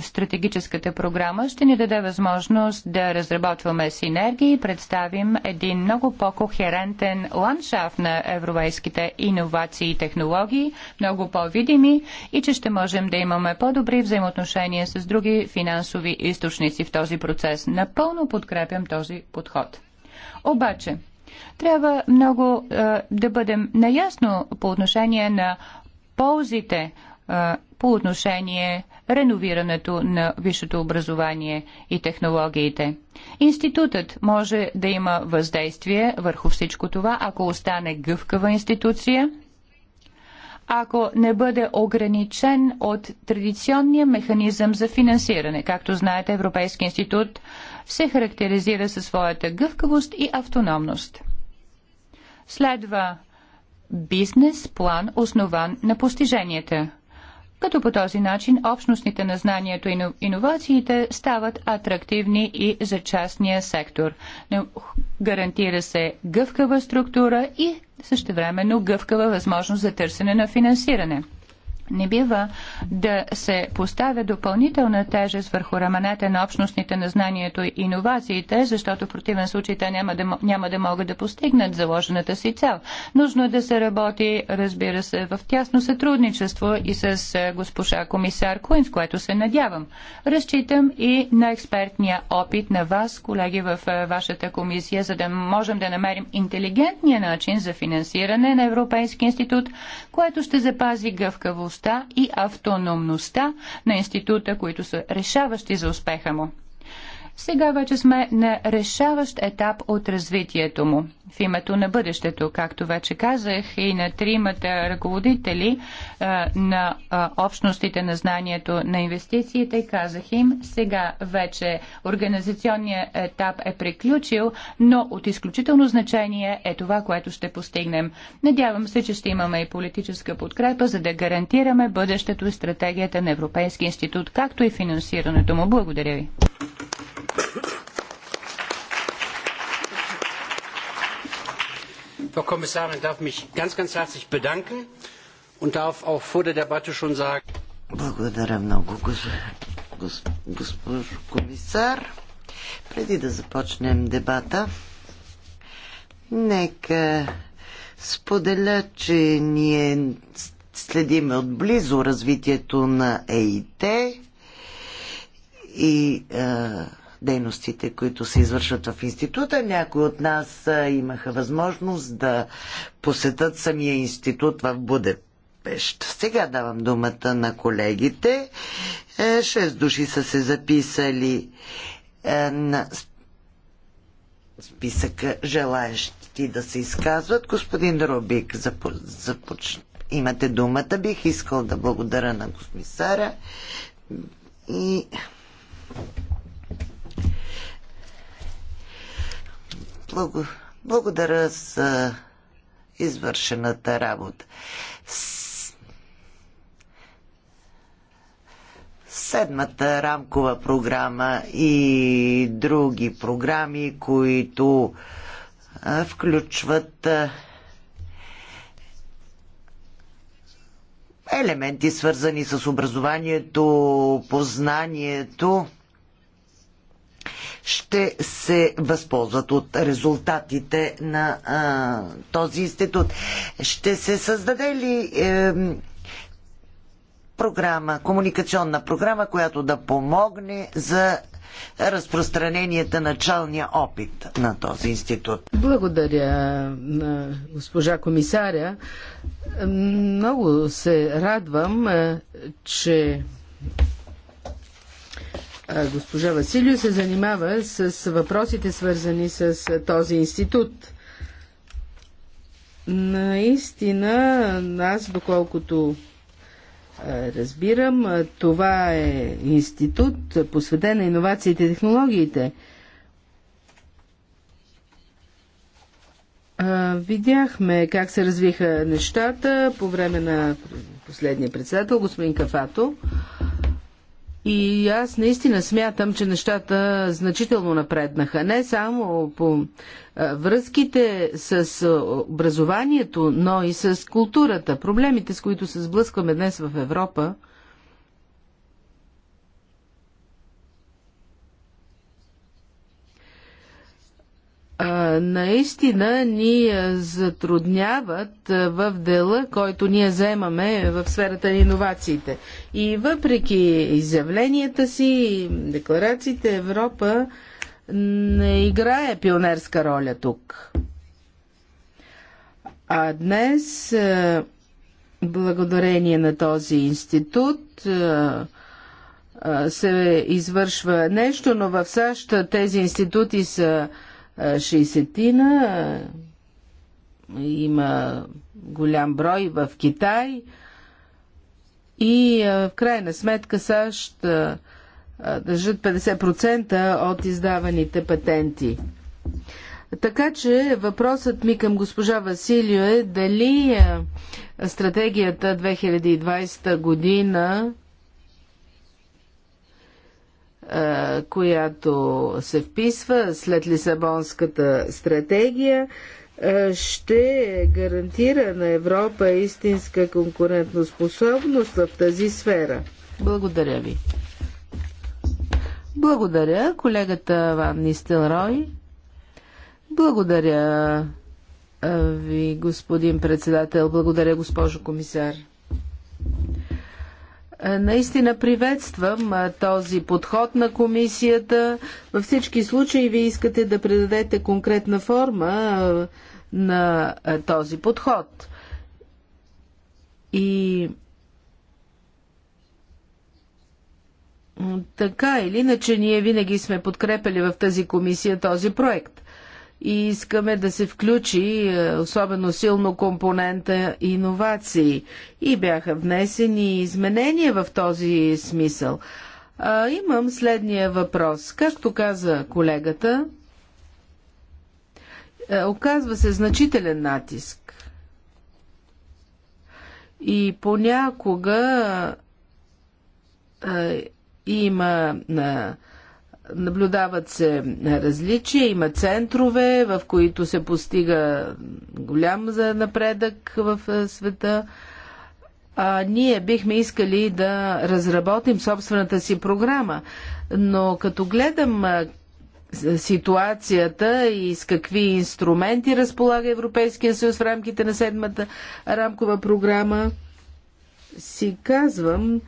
стратегическата програма ще ни даде възможност да разработваме синергии и представим един много по-кохерентен ландшафт на европейските иновации и технологии, много по-видими и че ще можем да имаме по-добри взаимоотношения с други финансови източници в този процес. Напълно подкрепям този подход. Обаче, трябва много е, да бъдем наясно по отношение на ползите по отношение реновирането на висшето образование и технологиите. Институтът може да има въздействие върху всичко това, ако остане гъвкава институция, ако не бъде ограничен от традиционния механизъм за финансиране. Както знаете, Европейски институт се характеризира със своята гъвкавост и автономност. Следва бизнес план, основан на постиженията. Като по този начин общностните на знанието и иновациите стават атрактивни и за частния сектор. Гарантира се гъвкава структура и същевременно гъвкава възможност за търсене на финансиране. Не бива да се поставя допълнителна тежест върху раменете на общностните на знанието и иновациите, защото в противен случай те няма да, няма да могат да постигнат заложената си цел. Нужно е да се работи, разбира се, в тясно сътрудничество и с е, госпожа комисар Куин, с което се надявам. Разчитам и на експертния опит на вас, колеги в е, вашата комисия, за да можем да намерим интелигентния начин за финансиране на Европейски институт, което ще запази гъвкавост независимостта и автономността на института, които са решаващи за успеха му. Сега вече сме на решаващ етап от развитието му в името на бъдещето, както вече казах и на тримата ръководители а, на а, общностите на знанието на инвестициите, казах им, сега вече организационният етап е приключил, но от изключително значение е това, което ще постигнем. Надявам се, че ще имаме и политическа подкрепа, за да гарантираме бъдещето и стратегията на Европейски институт, както и финансирането му. Благодаря ви. Frau Kommissarin, darf mich ganz, ganz herzlich bedanken und darf auch vor der Debatte schon sagen. Благодаря много, госпожо комисар. Преди да започнем дебата, нека споделя, че ние следиме отблизо развитието на ЕИТ и е, дейностите, които се извършват в института. Някои от нас имаха възможност да посетат самия институт в Будепешт. Сега давам думата на колегите. Е, шест души са се записали е, на списъка желаящи да се изказват. Господин Робик, Започ... Имате думата. Бих искал да благодаря на комисара и Благо... Благодаря за извършената работа. Седмата рамкова програма и други програми, които включват елементи, свързани с образованието, познанието ще се възползват от резултатите на а, този институт. Ще се създаде ли е, програма, комуникационна програма, която да помогне за разпространенията началния опит на този институт. Благодаря на госпожа комисаря. Много се радвам, е, че Госпожа Василио се занимава с въпросите, свързани с този институт. Наистина, аз доколкото разбирам, това е институт, посветен на иновациите и технологиите. Видяхме как се развиха нещата по време на последния председател, господин Кафато. И аз наистина смятам, че нещата значително напреднаха. Не само по връзките с образованието, но и с културата. Проблемите, с които се сблъскваме днес в Европа, наистина ни затрудняват в дела, който ние заемаме в сферата на иновациите. И въпреки изявленията си, декларациите, Европа не играе пионерска роля тук. А днес, благодарение на този институт, се извършва нещо, но в САЩ тези институти са 60-тина. Е, е, има голям брой в Китай. И е, в крайна сметка САЩ държат 50% от издаваните патенти. Така че въпросът ми към госпожа Василио е дали стратегията 2020 година която се вписва след Лисабонската стратегия, ще гарантира на Европа истинска конкурентоспособност в тази сфера. Благодаря ви. Благодаря колегата Ван Нистелрой. Благодаря ви, господин председател. Благодаря, госпожо комисар. Е, наистина приветствам е, този подход на комисията. Във всички случаи вие искате да предадете конкретна форма е, на този подход. И така или иначе ние винаги сме подкрепили в тази комисия този проект и искаме да се включи е, особено силно компонента иновации. И бяха внесени изменения в този смисъл. А, имам следния въпрос. Както каза колегата, е, оказва се значителен натиск. И понякога а, е, има а, Наблюдават се различия, има центрове, в които се постига голям напредък в е, света. А, ние бихме искали да разработим собствената си програма, но като гледам е, ситуацията и с какви инструменти разполага Европейския съюз в рамките на седмата рамкова програма, си казвам,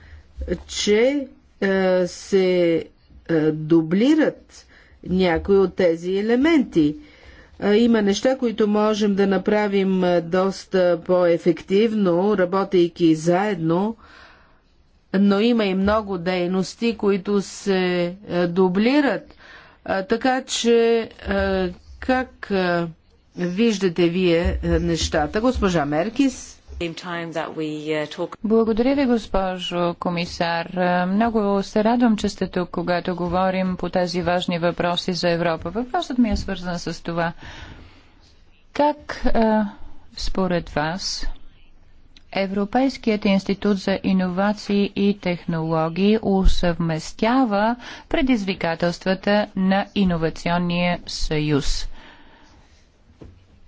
че е, се е, дублират някои от тези елементи. Е, има неща, които можем да направим е, доста по-ефективно, работейки заедно, но има и много дейности, които се дублират. Така че, как виждате вие нещата? Госпожа Меркис? Благодаря ви, госпожо комисар. Много се радвам, че сте тук, когато говорим по тези важни въпроси за Европа. Въпросът ми е свързан с това. Как според вас Европейският институт за иновации и технологии усъвместява предизвикателствата на иновационния съюз.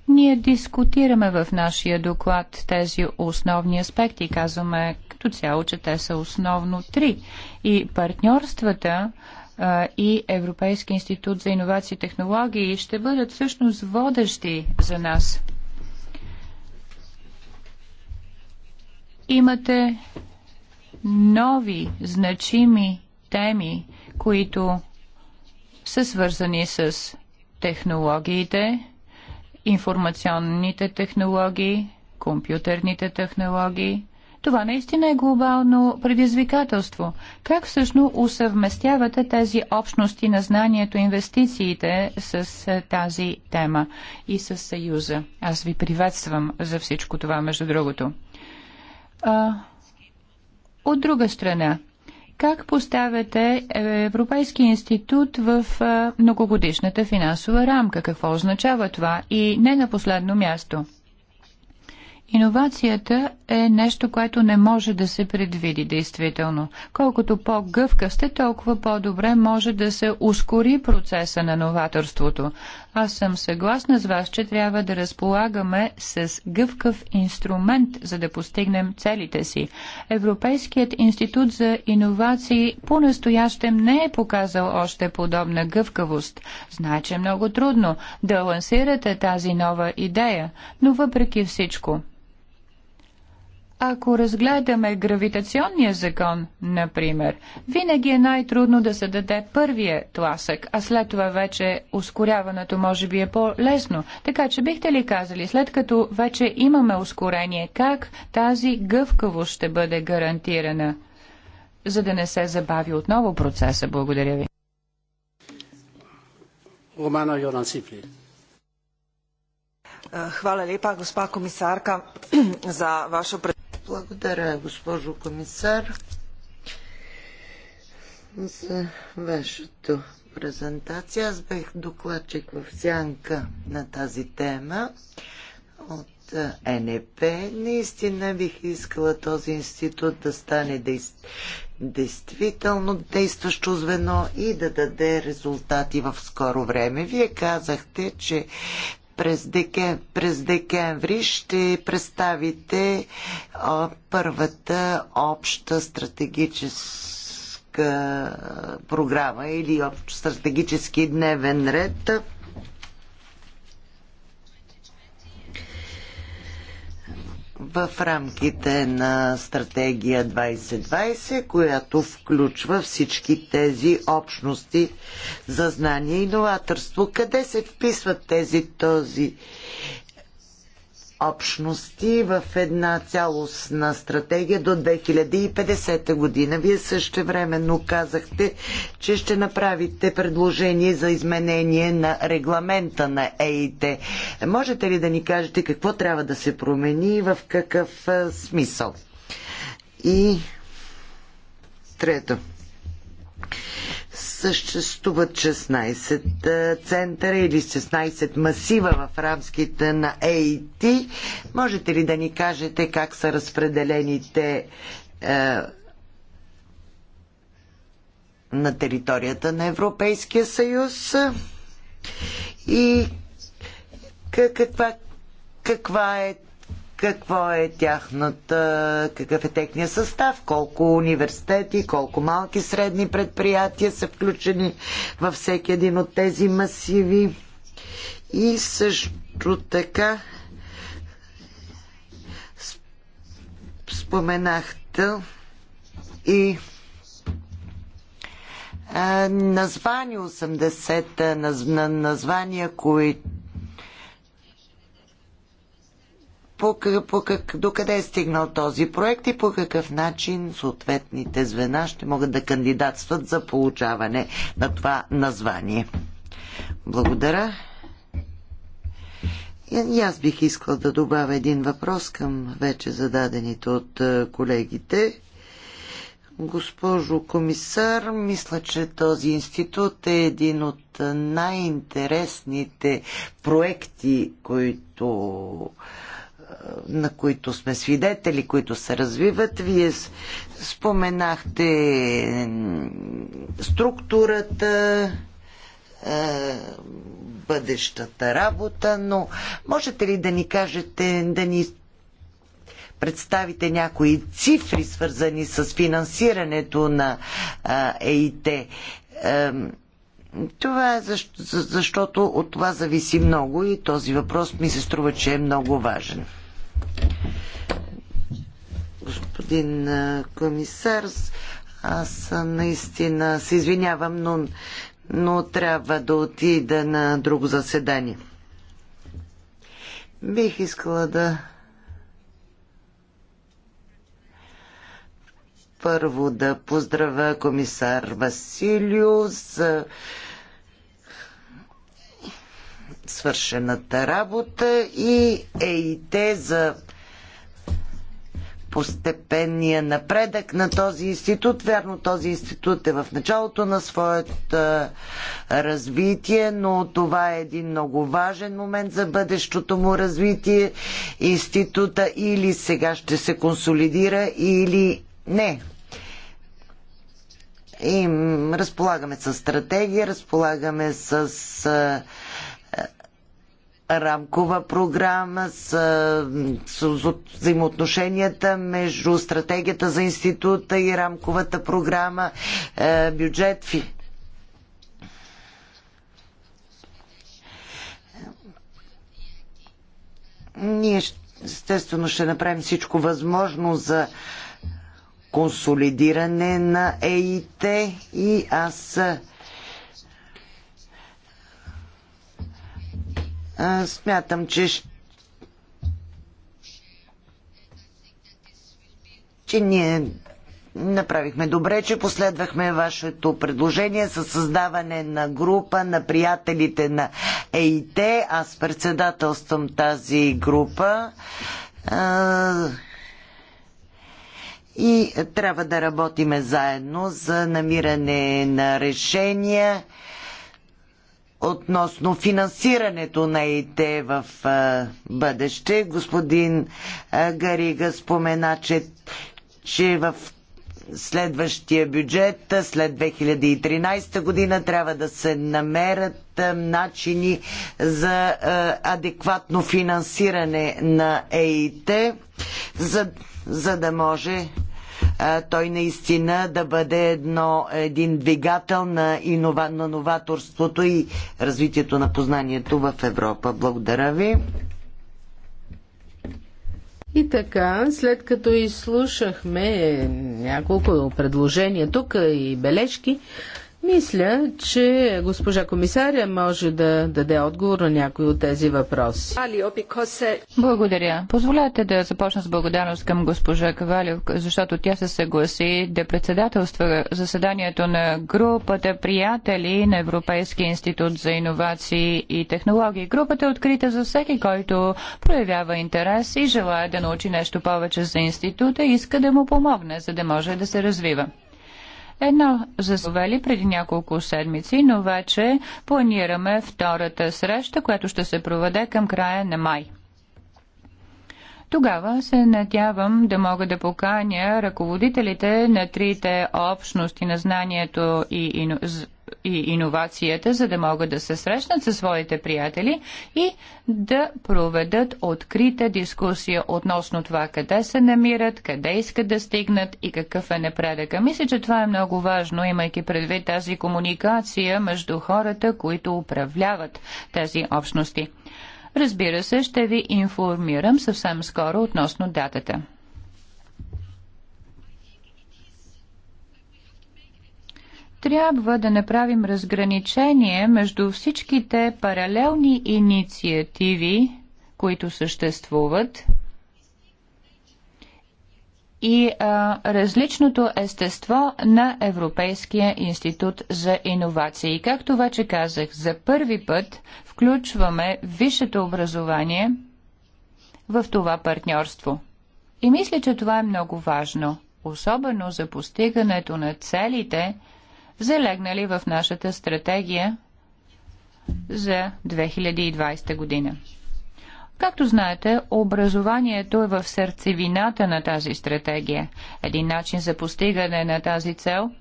Ние дискутираме в нашия доклад тези основни аспекти казваме като цяло, че те са основно три. И партньорствата а, и Европейски институт за иновации и технологии ще бъдат всъщност водещи за нас. Имате нови значими теми, които са свързани с технологиите, информационните технологии, компютърните технологии. Това наистина е глобално предизвикателство. Как всъщност усъвместявате тези общности на знанието, инвестициите с е, тази тема и с Съюза? Аз ви приветствам за всичко това, между другото. А, от друга страна, как поставяте Европейски институт в многогодишната финансова рамка? Какво означава това? И не на последно място. Иновацията е нещо, което не може да се предвиди действително. Колкото по гъвка сте, толкова по-добре може да се ускори процеса на новаторството. Аз съм съгласна с вас, че трябва да разполагаме с гъвкав инструмент, за да постигнем целите си. Европейският институт за иновации по-настоящем не е показал още подобна гъвкавост. Значи че е много трудно да лансирате тази нова идея, но въпреки всичко, ако разгледаме гравитационния закон, например, винаги е най-трудно да се даде първия тласък, а след това вече ускоряването може би е по-лесно. Така че бихте ли казали, след като вече имаме ускорение, как тази гъвкавост ще бъде гарантирана, за да не се забави отново процеса? Благодаря ви. Романа Йоран Сипли. Hvala lepa, gospa komisarka, za vašo predstavitev. Благодаря, госпожо комисар, за вашето презентация. Аз бех докладчик в сянка на тази тема от НЕП. Наистина бих искала този институт да стане действително действащо звено и да даде резултати в скоро време. Вие казахте, че през, декем, през декември ще представите а, първата обща стратегическа програма или общ стратегически дневен ред. в рамките на стратегия 2020, която включва всички тези общности за знание и новаторство. Къде се вписват тези, този, общности в една цялостна стратегия до 2050 година. Вие също времено казахте, че ще направите предложение за изменение на регламента на ЕИТ. Можете ли да ни кажете какво трябва да се промени и в какъв смисъл? И трето съществуват 16 центъра или 16 масива в рамките на ЕИТ. Можете ли да ни кажете как са разпределените е, на територията на Европейския съюз и каква, каква е какво е тяхната, какъв е техния състав, колко университети, колко малки средни предприятия са включени във всеки един от тези масиви. И също така споменахте и названи 80 названия, които по, по, как, до къде е стигнал този проект и по какъв начин съответните звена ще могат да кандидатстват за получаване на това название. Благодаря. И аз бих искал да добавя един въпрос към вече зададените от е, колегите. Госпожо комисар, мисля, че този институт е един от най-интересните проекти, които на които сме свидетели, които се развиват. Вие споменахте структурата, е, бъдещата работа, но можете ли да ни кажете, да ни представите някои цифри, свързани с финансирането на ЕИТ? Е, това е защото от това зависи много и този въпрос ми се струва, че е много важен. Господин комисар, аз наистина се извинявам, но, но трябва да отида на друго заседание. Бих искала да първо да поздравя комисар Василио за свършената работа и те за постепенния напредък на този институт. Вярно, този институт е в началото на своето развитие, но това е един много важен момент за бъдещото му развитие. Института или сега ще се консолидира, или не. И разполагаме с стратегия, разполагаме с рамкова програма, с, с взаимоотношенията между стратегията за института и рамковата програма, е, бюджет, ние естествено ще направим всичко възможно за консолидиране на ЕИТ и аз Смятам, че че ние направихме добре, че последвахме вашето предложение за създаване на група на приятелите на ЕИТ. Аз председателствам тази група. И трябва да работиме заедно за намиране на решения относно финансирането на ИТ в бъдеще. Господин Гарига спомена, че, че в следващия бюджет, след 2013 година, трябва да се намерят начини за адекватно финансиране на ЕИТ, за, за да може той наистина да бъде едно, един двигател на, инова, на новаторството и развитието на познанието в Европа. Благодаря ви. И така, след като изслушахме няколко предложения тук и бележки, мисля, че госпожа комисаря може да даде отговор на някои от тези въпроси. Благодаря. Позволете да започна с благодарност към госпожа Кавалев, защото тя се съгласи да председателства заседанието на групата приятели на Европейския институт за иновации и технологии. Групата е открита за всеки, който проявява интерес и желая да научи нещо повече за института и иска да му помогне, за да може да се развива. Едно словели преди няколко седмици, но вече планираме втората среща, която ще се проведе към края на май. Тогава се надявам да мога да поканя ръководителите на трите общности на знанието и и иновацията, за да могат да се срещнат със своите приятели и да проведат открита дискусия относно това къде се намират, къде искат да стигнат и какъв е напредъка. Мисля, че това е много важно, имайки предвид тази комуникация между хората, които управляват тези общности. Разбира се, ще ви информирам съвсем скоро относно датата. трябва да направим разграничение между всичките паралелни инициативи, които съществуват, и а, различното естество на Европейския институт за иновации. Както вече казах, за първи път включваме висшето образование в това партньорство. И мисля, че това е много важно, особено за постигането на целите, залегнали в нашата стратегия за 2020 година. Както знаете, образованието е в сърцевината на тази стратегия. Един начин за постигане на тази цел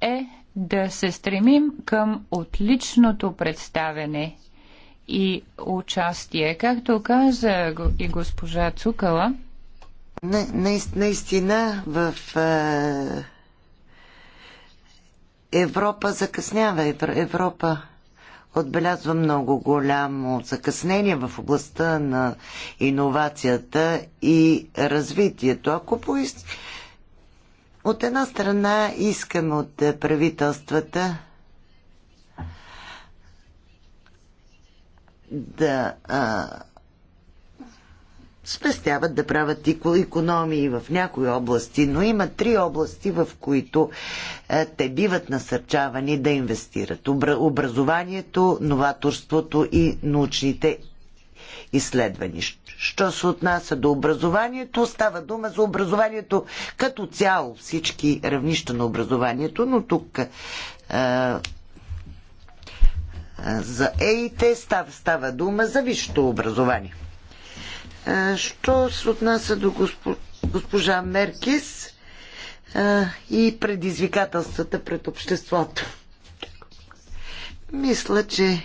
е да се стремим към отличното представяне и участие. Както каза и госпожа Цукала. Не, наистина в Европа закъснява. Европа отбелязва много голямо закъснение в областта на иновацията и развитието. Ако поиск... От една страна искаме от правителствата да а, спестяват да правят економии в някои области, но има три области, в които е, те биват насърчавани да инвестират. Образованието, новаторството и научните изследвания. Що се отнася до образованието, става дума за образованието като цяло, всички равнища на образованието, но тук е, е за ЕИТ става, става дума за висшето образование. Що се отнася до госпожа Меркис и предизвикателствата пред обществото? Мисля, че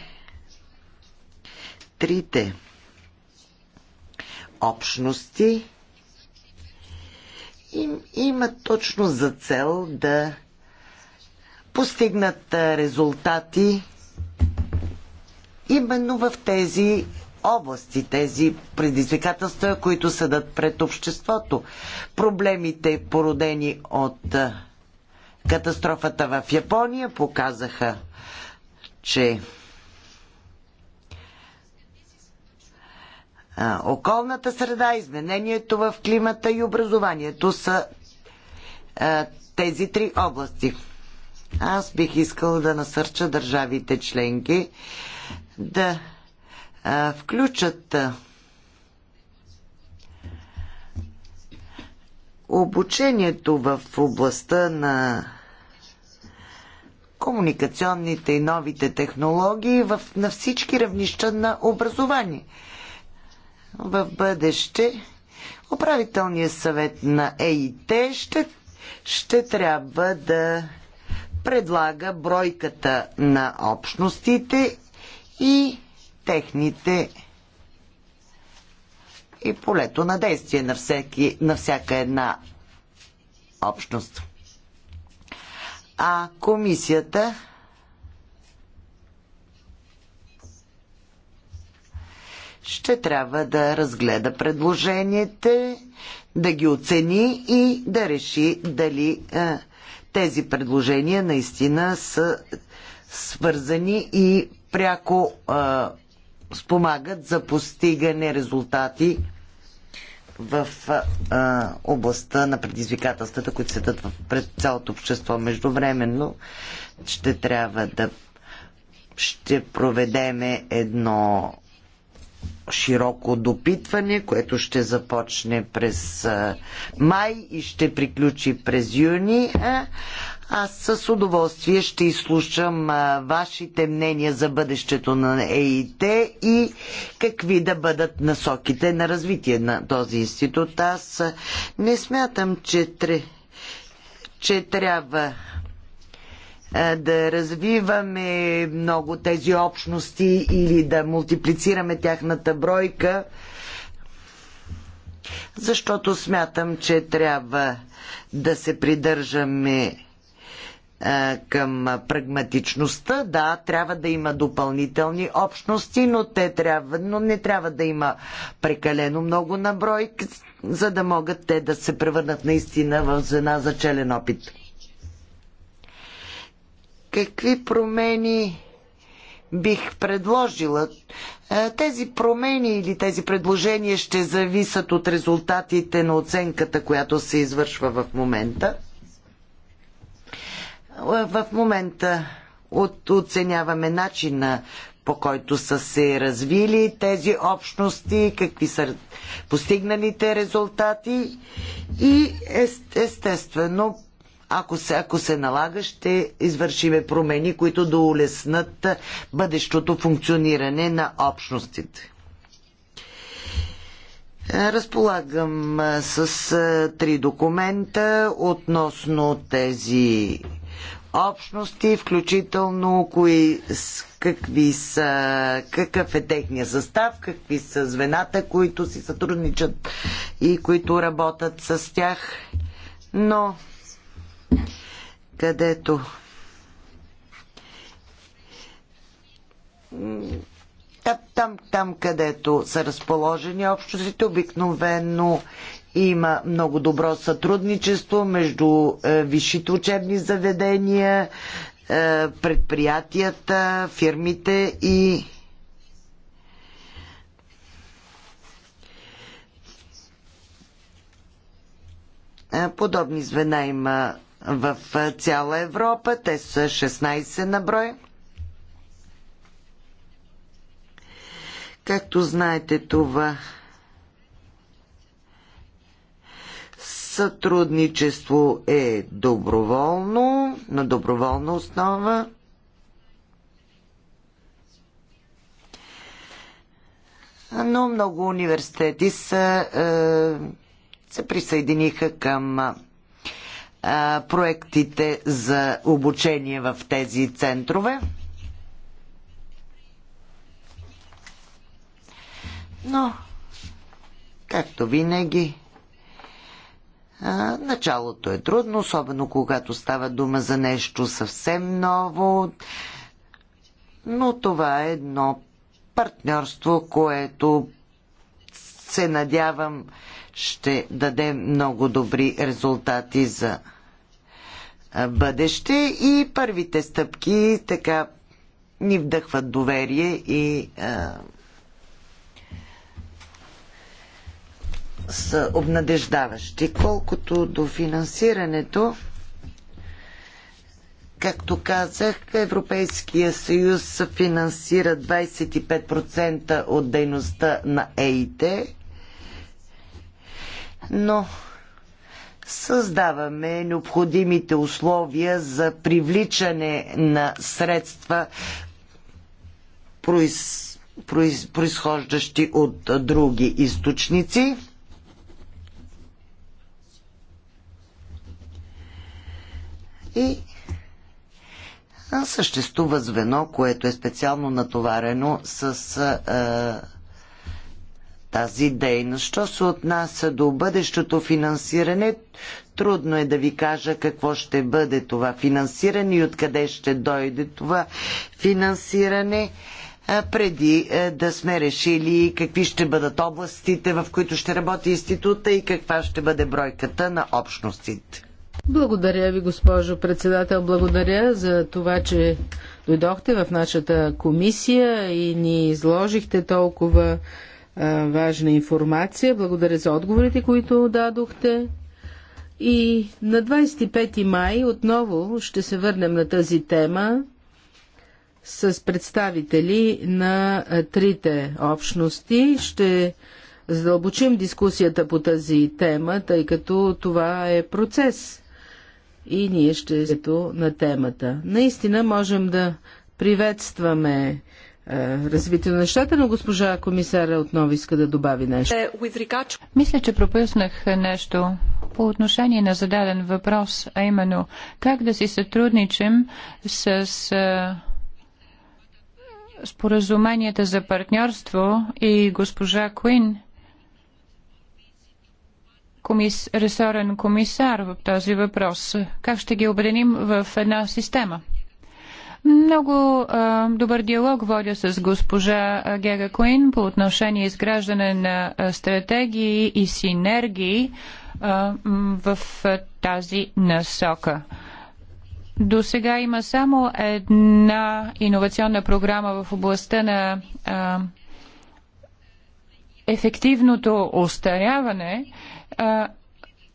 трите общности им, имат точно за цел да постигнат резултати именно в тези области, тези предизвикателства, които съдат пред обществото. Проблемите, породени от катастрофата в Япония, показаха, че околната среда, изменението в климата и образованието са тези три области. Аз бих искала да насърча държавите членки да включат обучението в областта на комуникационните и новите технологии в, на всички равнища на образование. В бъдеще управителният съвет на ЕИТ ще, ще трябва да предлага бройката на общностите и техните и полето на действие на, всеки, на всяка една общност. А комисията ще трябва да разгледа предложенията, да ги оцени и да реши дали е, тези предложения наистина са свързани и пряко е, спомагат за постигане резултати в а, областта на предизвикателствата, които се дадат пред цялото общество. Междувременно ще трябва да ще проведеме едно широко допитване, което ще започне през май и ще приключи през юни. А, аз с удоволствие ще изслушам вашите мнения за бъдещето на ЕИТ и какви да бъдат насоките на развитие на този институт. Аз не смятам, че, че трябва да развиваме много тези общности или да мултиплицираме тяхната бройка, защото смятам, че трябва да се придържаме е, към прагматичността. Да, трябва да има допълнителни общности, но, те трябва, но не трябва да има прекалено много наброй, за да могат те да се превърнат наистина в звена за челен опит. Какви промени бих предложила? Е, тези промени или тези предложения ще зависят от резултатите на оценката, която се извършва в момента в момента от, оценяваме начина по който са се развили тези общности, какви са постигналите резултати и естествено, ако се, ако се налага, ще извършиме промени, които да улеснат бъдещото функциониране на общностите. Разполагам с три документа относно тези общности, включително кои, какви са, какъв е техния състав, какви са звената, които си сътрудничат и които работят с тях. Но където там, там където са разположени общностите, обикновено има много добро сътрудничество между е, висшите учебни заведения, е, предприятията, фирмите и е, Подобни звена има в цяла Европа. Те са 16 на брой. Както знаете, това Сътрудничество е доброволно, на доброволна основа. Но много университети са, е, се присъединиха към е, проектите за обучение в тези центрове. Но, както винаги, а, началото е трудно, особено когато става дума за нещо съвсем ново, но това е едно партньорство, което се надявам ще даде много добри резултати за бъдеще и първите стъпки така ни вдъхват доверие и а, са обнадеждаващи. Колкото до финансирането, както казах, Европейския съюз финансира 25% от дейността на ЕИТ, но създаваме необходимите условия за привличане на средства, произхождащи от други източници. и съществува звено, което е специално натоварено с а, тази дейност. Що се отнася до бъдещото финансиране, трудно е да ви кажа какво ще бъде това финансиране и откъде ще дойде това финансиране преди да сме решили какви ще бъдат областите, в които ще работи института и каква ще бъде бройката на общностите. Благодаря ви, госпожо председател. Благодаря за това, че дойдохте в нашата комисия и ни изложихте толкова а, важна информация. Благодаря за отговорите, които дадохте. И на 25 май отново ще се върнем на тази тема с представители на трите общности. Ще задълбочим дискусията по тази тема, тъй като това е процес и ние ще сето на темата. Наистина можем да приветстваме е, развитие на нещата, но госпожа комисара отново иска да добави нещо. Е, Мисля, че пропуснах нещо по отношение на зададен въпрос, а именно как да си сътрудничим с е, споразуменията за партньорство и госпожа Куин – комис... ресорен комисар в този въпрос. Как ще ги обединим в една система? Много а, добър диалог водя с госпожа Гега Куин по отношение изграждане на стратегии и синергии а, в тази насока. До сега има само една иновационна програма в областта на а, ефективното остаряване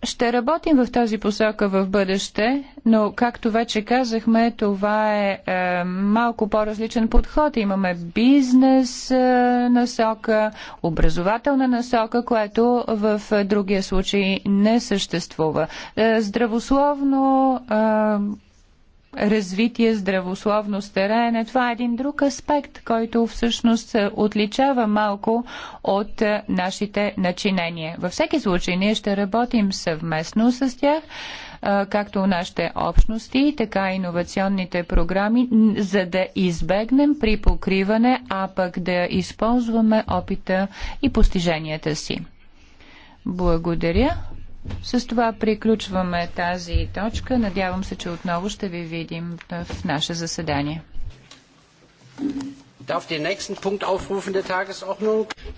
ще работим в тази посока в бъдеще, но както вече казахме, това е, е малко по-различен подход. Имаме бизнес е, насока, образователна насока, което в е, другия случай не съществува. Е, здравословно. Е, развитие, здравословно стараене. Това е един друг аспект, който всъщност отличава малко от е, нашите начинения. Във всеки случай ние ще работим съвместно с тях, е, както нашите общности, така и иновационните програми, за да избегнем при покриване, а пък да използваме опита и постиженията си. Благодаря. С това приключваме тази точка. Надявам се, че отново ще ви видим в наше заседание.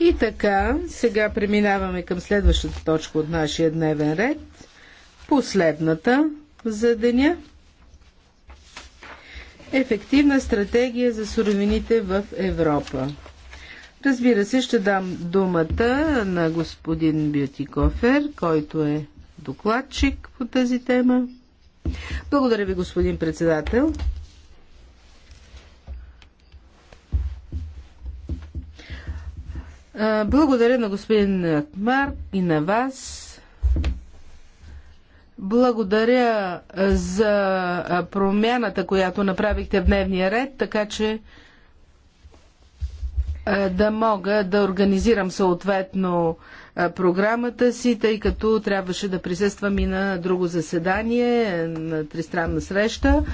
И така, сега преминаваме към следващата точка от нашия дневен ред. Последната за деня. Ефективна стратегия за суровините в Европа. Разбира се, ще дам думата на господин Бютикофер, който е докладчик по тази тема. Благодаря ви, господин председател. Благодаря на господин Акмар и на вас. Благодаря за промяната, която направихте в дневния ред, така че е, да мога да организирам съответно е, програмата си, тъй като трябваше да присъствам и на друго заседание, на тристранна среща.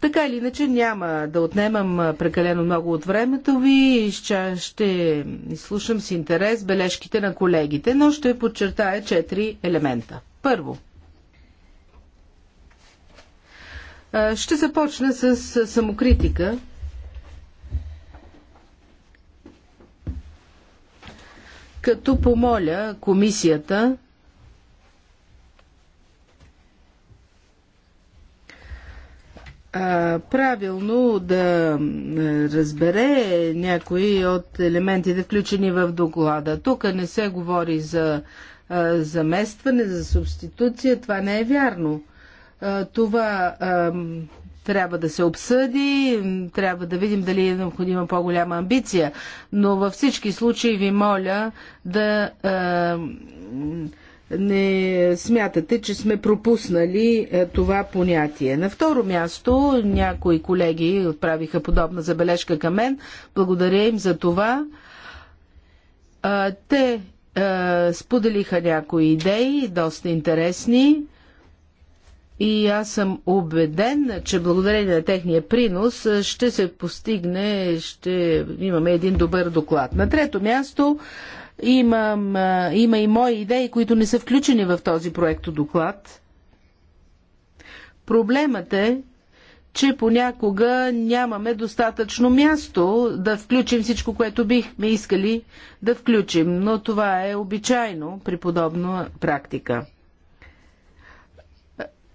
Така или иначе няма да отнемам е, прекалено много от времето ви, и ще изслушам с интерес бележките на колегите, но ще подчертая четири елемента. Първо, ще започна с самокритика като помоля комисията правилно да разбере някои от елементите, включени в доклада. Тук не се говори за заместване, за субституция. Това не е вярно. Това трябва да се обсъди, трябва да видим дали е необходима по-голяма амбиция, но във всички случаи ви моля да а, е, не смятате, че сме пропуснали а, е, това понятие. На второ място някои колеги отправиха подобна забележка към мен. Благодаря им за това. А, те е, споделиха някои идеи, доста интересни и аз съм убеден, че благодарение на техния принос ще се постигне, ще имаме един добър доклад. На трето място имам, има и мои идеи, които не са включени в този проект доклад. Проблемът е, че понякога нямаме достатъчно място да включим всичко, което бихме искали да включим, но това е обичайно при подобна практика.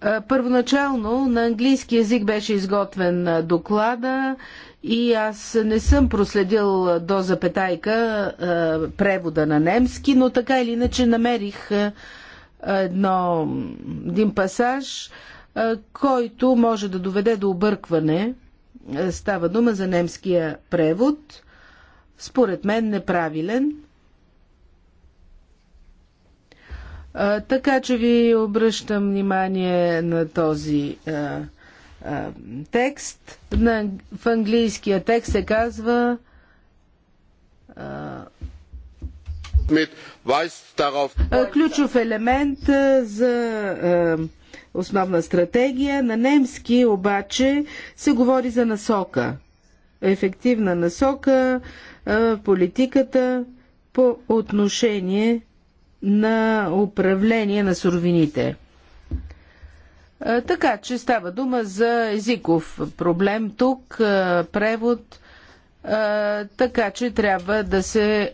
Е, първоначално на английски язик беше изготвен е, доклада и аз не съм проследил е, до запетайка превода на немски, но така или иначе намерих едно, един пасаж, който може да доведе до объркване. Става дума за немския превод, според мен неправилен – Така че ви обръщам внимание на този а, а, текст. На, в английския текст се казва. А, ключов елемент за основна стратегия. На немски обаче се говори за насока. Ефективна насока а, политиката по отношение на управление на суровините. Така че става дума за езиков проблем тук, превод, така че трябва да се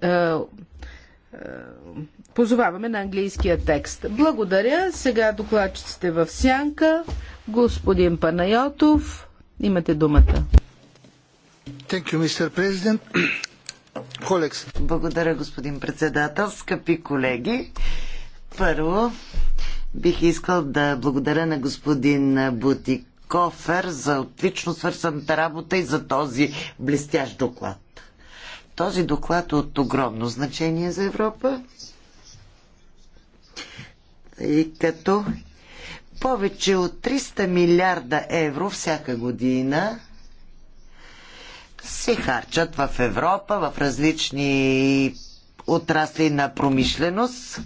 позоваваме на английския текст. Благодаря. Сега докладчиците в сянка. Господин Панайотов, имате думата. Thank you, Mr. President. Благодаря, господин председател. Скъпи колеги, първо бих искал да благодаря на господин Бутик Кофер за отлично свързаната работа и за този блестящ доклад. Този доклад е от огромно значение за Европа и като повече от 300 милиарда евро всяка година се харчат в Европа, в различни отрасли на промишленост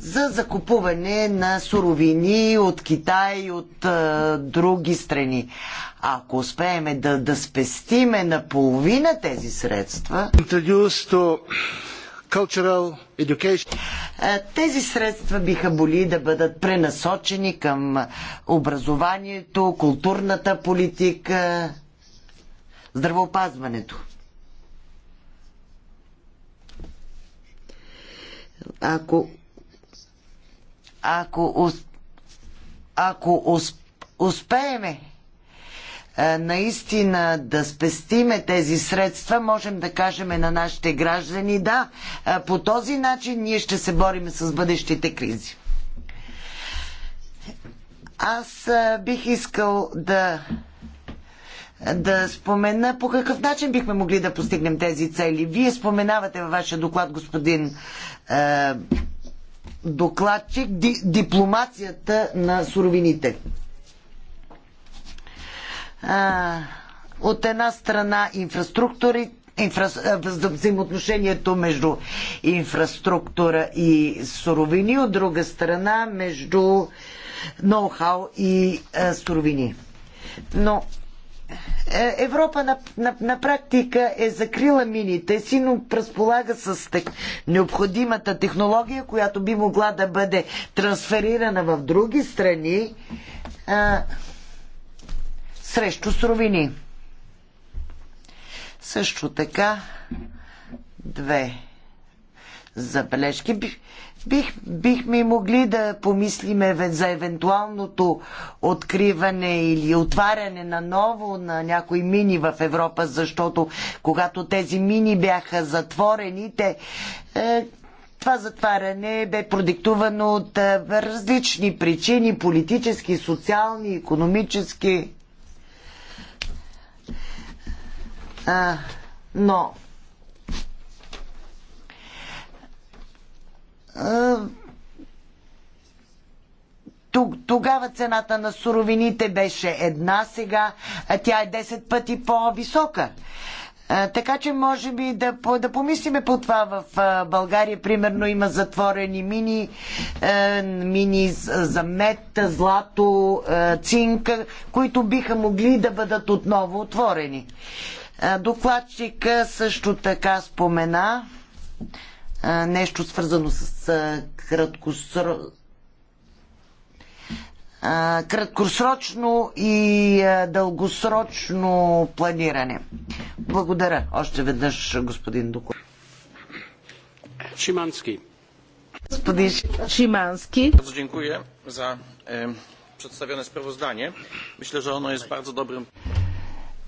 за закупуване на суровини от Китай и от а, други страни. Ако успеем да, да спестиме наполовина тези средства, cultural education. Е, тези средства биха боли да бъдат пренасочени към образованието, културната политика, здравеопазването. Ако ако, ако успееме е, наистина да спестиме тези средства, можем да кажем на нашите граждани да, е, по този начин ние ще се борим с бъдещите кризи. Аз е, бих искал да да спомена по какъв начин бихме могли да постигнем тези цели. Вие споменавате във вашия доклад, господин е, докладчик, ди, дипломацията на суровините от една страна инфраструктури, инфра, взаимоотношението между инфраструктура и суровини, от друга страна между ноу-хау и а, суровини. Но е, Европа на, на, на, практика е закрила мините си, но разполага с тех, необходимата технология, която би могла да бъде трансферирана в други страни. А, срещу суровини. Също така две забележки. Бих, бих, бихме могли да помислиме за евентуалното откриване или отваряне на ново на някои мини в Европа, защото когато тези мини бяха затворени, те, е, това затваряне бе продиктувано от е, различни причини политически, социални, економически. А, но тогава цената на суровините беше една, сега тя е 10 пъти по-висока. Така че може би да, да помислиме по това в България. Примерно има затворени мини, мини за мед, злато, цинка, които биха могли да бъдат отново отворени. Докладчика също така спомена нещо свързано с краткосро... краткосрочно и дългосрочно планиране. Благодаря още веднъж, господин Доклад. Шимански. Господин Шимански. Bardzo dziękuję za e, przedstawione sprawozdanie. Myślę, że ono jest bardzo dobrym.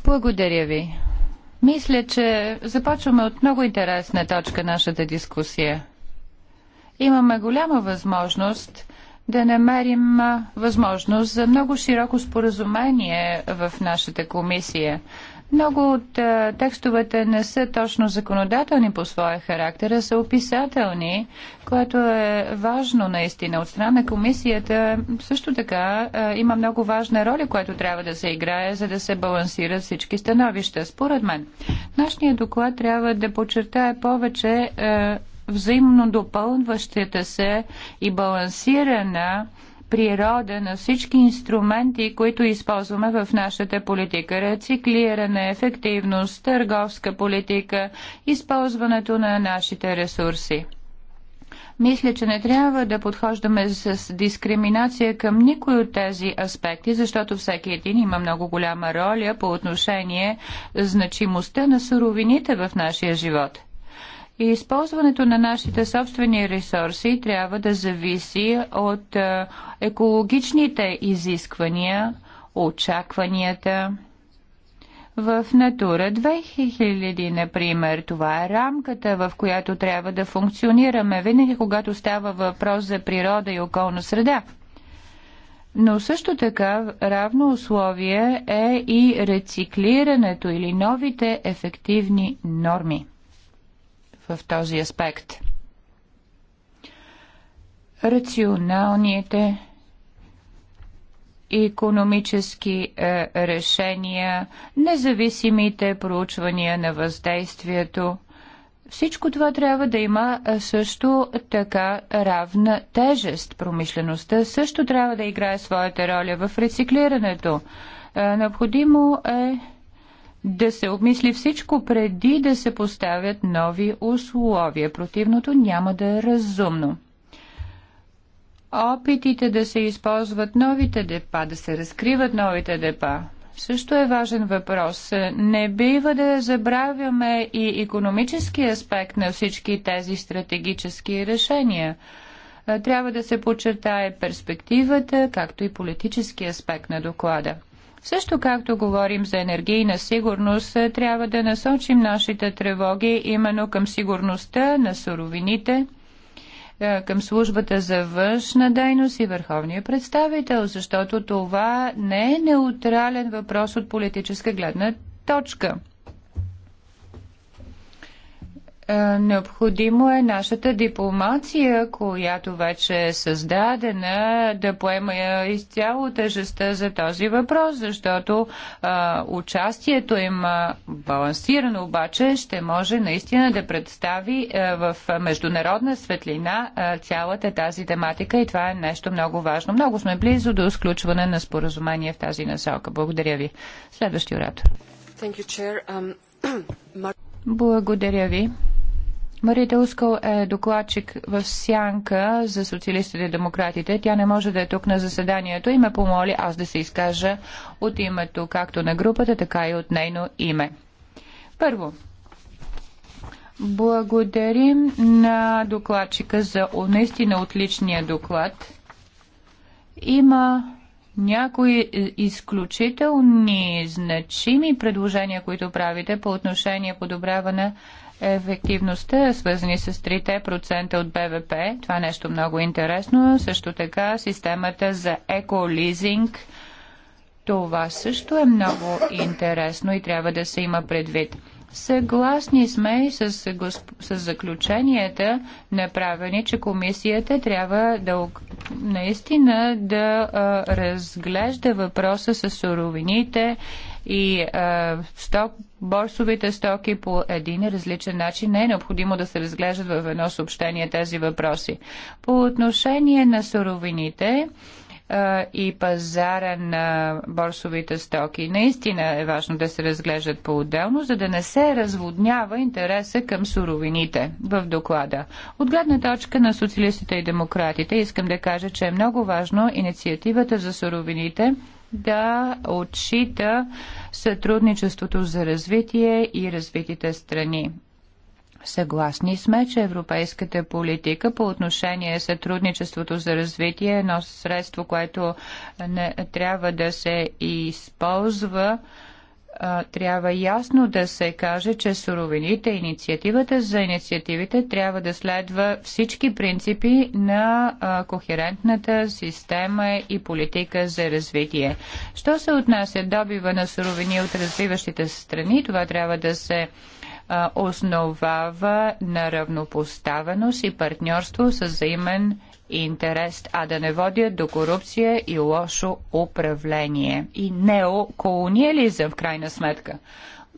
Благодаря ви. Мисля, че започваме от много интересна точка нашата дискусия. Имаме голяма възможност да намерим възможност за много широко споразумение в нашата комисия. Много от а, текстовете не са точно законодателни по своя характер, а са описателни, което е важно наистина. От страна на комисията също така а, има много важна роля, която трябва да се играе, за да се балансират всички становища. Според мен, нашия доклад трябва да подчертае повече а, взаимно допълващата се и балансирана а, природа на всички инструменти, които използваме в нашата политика. Рециклиране, ефективност, търговска политика, използването на нашите ресурси. Мисля, че не трябва да подхождаме с дискриминация към никой от тези аспекти, защото всеки един има много голяма роля по отношение значимостта на суровините в нашия живот – и използването на нашите собствени ресурси трябва да зависи от е, екологичните изисквания, очакванията. В Натура 2000, например, това е рамката, в която трябва да функционираме винаги, когато става въпрос за природа и околна среда. Но също така равно условие е и рециклирането или новите ефективни норми в този аспект. Рационалните економически е, решения, независимите проучвания на въздействието. Всичко това трябва да има е, също така равна тежест. Промишлеността също трябва да играе своята роля в рециклирането. Е, необходимо е да се обмисли всичко преди да се поставят нови условия. Противното няма да е разумно. Опитите да се използват новите депа, да се разкриват новите депа, също е важен въпрос. Не бива да забравяме и економически аспект на всички тези стратегически решения. Трябва да се подчертае перспективата, както и политически аспект на доклада. Също както говорим за енергийна сигурност, е, трябва да насочим нашите тревоги именно към сигурността на суровините, е, към службата за външна дейност и върховния представител, защото това не е неутрален въпрос от политическа гледна точка. Е, необходимо е нашата дипломация, която вече е създадена, да поема изцяло тежестта за този въпрос, защото а, е, участието им е, балансирано обаче ще може наистина да представи а, в международна светлина а, цялата тази тематика и това е нещо много важно. Много сме близо до сключване на споразумение в тази насока. Благодаря ви. Следващия оратор. Um, [CLEARS THROAT] Благодаря ви. Марита Ускал е докладчик в Сянка за социалистите и демократите. Тя не може да е тук на заседанието и ме помоли аз да се изкажа от името както на групата, така и от нейно име. Първо, благодарим на докладчика за наистина отличния доклад. Има някои изключителни значими предложения, които правите по отношение подобряване ефективността, свързани с 3% от БВП. Това е нещо много интересно. Също така системата за еколизинг. Това също е много интересно и трябва да се има предвид. Съгласни сме и с, с заключенията направени, че комисията трябва да наистина да а, разглежда въпроса с суровините и а, сток, борсовите стоки по един различен начин. Не е необходимо да се разглеждат в едно съобщение тези въпроси. По отношение на суровините, и пазара на борсовите стоки. Наистина е важно да се разглеждат по-отделно, за да не се разводнява интереса към суровините в доклада. От гледна точка на социалистите и демократите искам да кажа, че е много важно инициативата за суровините да отчита сътрудничеството за развитие и развитите страни. Съгласни сме, че европейската политика по отношение сътрудничеството за развитие е едно средство, което не трябва да се използва трябва ясно да се каже, че суровините, инициативата за инициативите трябва да следва всички принципи на кохерентната система и политика за развитие. Що се отнася добива на суровини от развиващите страни, това трябва да се основава на равнопоставеност и партньорство с взаимен интерес, а да не водят до корупция и лошо управление и неоколониализъм в крайна сметка.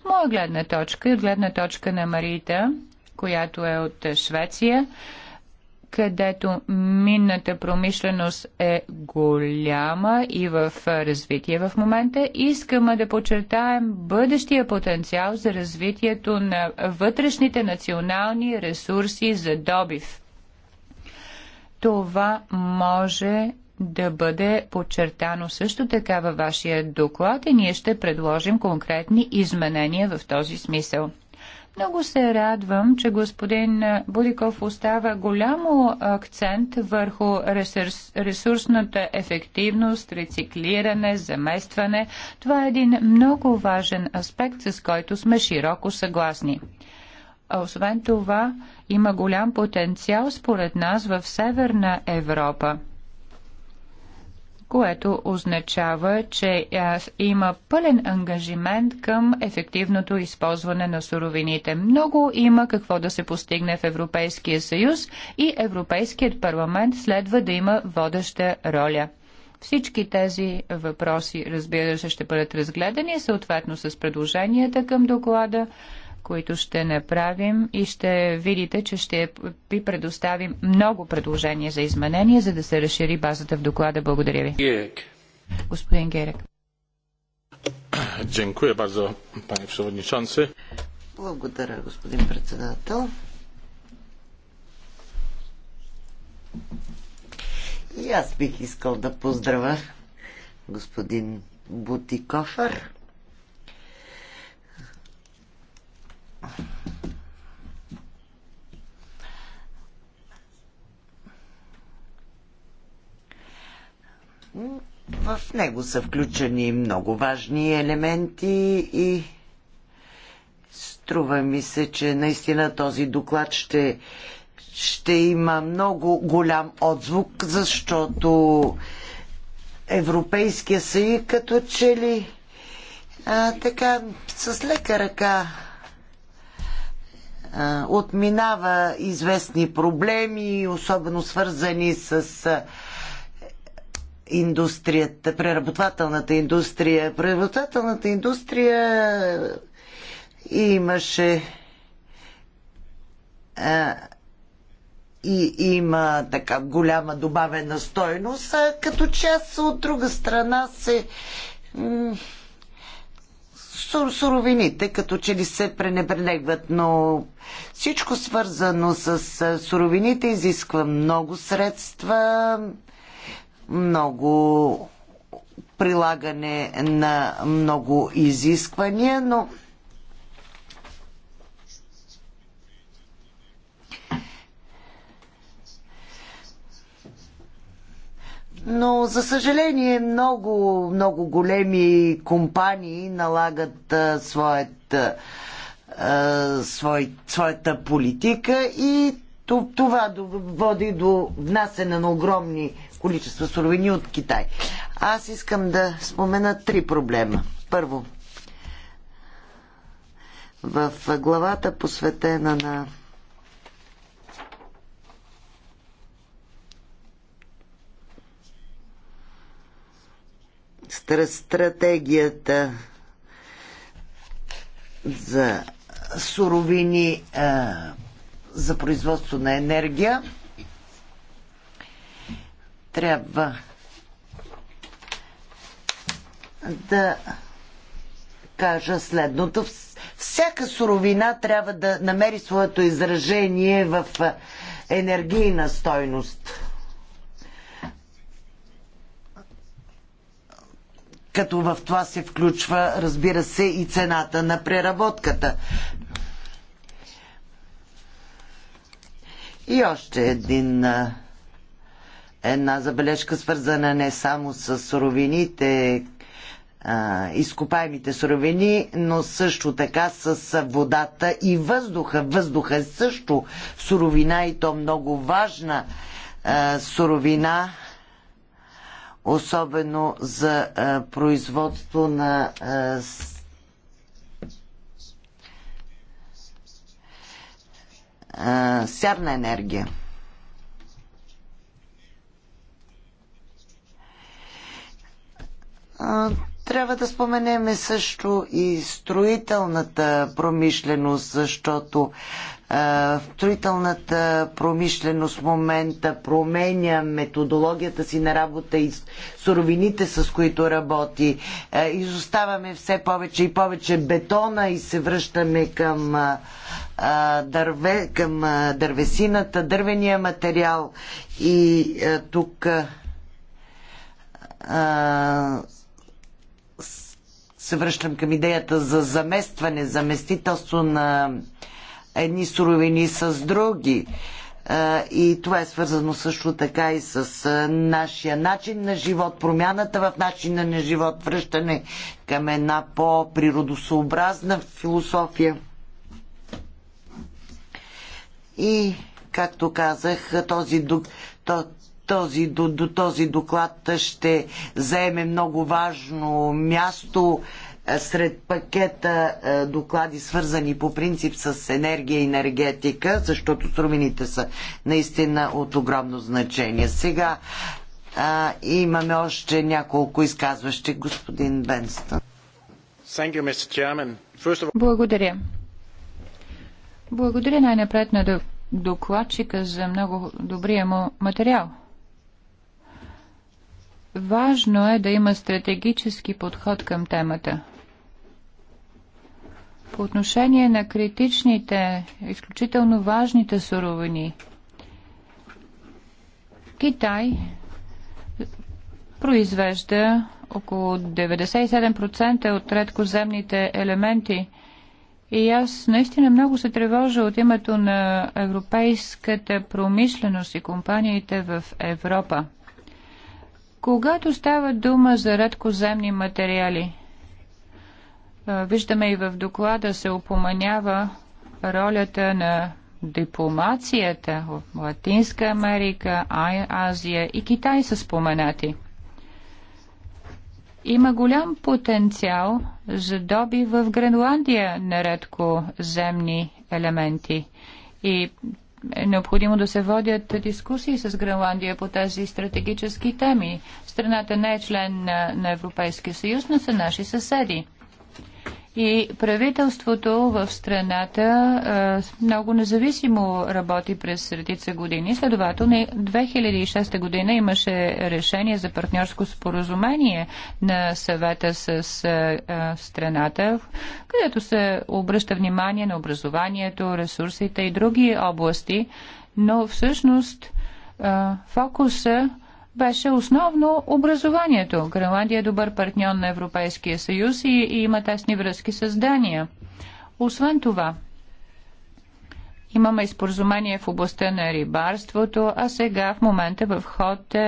Моя гледна точка и от гледна точка на Марита, която е от Швеция, където минната промишленост е голяма и в развитие в момента. Искаме да подчертаем бъдещия потенциал за развитието на вътрешните национални ресурси за добив. Това може да бъде подчертано също така във вашия доклад и ние ще предложим конкретни изменения в този смисъл. Много се радвам, че господин Будиков остава голямо акцент върху ресурс, ресурсната ефективност, рециклиране, заместване. Това е един много важен аспект, с който сме широко съгласни. А освен това, има голям потенциал според нас в Северна Европа което означава, че има пълен ангажимент към ефективното използване на суровините. Много има какво да се постигне в Европейския съюз и Европейският парламент следва да има водеща роля. Всички тези въпроси, разбира се, ще бъдат разгледани съответно с предложенията към доклада които ще направим и ще видите, че ще ви предоставим много предложения за изменения, за да се разшири базата в доклада. Благодаря ви. Герек. Господин Герек. Дякую bardzo, panie przewodniczący. Благодаря, господин председател. И аз бих искал да поздравя господин Бутикофър В него са включени много важни елементи и струва ми се, че наистина този доклад ще, ще има много голям отзвук, защото Европейския съюз като че ли а, така с лека ръка отминава известни проблеми, особено свързани с индустрията, преработвателната индустрия. Преработвателната индустрия имаше и има така голяма добавена стойност, а като част от друга страна се сур, суровините като че ли се пренебрегват, но всичко свързано с суровините изисква много средства, много прилагане на много изисквания, но Но, за съжаление, много, много големи компании налагат а, своят, а, свой, своята политика и това води до внасене на огромни количества суровини от Китай. Аз искам да спомена три проблема. Първо, в главата посветена на стратегията за суровини а, за производство на енергия. Трябва да кажа следното. Всяка суровина трябва да намери своето изражение в енергийна стойност. като в това се включва, разбира се, и цената на преработката. И още един, една забележка, свързана не само с суровините, изкопаемите суровини, но също така с водата и въздуха. Въздуха е също суровина и то много важна суровина особено за а, производство на а, сярна енергия. трябва да споменеме също и строителната промишленост, защото строителната промишленост в момента променя методологията си на работа и суровините, с които работи. Изоставаме все повече и повече бетона и се връщаме към, дърве, към дървесината, дървения материал. И тук се връщам към идеята за заместване, заместителство на едни суровини с други. И това е свързано също така и с нашия начин на живот, промяната в начина на живот, връщане към една по-природосообразна философия. И, както казах, този, този, до, до този доклад ще заеме много важно място е, сред пакета е, доклади, свързани по принцип с енергия и енергетика, защото струмените са наистина от огромно значение. Сега а, е, имаме още няколко изказващи. Господин Бенстън. Благодаря. Благодаря най-напред на докладчика за много добрия му материал. Важно е да има стратегически подход към темата – по отношение на критичните, изключително важните суровини, Китай произвежда около 97% от редкоземните елементи. И аз наистина много се тревожа от името на европейската промишленост и компаниите в Европа. Когато става дума за редкоземни материали, Виждаме и в доклада се упоменява ролята на дипломацията в Латинска Америка, Азия и Китай са споменати. Има голям потенциал за доби в Гренландия на редкоземни елементи. И е необходимо да се водят дискусии с Гренландия по тези стратегически теми. Страната не е член на, на Европейския съюз, но са наши съседи. И правителството в страната много независимо работи през редица години. Следователно, 2006 година имаше решение за партньорско споразумение на съвета с страната, където се обръща внимание на образованието, ресурсите и други области, но всъщност фокуса беше основно образованието. Гренландия е добър партньор на Европейския съюз и, и има тесни връзки с Дания. Освен това, имаме споразумение в областта на рибарството, а сега в момента в ход е,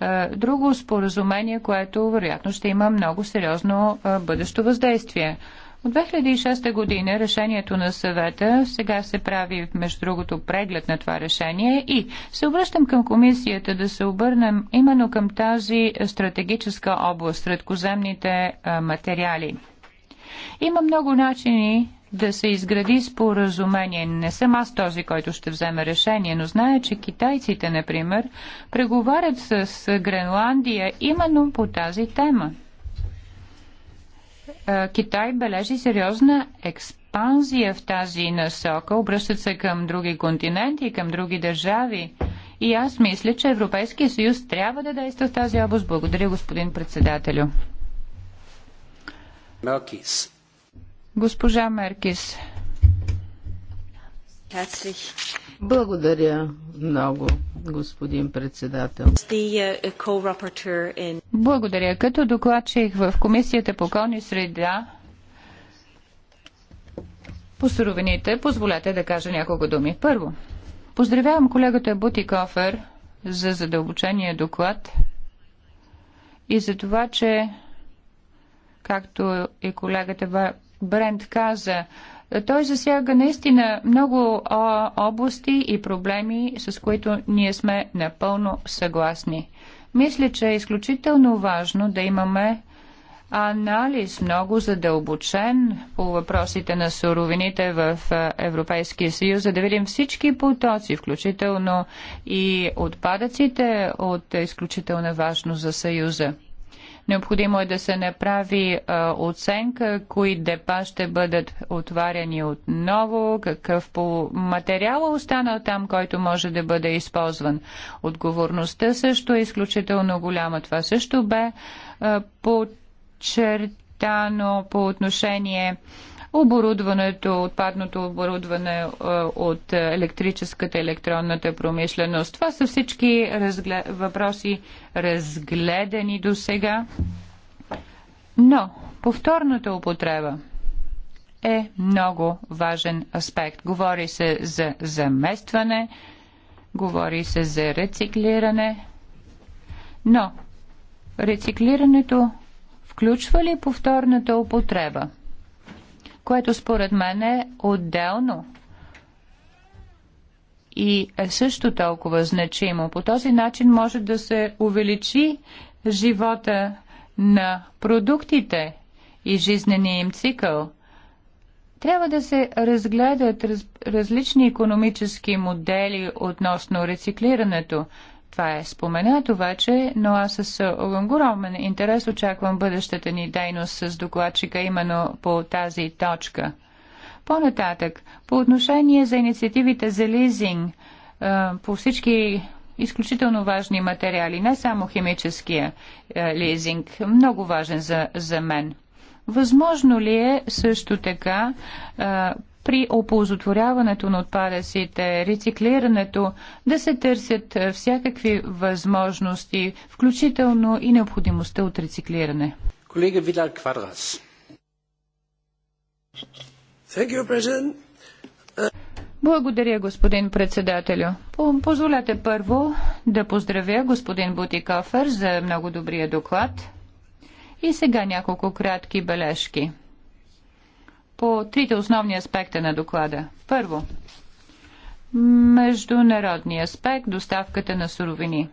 е друго споразумение, което вероятно ще има много сериозно е, бъдещо въздействие. От 2006 година решението на съвета, сега се прави между другото преглед на това решение и се обръщам към комисията да се обърнем именно към тази стратегическа област, средкоземните материали. Има много начини да се изгради споразумение. Не съм аз този, който ще вземе решение, но зная, че китайците, например, преговарят с Гренландия именно по тази тема. Китай бележи сериозна експанзия в тази насока, обръщат се към други континенти, към други държави. И аз мисля, че Европейския съюз трябва да действа в тази област. Благодаря, господин председателю. Меркис. Госпожа Меркис. Благодаря много, господин председател. Uh, Благодаря. Като докладчих в Комисията по околни среда по суровините, позволете да кажа няколко думи. Първо, поздравявам колегата Бутикофер за задълбочения доклад и за това, че, както и колегата Брент каза, той засяга наистина много области и проблеми, с които ние сме напълно съгласни. Мисля, че е изключително важно да имаме анализ много задълбочен по въпросите на суровините в Европейския съюз, за да видим всички потоци, включително и отпадъците от изключителна важност за съюза. Необходимо е да се направи а, оценка, кои депа ще бъдат отваряни отново, какъв по материала останал там, който може да бъде използван. Отговорността също е изключително голяма. Това също бе а, подчертано по отношение а, оборудването, отпадното оборудване е, от електрическата електронната промишленост. Това са всички разгле... въпроси разгледани до сега. Но повторната употреба е много важен аспект. Говори се за заместване, говори се за рециклиране, но рециклирането включва ли повторната употреба? което според мен е отделно и е също толкова значимо. По този начин може да се увеличи живота на продуктите и жизнения им цикъл. Трябва да се разгледат раз, различни економически модели относно рециклирането. Това е споменато вече, но аз с огромен интерес очаквам бъдещата ни дейност с докладчика именно по тази точка. По-нататък, по отношение за инициативите за лизинг, по всички изключително важни материали, не само химическия лизинг, много важен за, за мен. Възможно ли е също така при оползотворяването на отпадъците, рециклирането, да се търсят е, всякакви възможности, включително и необходимостта от рециклиране. Колега Вилар Квадрас. You, uh, Благодаря, господин председателю. Позволете първо да поздравя господин Бутикофер за много добрия доклад. И сега няколко кратки бележки по трите основни аспекта на доклада. Първо, международния аспект, доставката на суровини.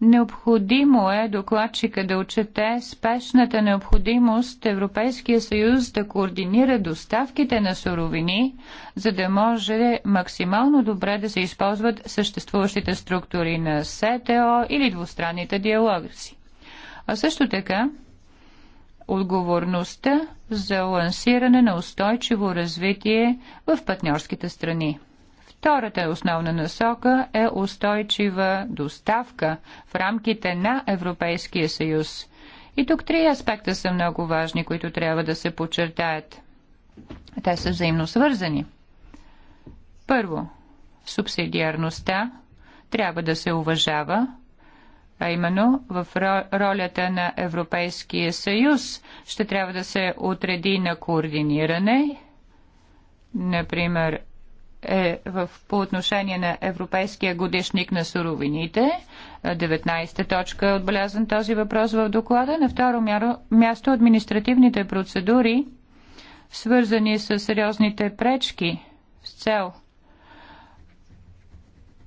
Необходимо е докладчика да отчете спешната необходимост Европейския съюз да координира доставките на суровини, за да може максимално добре да се използват съществуващите структури на СТО или двустранните диалоги си. А също така отговорността за лансиране на устойчиво развитие в партньорските страни. Втората основна насока е устойчива доставка в рамките на Европейския съюз. И тук три аспекта са много важни, които трябва да се подчертаят. Те са взаимно свързани. Първо, субсидиарността трябва да се уважава а именно в ролята на Европейския съюз ще трябва да се отреди на координиране, например е в, по отношение на Европейския годишник на суровините. 19-та точка е отбелязан този въпрос в доклада. На второ място административните процедури, свързани с сериозните пречки с цел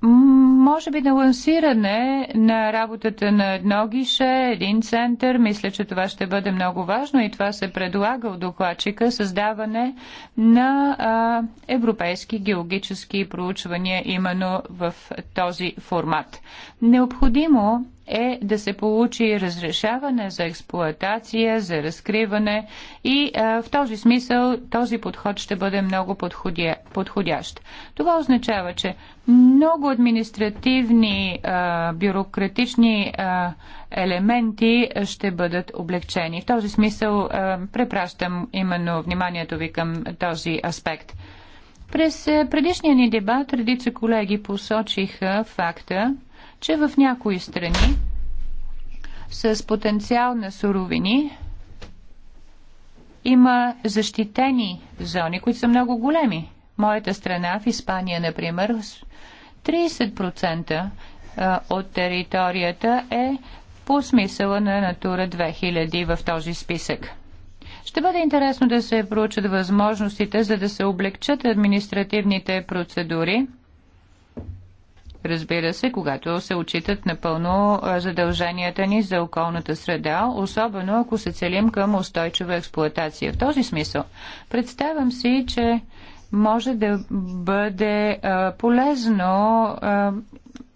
може би на лансиране на работата на едно гише, един център. Мисля, че това ще бъде много важно и това се предлага от докладчика създаване на а, европейски геологически проучвания именно в този формат. Необходимо е да се получи разрешаване за експлоатация, за разкриване и а, в този смисъл този подход ще бъде много подходя, подходящ. Това означава, че много административни, а, бюрократични а, елементи ще бъдат облегчени. В този смисъл а, препращам именно вниманието ви към този аспект. През предишния ни дебат редица колеги посочиха факта, че в някои страни с потенциал на суровини има защитени зони, които са много големи. Моята страна, в Испания, например, 30% от територията е по смисъла на Натура 2000 в този списък. Ще бъде интересно да се проучат възможностите, за да се облегчат административните процедури – разбира се, когато се отчитат напълно задълженията ни за околната среда, особено ако се целим към устойчива експлуатация. В този смисъл, представям си, че може да бъде а, полезно а,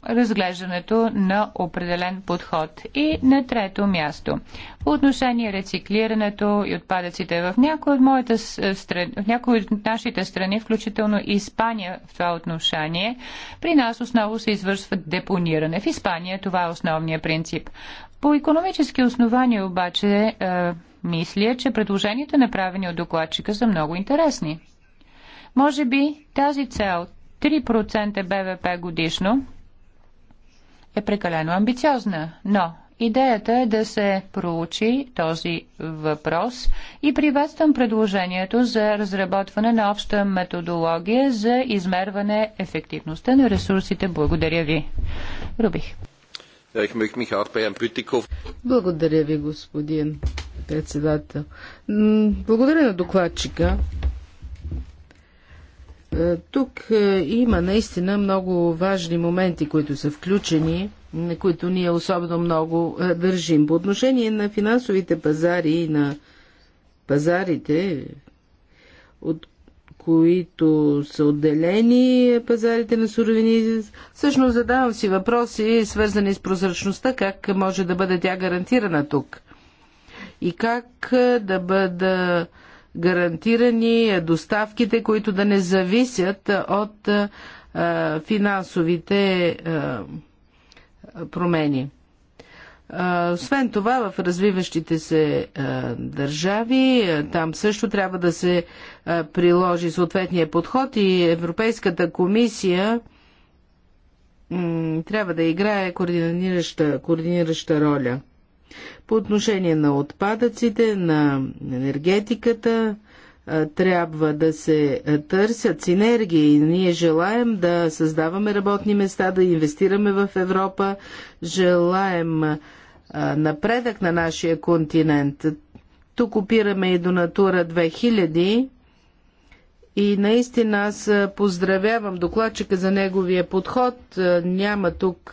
разглеждането на определен подход. И на трето място, по отношение рециклирането и отпадъците в някои от, моята е, стран... в някои от нашите страни, включително Испания в това отношение, при нас основно се извършва депониране. В Испания това е основният принцип. По економически основания обаче е, мисля, че предложенията направени от докладчика са много интересни. Може би тази цел 3% БВП годишно е прекалено амбициозна, но идеята е да се проучи този въпрос и приветствам предложението за разработване на обща методология за измерване ефективността на ресурсите. Благодаря ви. Рубих. Благодаря ви, господин председател. Благодаря на докладчика. Е, тук е, има наистина много важни моменти, които са включени, на които ние особено много е, държим. По отношение на финансовите пазари и на пазарите, от които са отделени пазарите на суровини. Всъщност задавам си въпроси, свързани с прозрачността, как може да бъде тя гарантирана тук. И как да бъда гарантирани е доставките, които да не зависят е, от е, финансовите промени. Освен това, в развиващите се държави, там също трябва да се приложи съответния подход и Европейската комисия трябва да играе координираща, координираща роля. По отношение на отпадъците, на енергетиката, трябва да се търсят синергии. Ние желаем да създаваме работни места, да инвестираме в Европа, желаем напредък на нашия континент. Тук опираме и до Натура 2000 и наистина аз поздравявам докладчика за неговия подход. Няма тук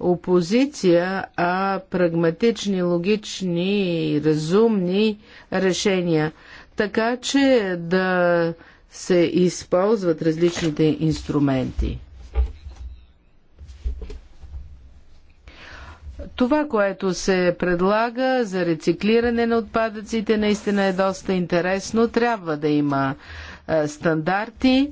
опозиция, а прагматични, логични и разумни решения. Така че да се използват различните инструменти. Това, което се предлага за рециклиране на отпадъците, наистина е доста интересно. Трябва да има стандарти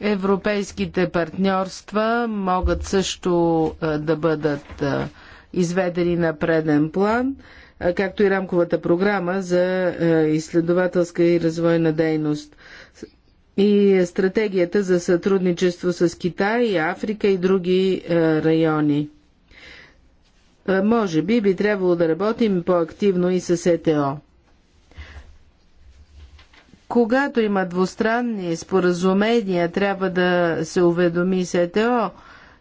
Европейските партньорства могат също е, да бъдат е, изведени на преден план, е, както и рамковата програма за изследователска и развойна дейност и стратегията за сътрудничество с Китай, Африка и други райони. Може би би трябвало да работим по-активно и с ЕТО. Когато има двустранни споразумения, трябва да се уведоми СТО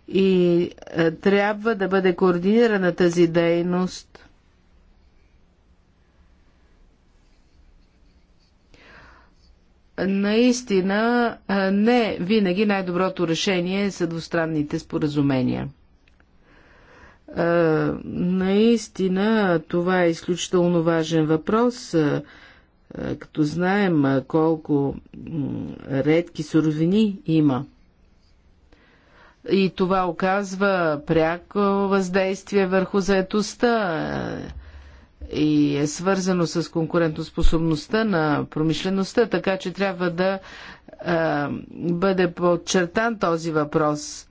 и е, трябва да бъде координирана тази дейност. Наистина, е, не винаги най-доброто решение са двустранните споразумения. Е, наистина, това е изключително важен въпрос е, като знаем е, колко редки суровини има. И това оказва пряко въздействие върху заетостта е, и е свързано с конкурентоспособността на промишлеността, така че трябва да а, бъде подчертан този въпрос.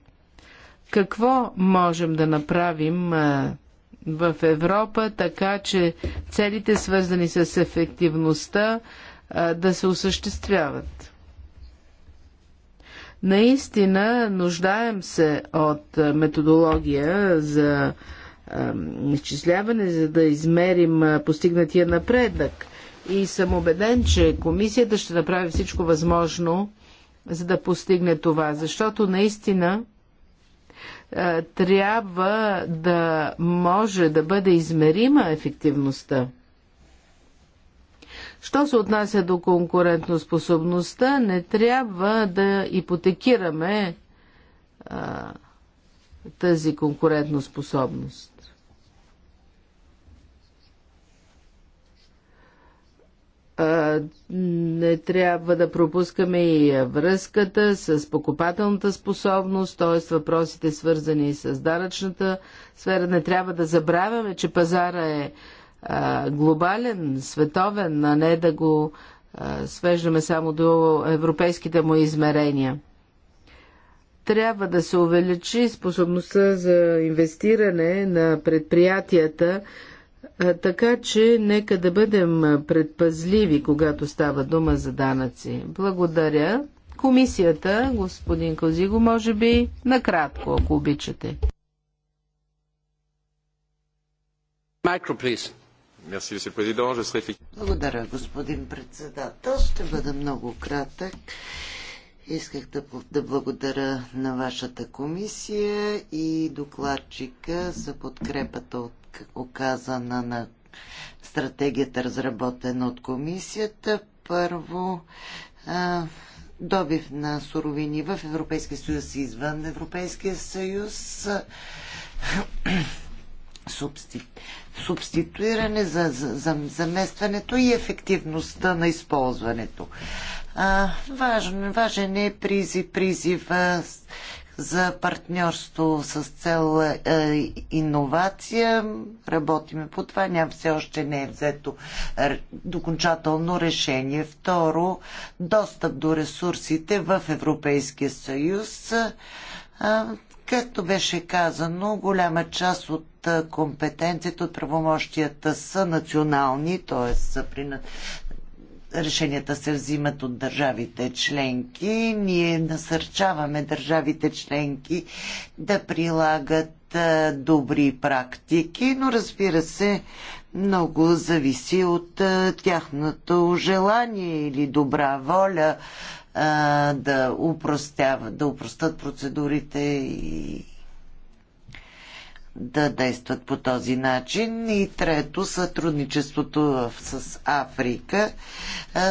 Какво можем да направим а, в Европа, така че целите свързани с ефективността да се осъществяват. Наистина нуждаем се от методология за изчисляване, за да измерим постигнатия напредък. И съм убеден, че комисията ще направи всичко възможно, за да постигне това, защото наистина е, трябва да може да бъде измерима ефективността. Що се отнася до конкурентоспособността, не трябва да ипотекираме а, тази конкурентоспособност. не трябва да пропускаме и връзката с покупателната способност, т.е. въпросите свързани с данъчната сфера. Не трябва да забравяме, че пазара е глобален, световен, а не да го свеждаме само до европейските му измерения. Трябва да се увеличи способността за инвестиране на предприятията, така че нека да бъдем предпазливи, когато става дума за данъци. Благодаря. Комисията, господин Козиго, може би накратко, ако обичате. Благодаря, господин председател. Ще бъда много кратък. Исках да, да благодаря на вашата комисия и докладчика за подкрепата от оказана на стратегията, разработена от комисията. Първо, добив на суровини в Европейския съюз и извън Европейския съюз, субституиране за, за, заместването и ефективността на използването. А, важен, важен е призив, призива за партньорство с цел е, иновация. Работиме по това. Няма все още не е взето докончателно решение. Второ, достъп до ресурсите в Европейския съюз. Е, както беше казано, голяма част от е, компетенцията от правомощията са национални, т.е. са решенията се взимат от държавите членки. Ние насърчаваме държавите членки да прилагат добри практики, но разбира се, много зависи от тяхното желание или добра воля да, упростят процедурите и да действат по този начин. И трето, сътрудничеството с Африка.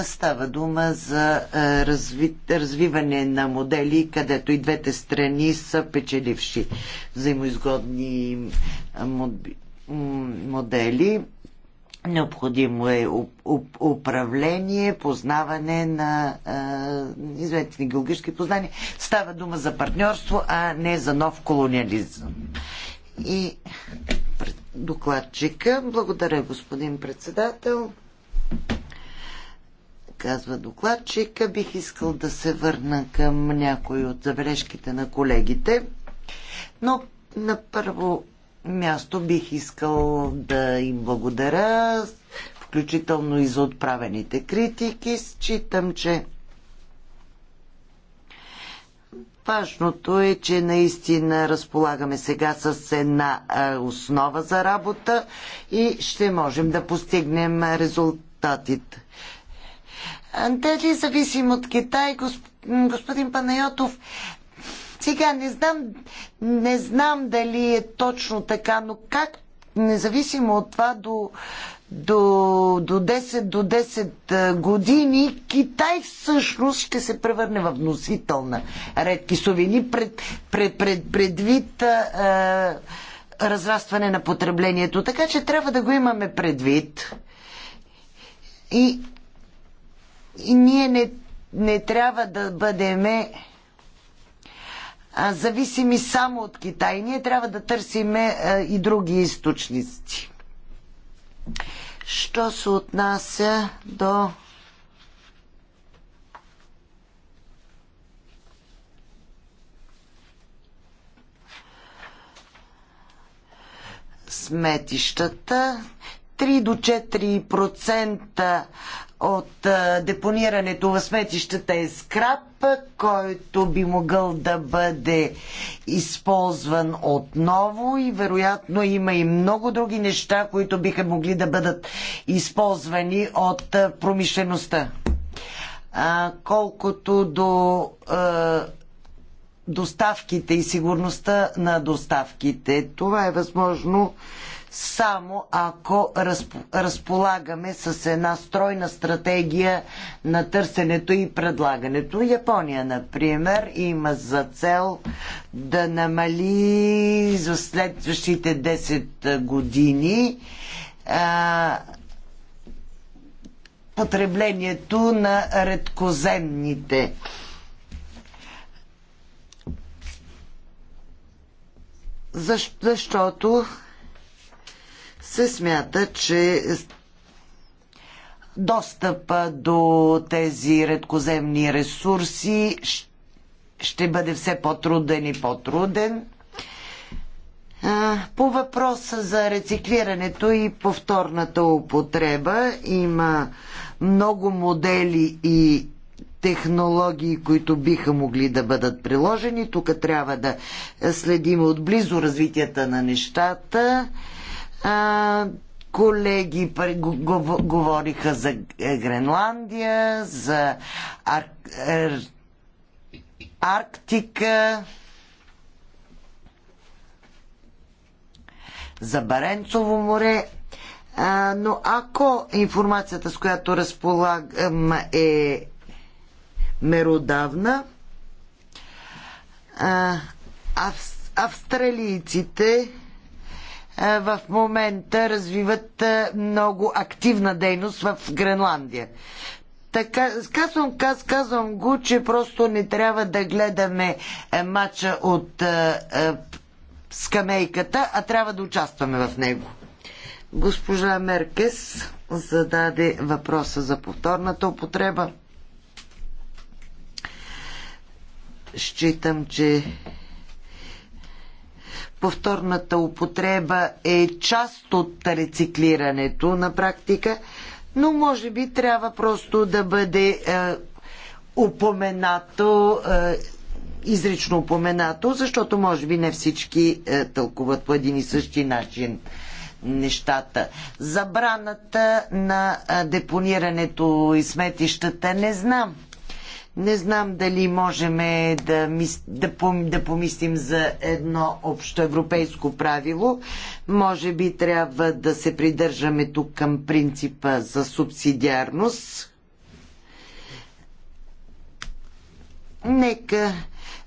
Става дума за разви, развиване на модели, където и двете страни са печеливши взаимоизгодни модели. Необходимо е управление, познаване на е, известни геологически познания. Става дума за партньорство, а не за нов колониализъм и докладчика. Благодаря, господин председател. Казва докладчика. Бих искал да се върна към някои от забележките на колегите. Но на първо място бих искал да им благодаря, включително и за отправените критики. Считам, че Важното е, че наистина разполагаме сега с една основа за работа и ще можем да постигнем резултатите. Дали зависим от Китай, господин Панайотов, сега не знам, не знам дали е точно така, но как независимо от това до до, до 10 до 10 години Китай всъщност ще се превърне в носител на редки сувени пред, пред, пред, предвид а, разрастване на потреблението. Така че трябва да го имаме предвид. И, и ние не, не трябва да бъдеме зависими само от Китай. Ние трябва да търсиме и други източници. Що се отнася до сметищата, 3 до 4% от депонирането в сметищата е скрап, който би могъл да бъде използван отново и вероятно има и много други неща, които биха могли да бъдат използвани от промишлеността. А, колкото до а, доставките и сигурността на доставките, това е възможно само ако разполагаме с една стройна стратегия на търсенето и предлагането. Япония, например, има за цел да намали за следващите 10 години а, потреблението на редкоземните Защо, защото се смята, че достъпа до тези редкоземни ресурси ще бъде все по-труден и по-труден. По въпроса за рециклирането и повторната употреба има много модели и технологии, които биха могли да бъдат приложени. Тук трябва да следим отблизо развитията на нещата. А, колеги говориха за Гренландия, за Ар... Ар... Арктика, за Баренцово море. А, но ако информацията, с която разполагам, е меродавна, а, австралийците в момента развиват много активна дейност в Гренландия. Така, казвам, каз, казвам го, че просто не трябва да гледаме е, матча от е, е, скамейката, а трябва да участваме в него. Госпожа Меркес зададе въпроса за повторната употреба. Считам, че повторната употреба е част от рециклирането на практика, но може би трябва просто да бъде е, упоменато, е, изрично упоменато, защото може би не всички е, тълкуват по един и същи начин нещата. Забраната на е, депонирането и сметищата не знам не знам дали можем да, мис... да, пом... да помислим за едно общоевропейско правило. Може би трябва да се придържаме тук към принципа за субсидиарност. Нека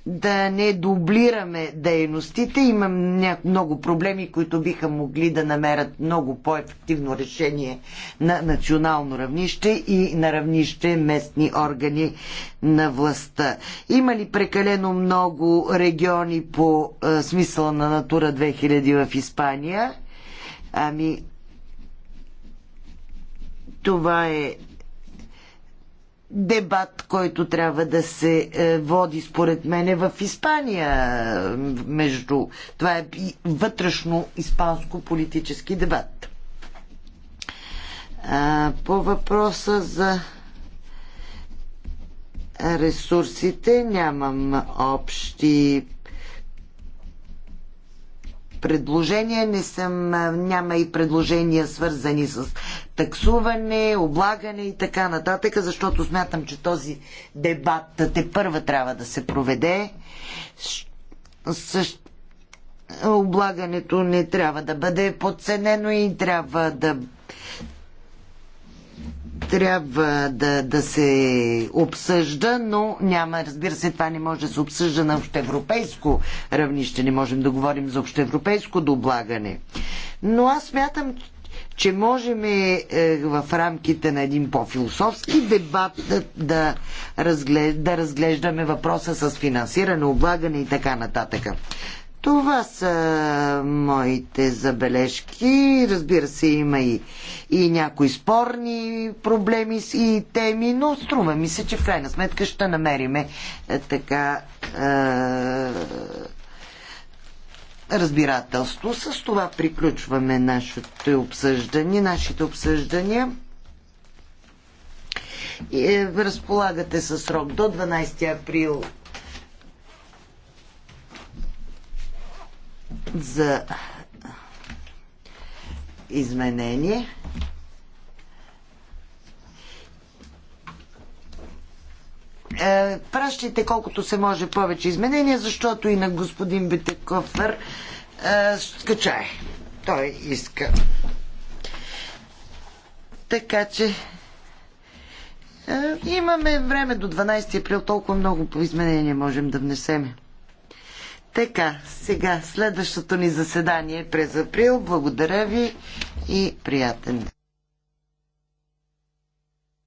да не дублираме дейностите. Имам много проблеми, които биха могли да намерят много по-ефективно решение на национално равнище и на равнище местни органи на властта. Има ли прекалено много региони по а, смисъла на Натура 2000 в Испания? Ами, това е дебат, който трябва да се е, води, според мене, в Испания. Между... Това е вътрешно испанско политически дебат. По въпроса за ресурсите нямам общи предложения. Не съм, няма и предложения свързани с таксуване, облагане и така нататък, защото смятам, че този дебат те първа трябва да се проведе. облагането не трябва да бъде подценено и трябва да трябва да, да се обсъжда, но няма, разбира се, това не може да се обсъжда на общоевропейско равнище. Не можем да говорим за общоевропейско доблагане. Но аз смятам, че можем е, е в рамките на един по-философски дебат да, да, разглеж, да разглеждаме въпроса с финансиране, облагане и така нататък. Това са моите забележки. Разбира се, има и, и някои спорни проблеми и теми, но струва ми се, че в крайна сметка ще намериме е, така е, разбирателство. С това приключваме нашите обсъждания. Нашите обсъждания. и е, Разполагате със срок до 12 април за изменение. Е, пращайте колкото се може повече изменения, защото и на господин Бетекофър е, скачае. Той иска. Така че е, имаме време до 12 април, толкова много по изменения можем да внесеме. Така, сега следващото ни заседание е през април. Благодаря ви и приятен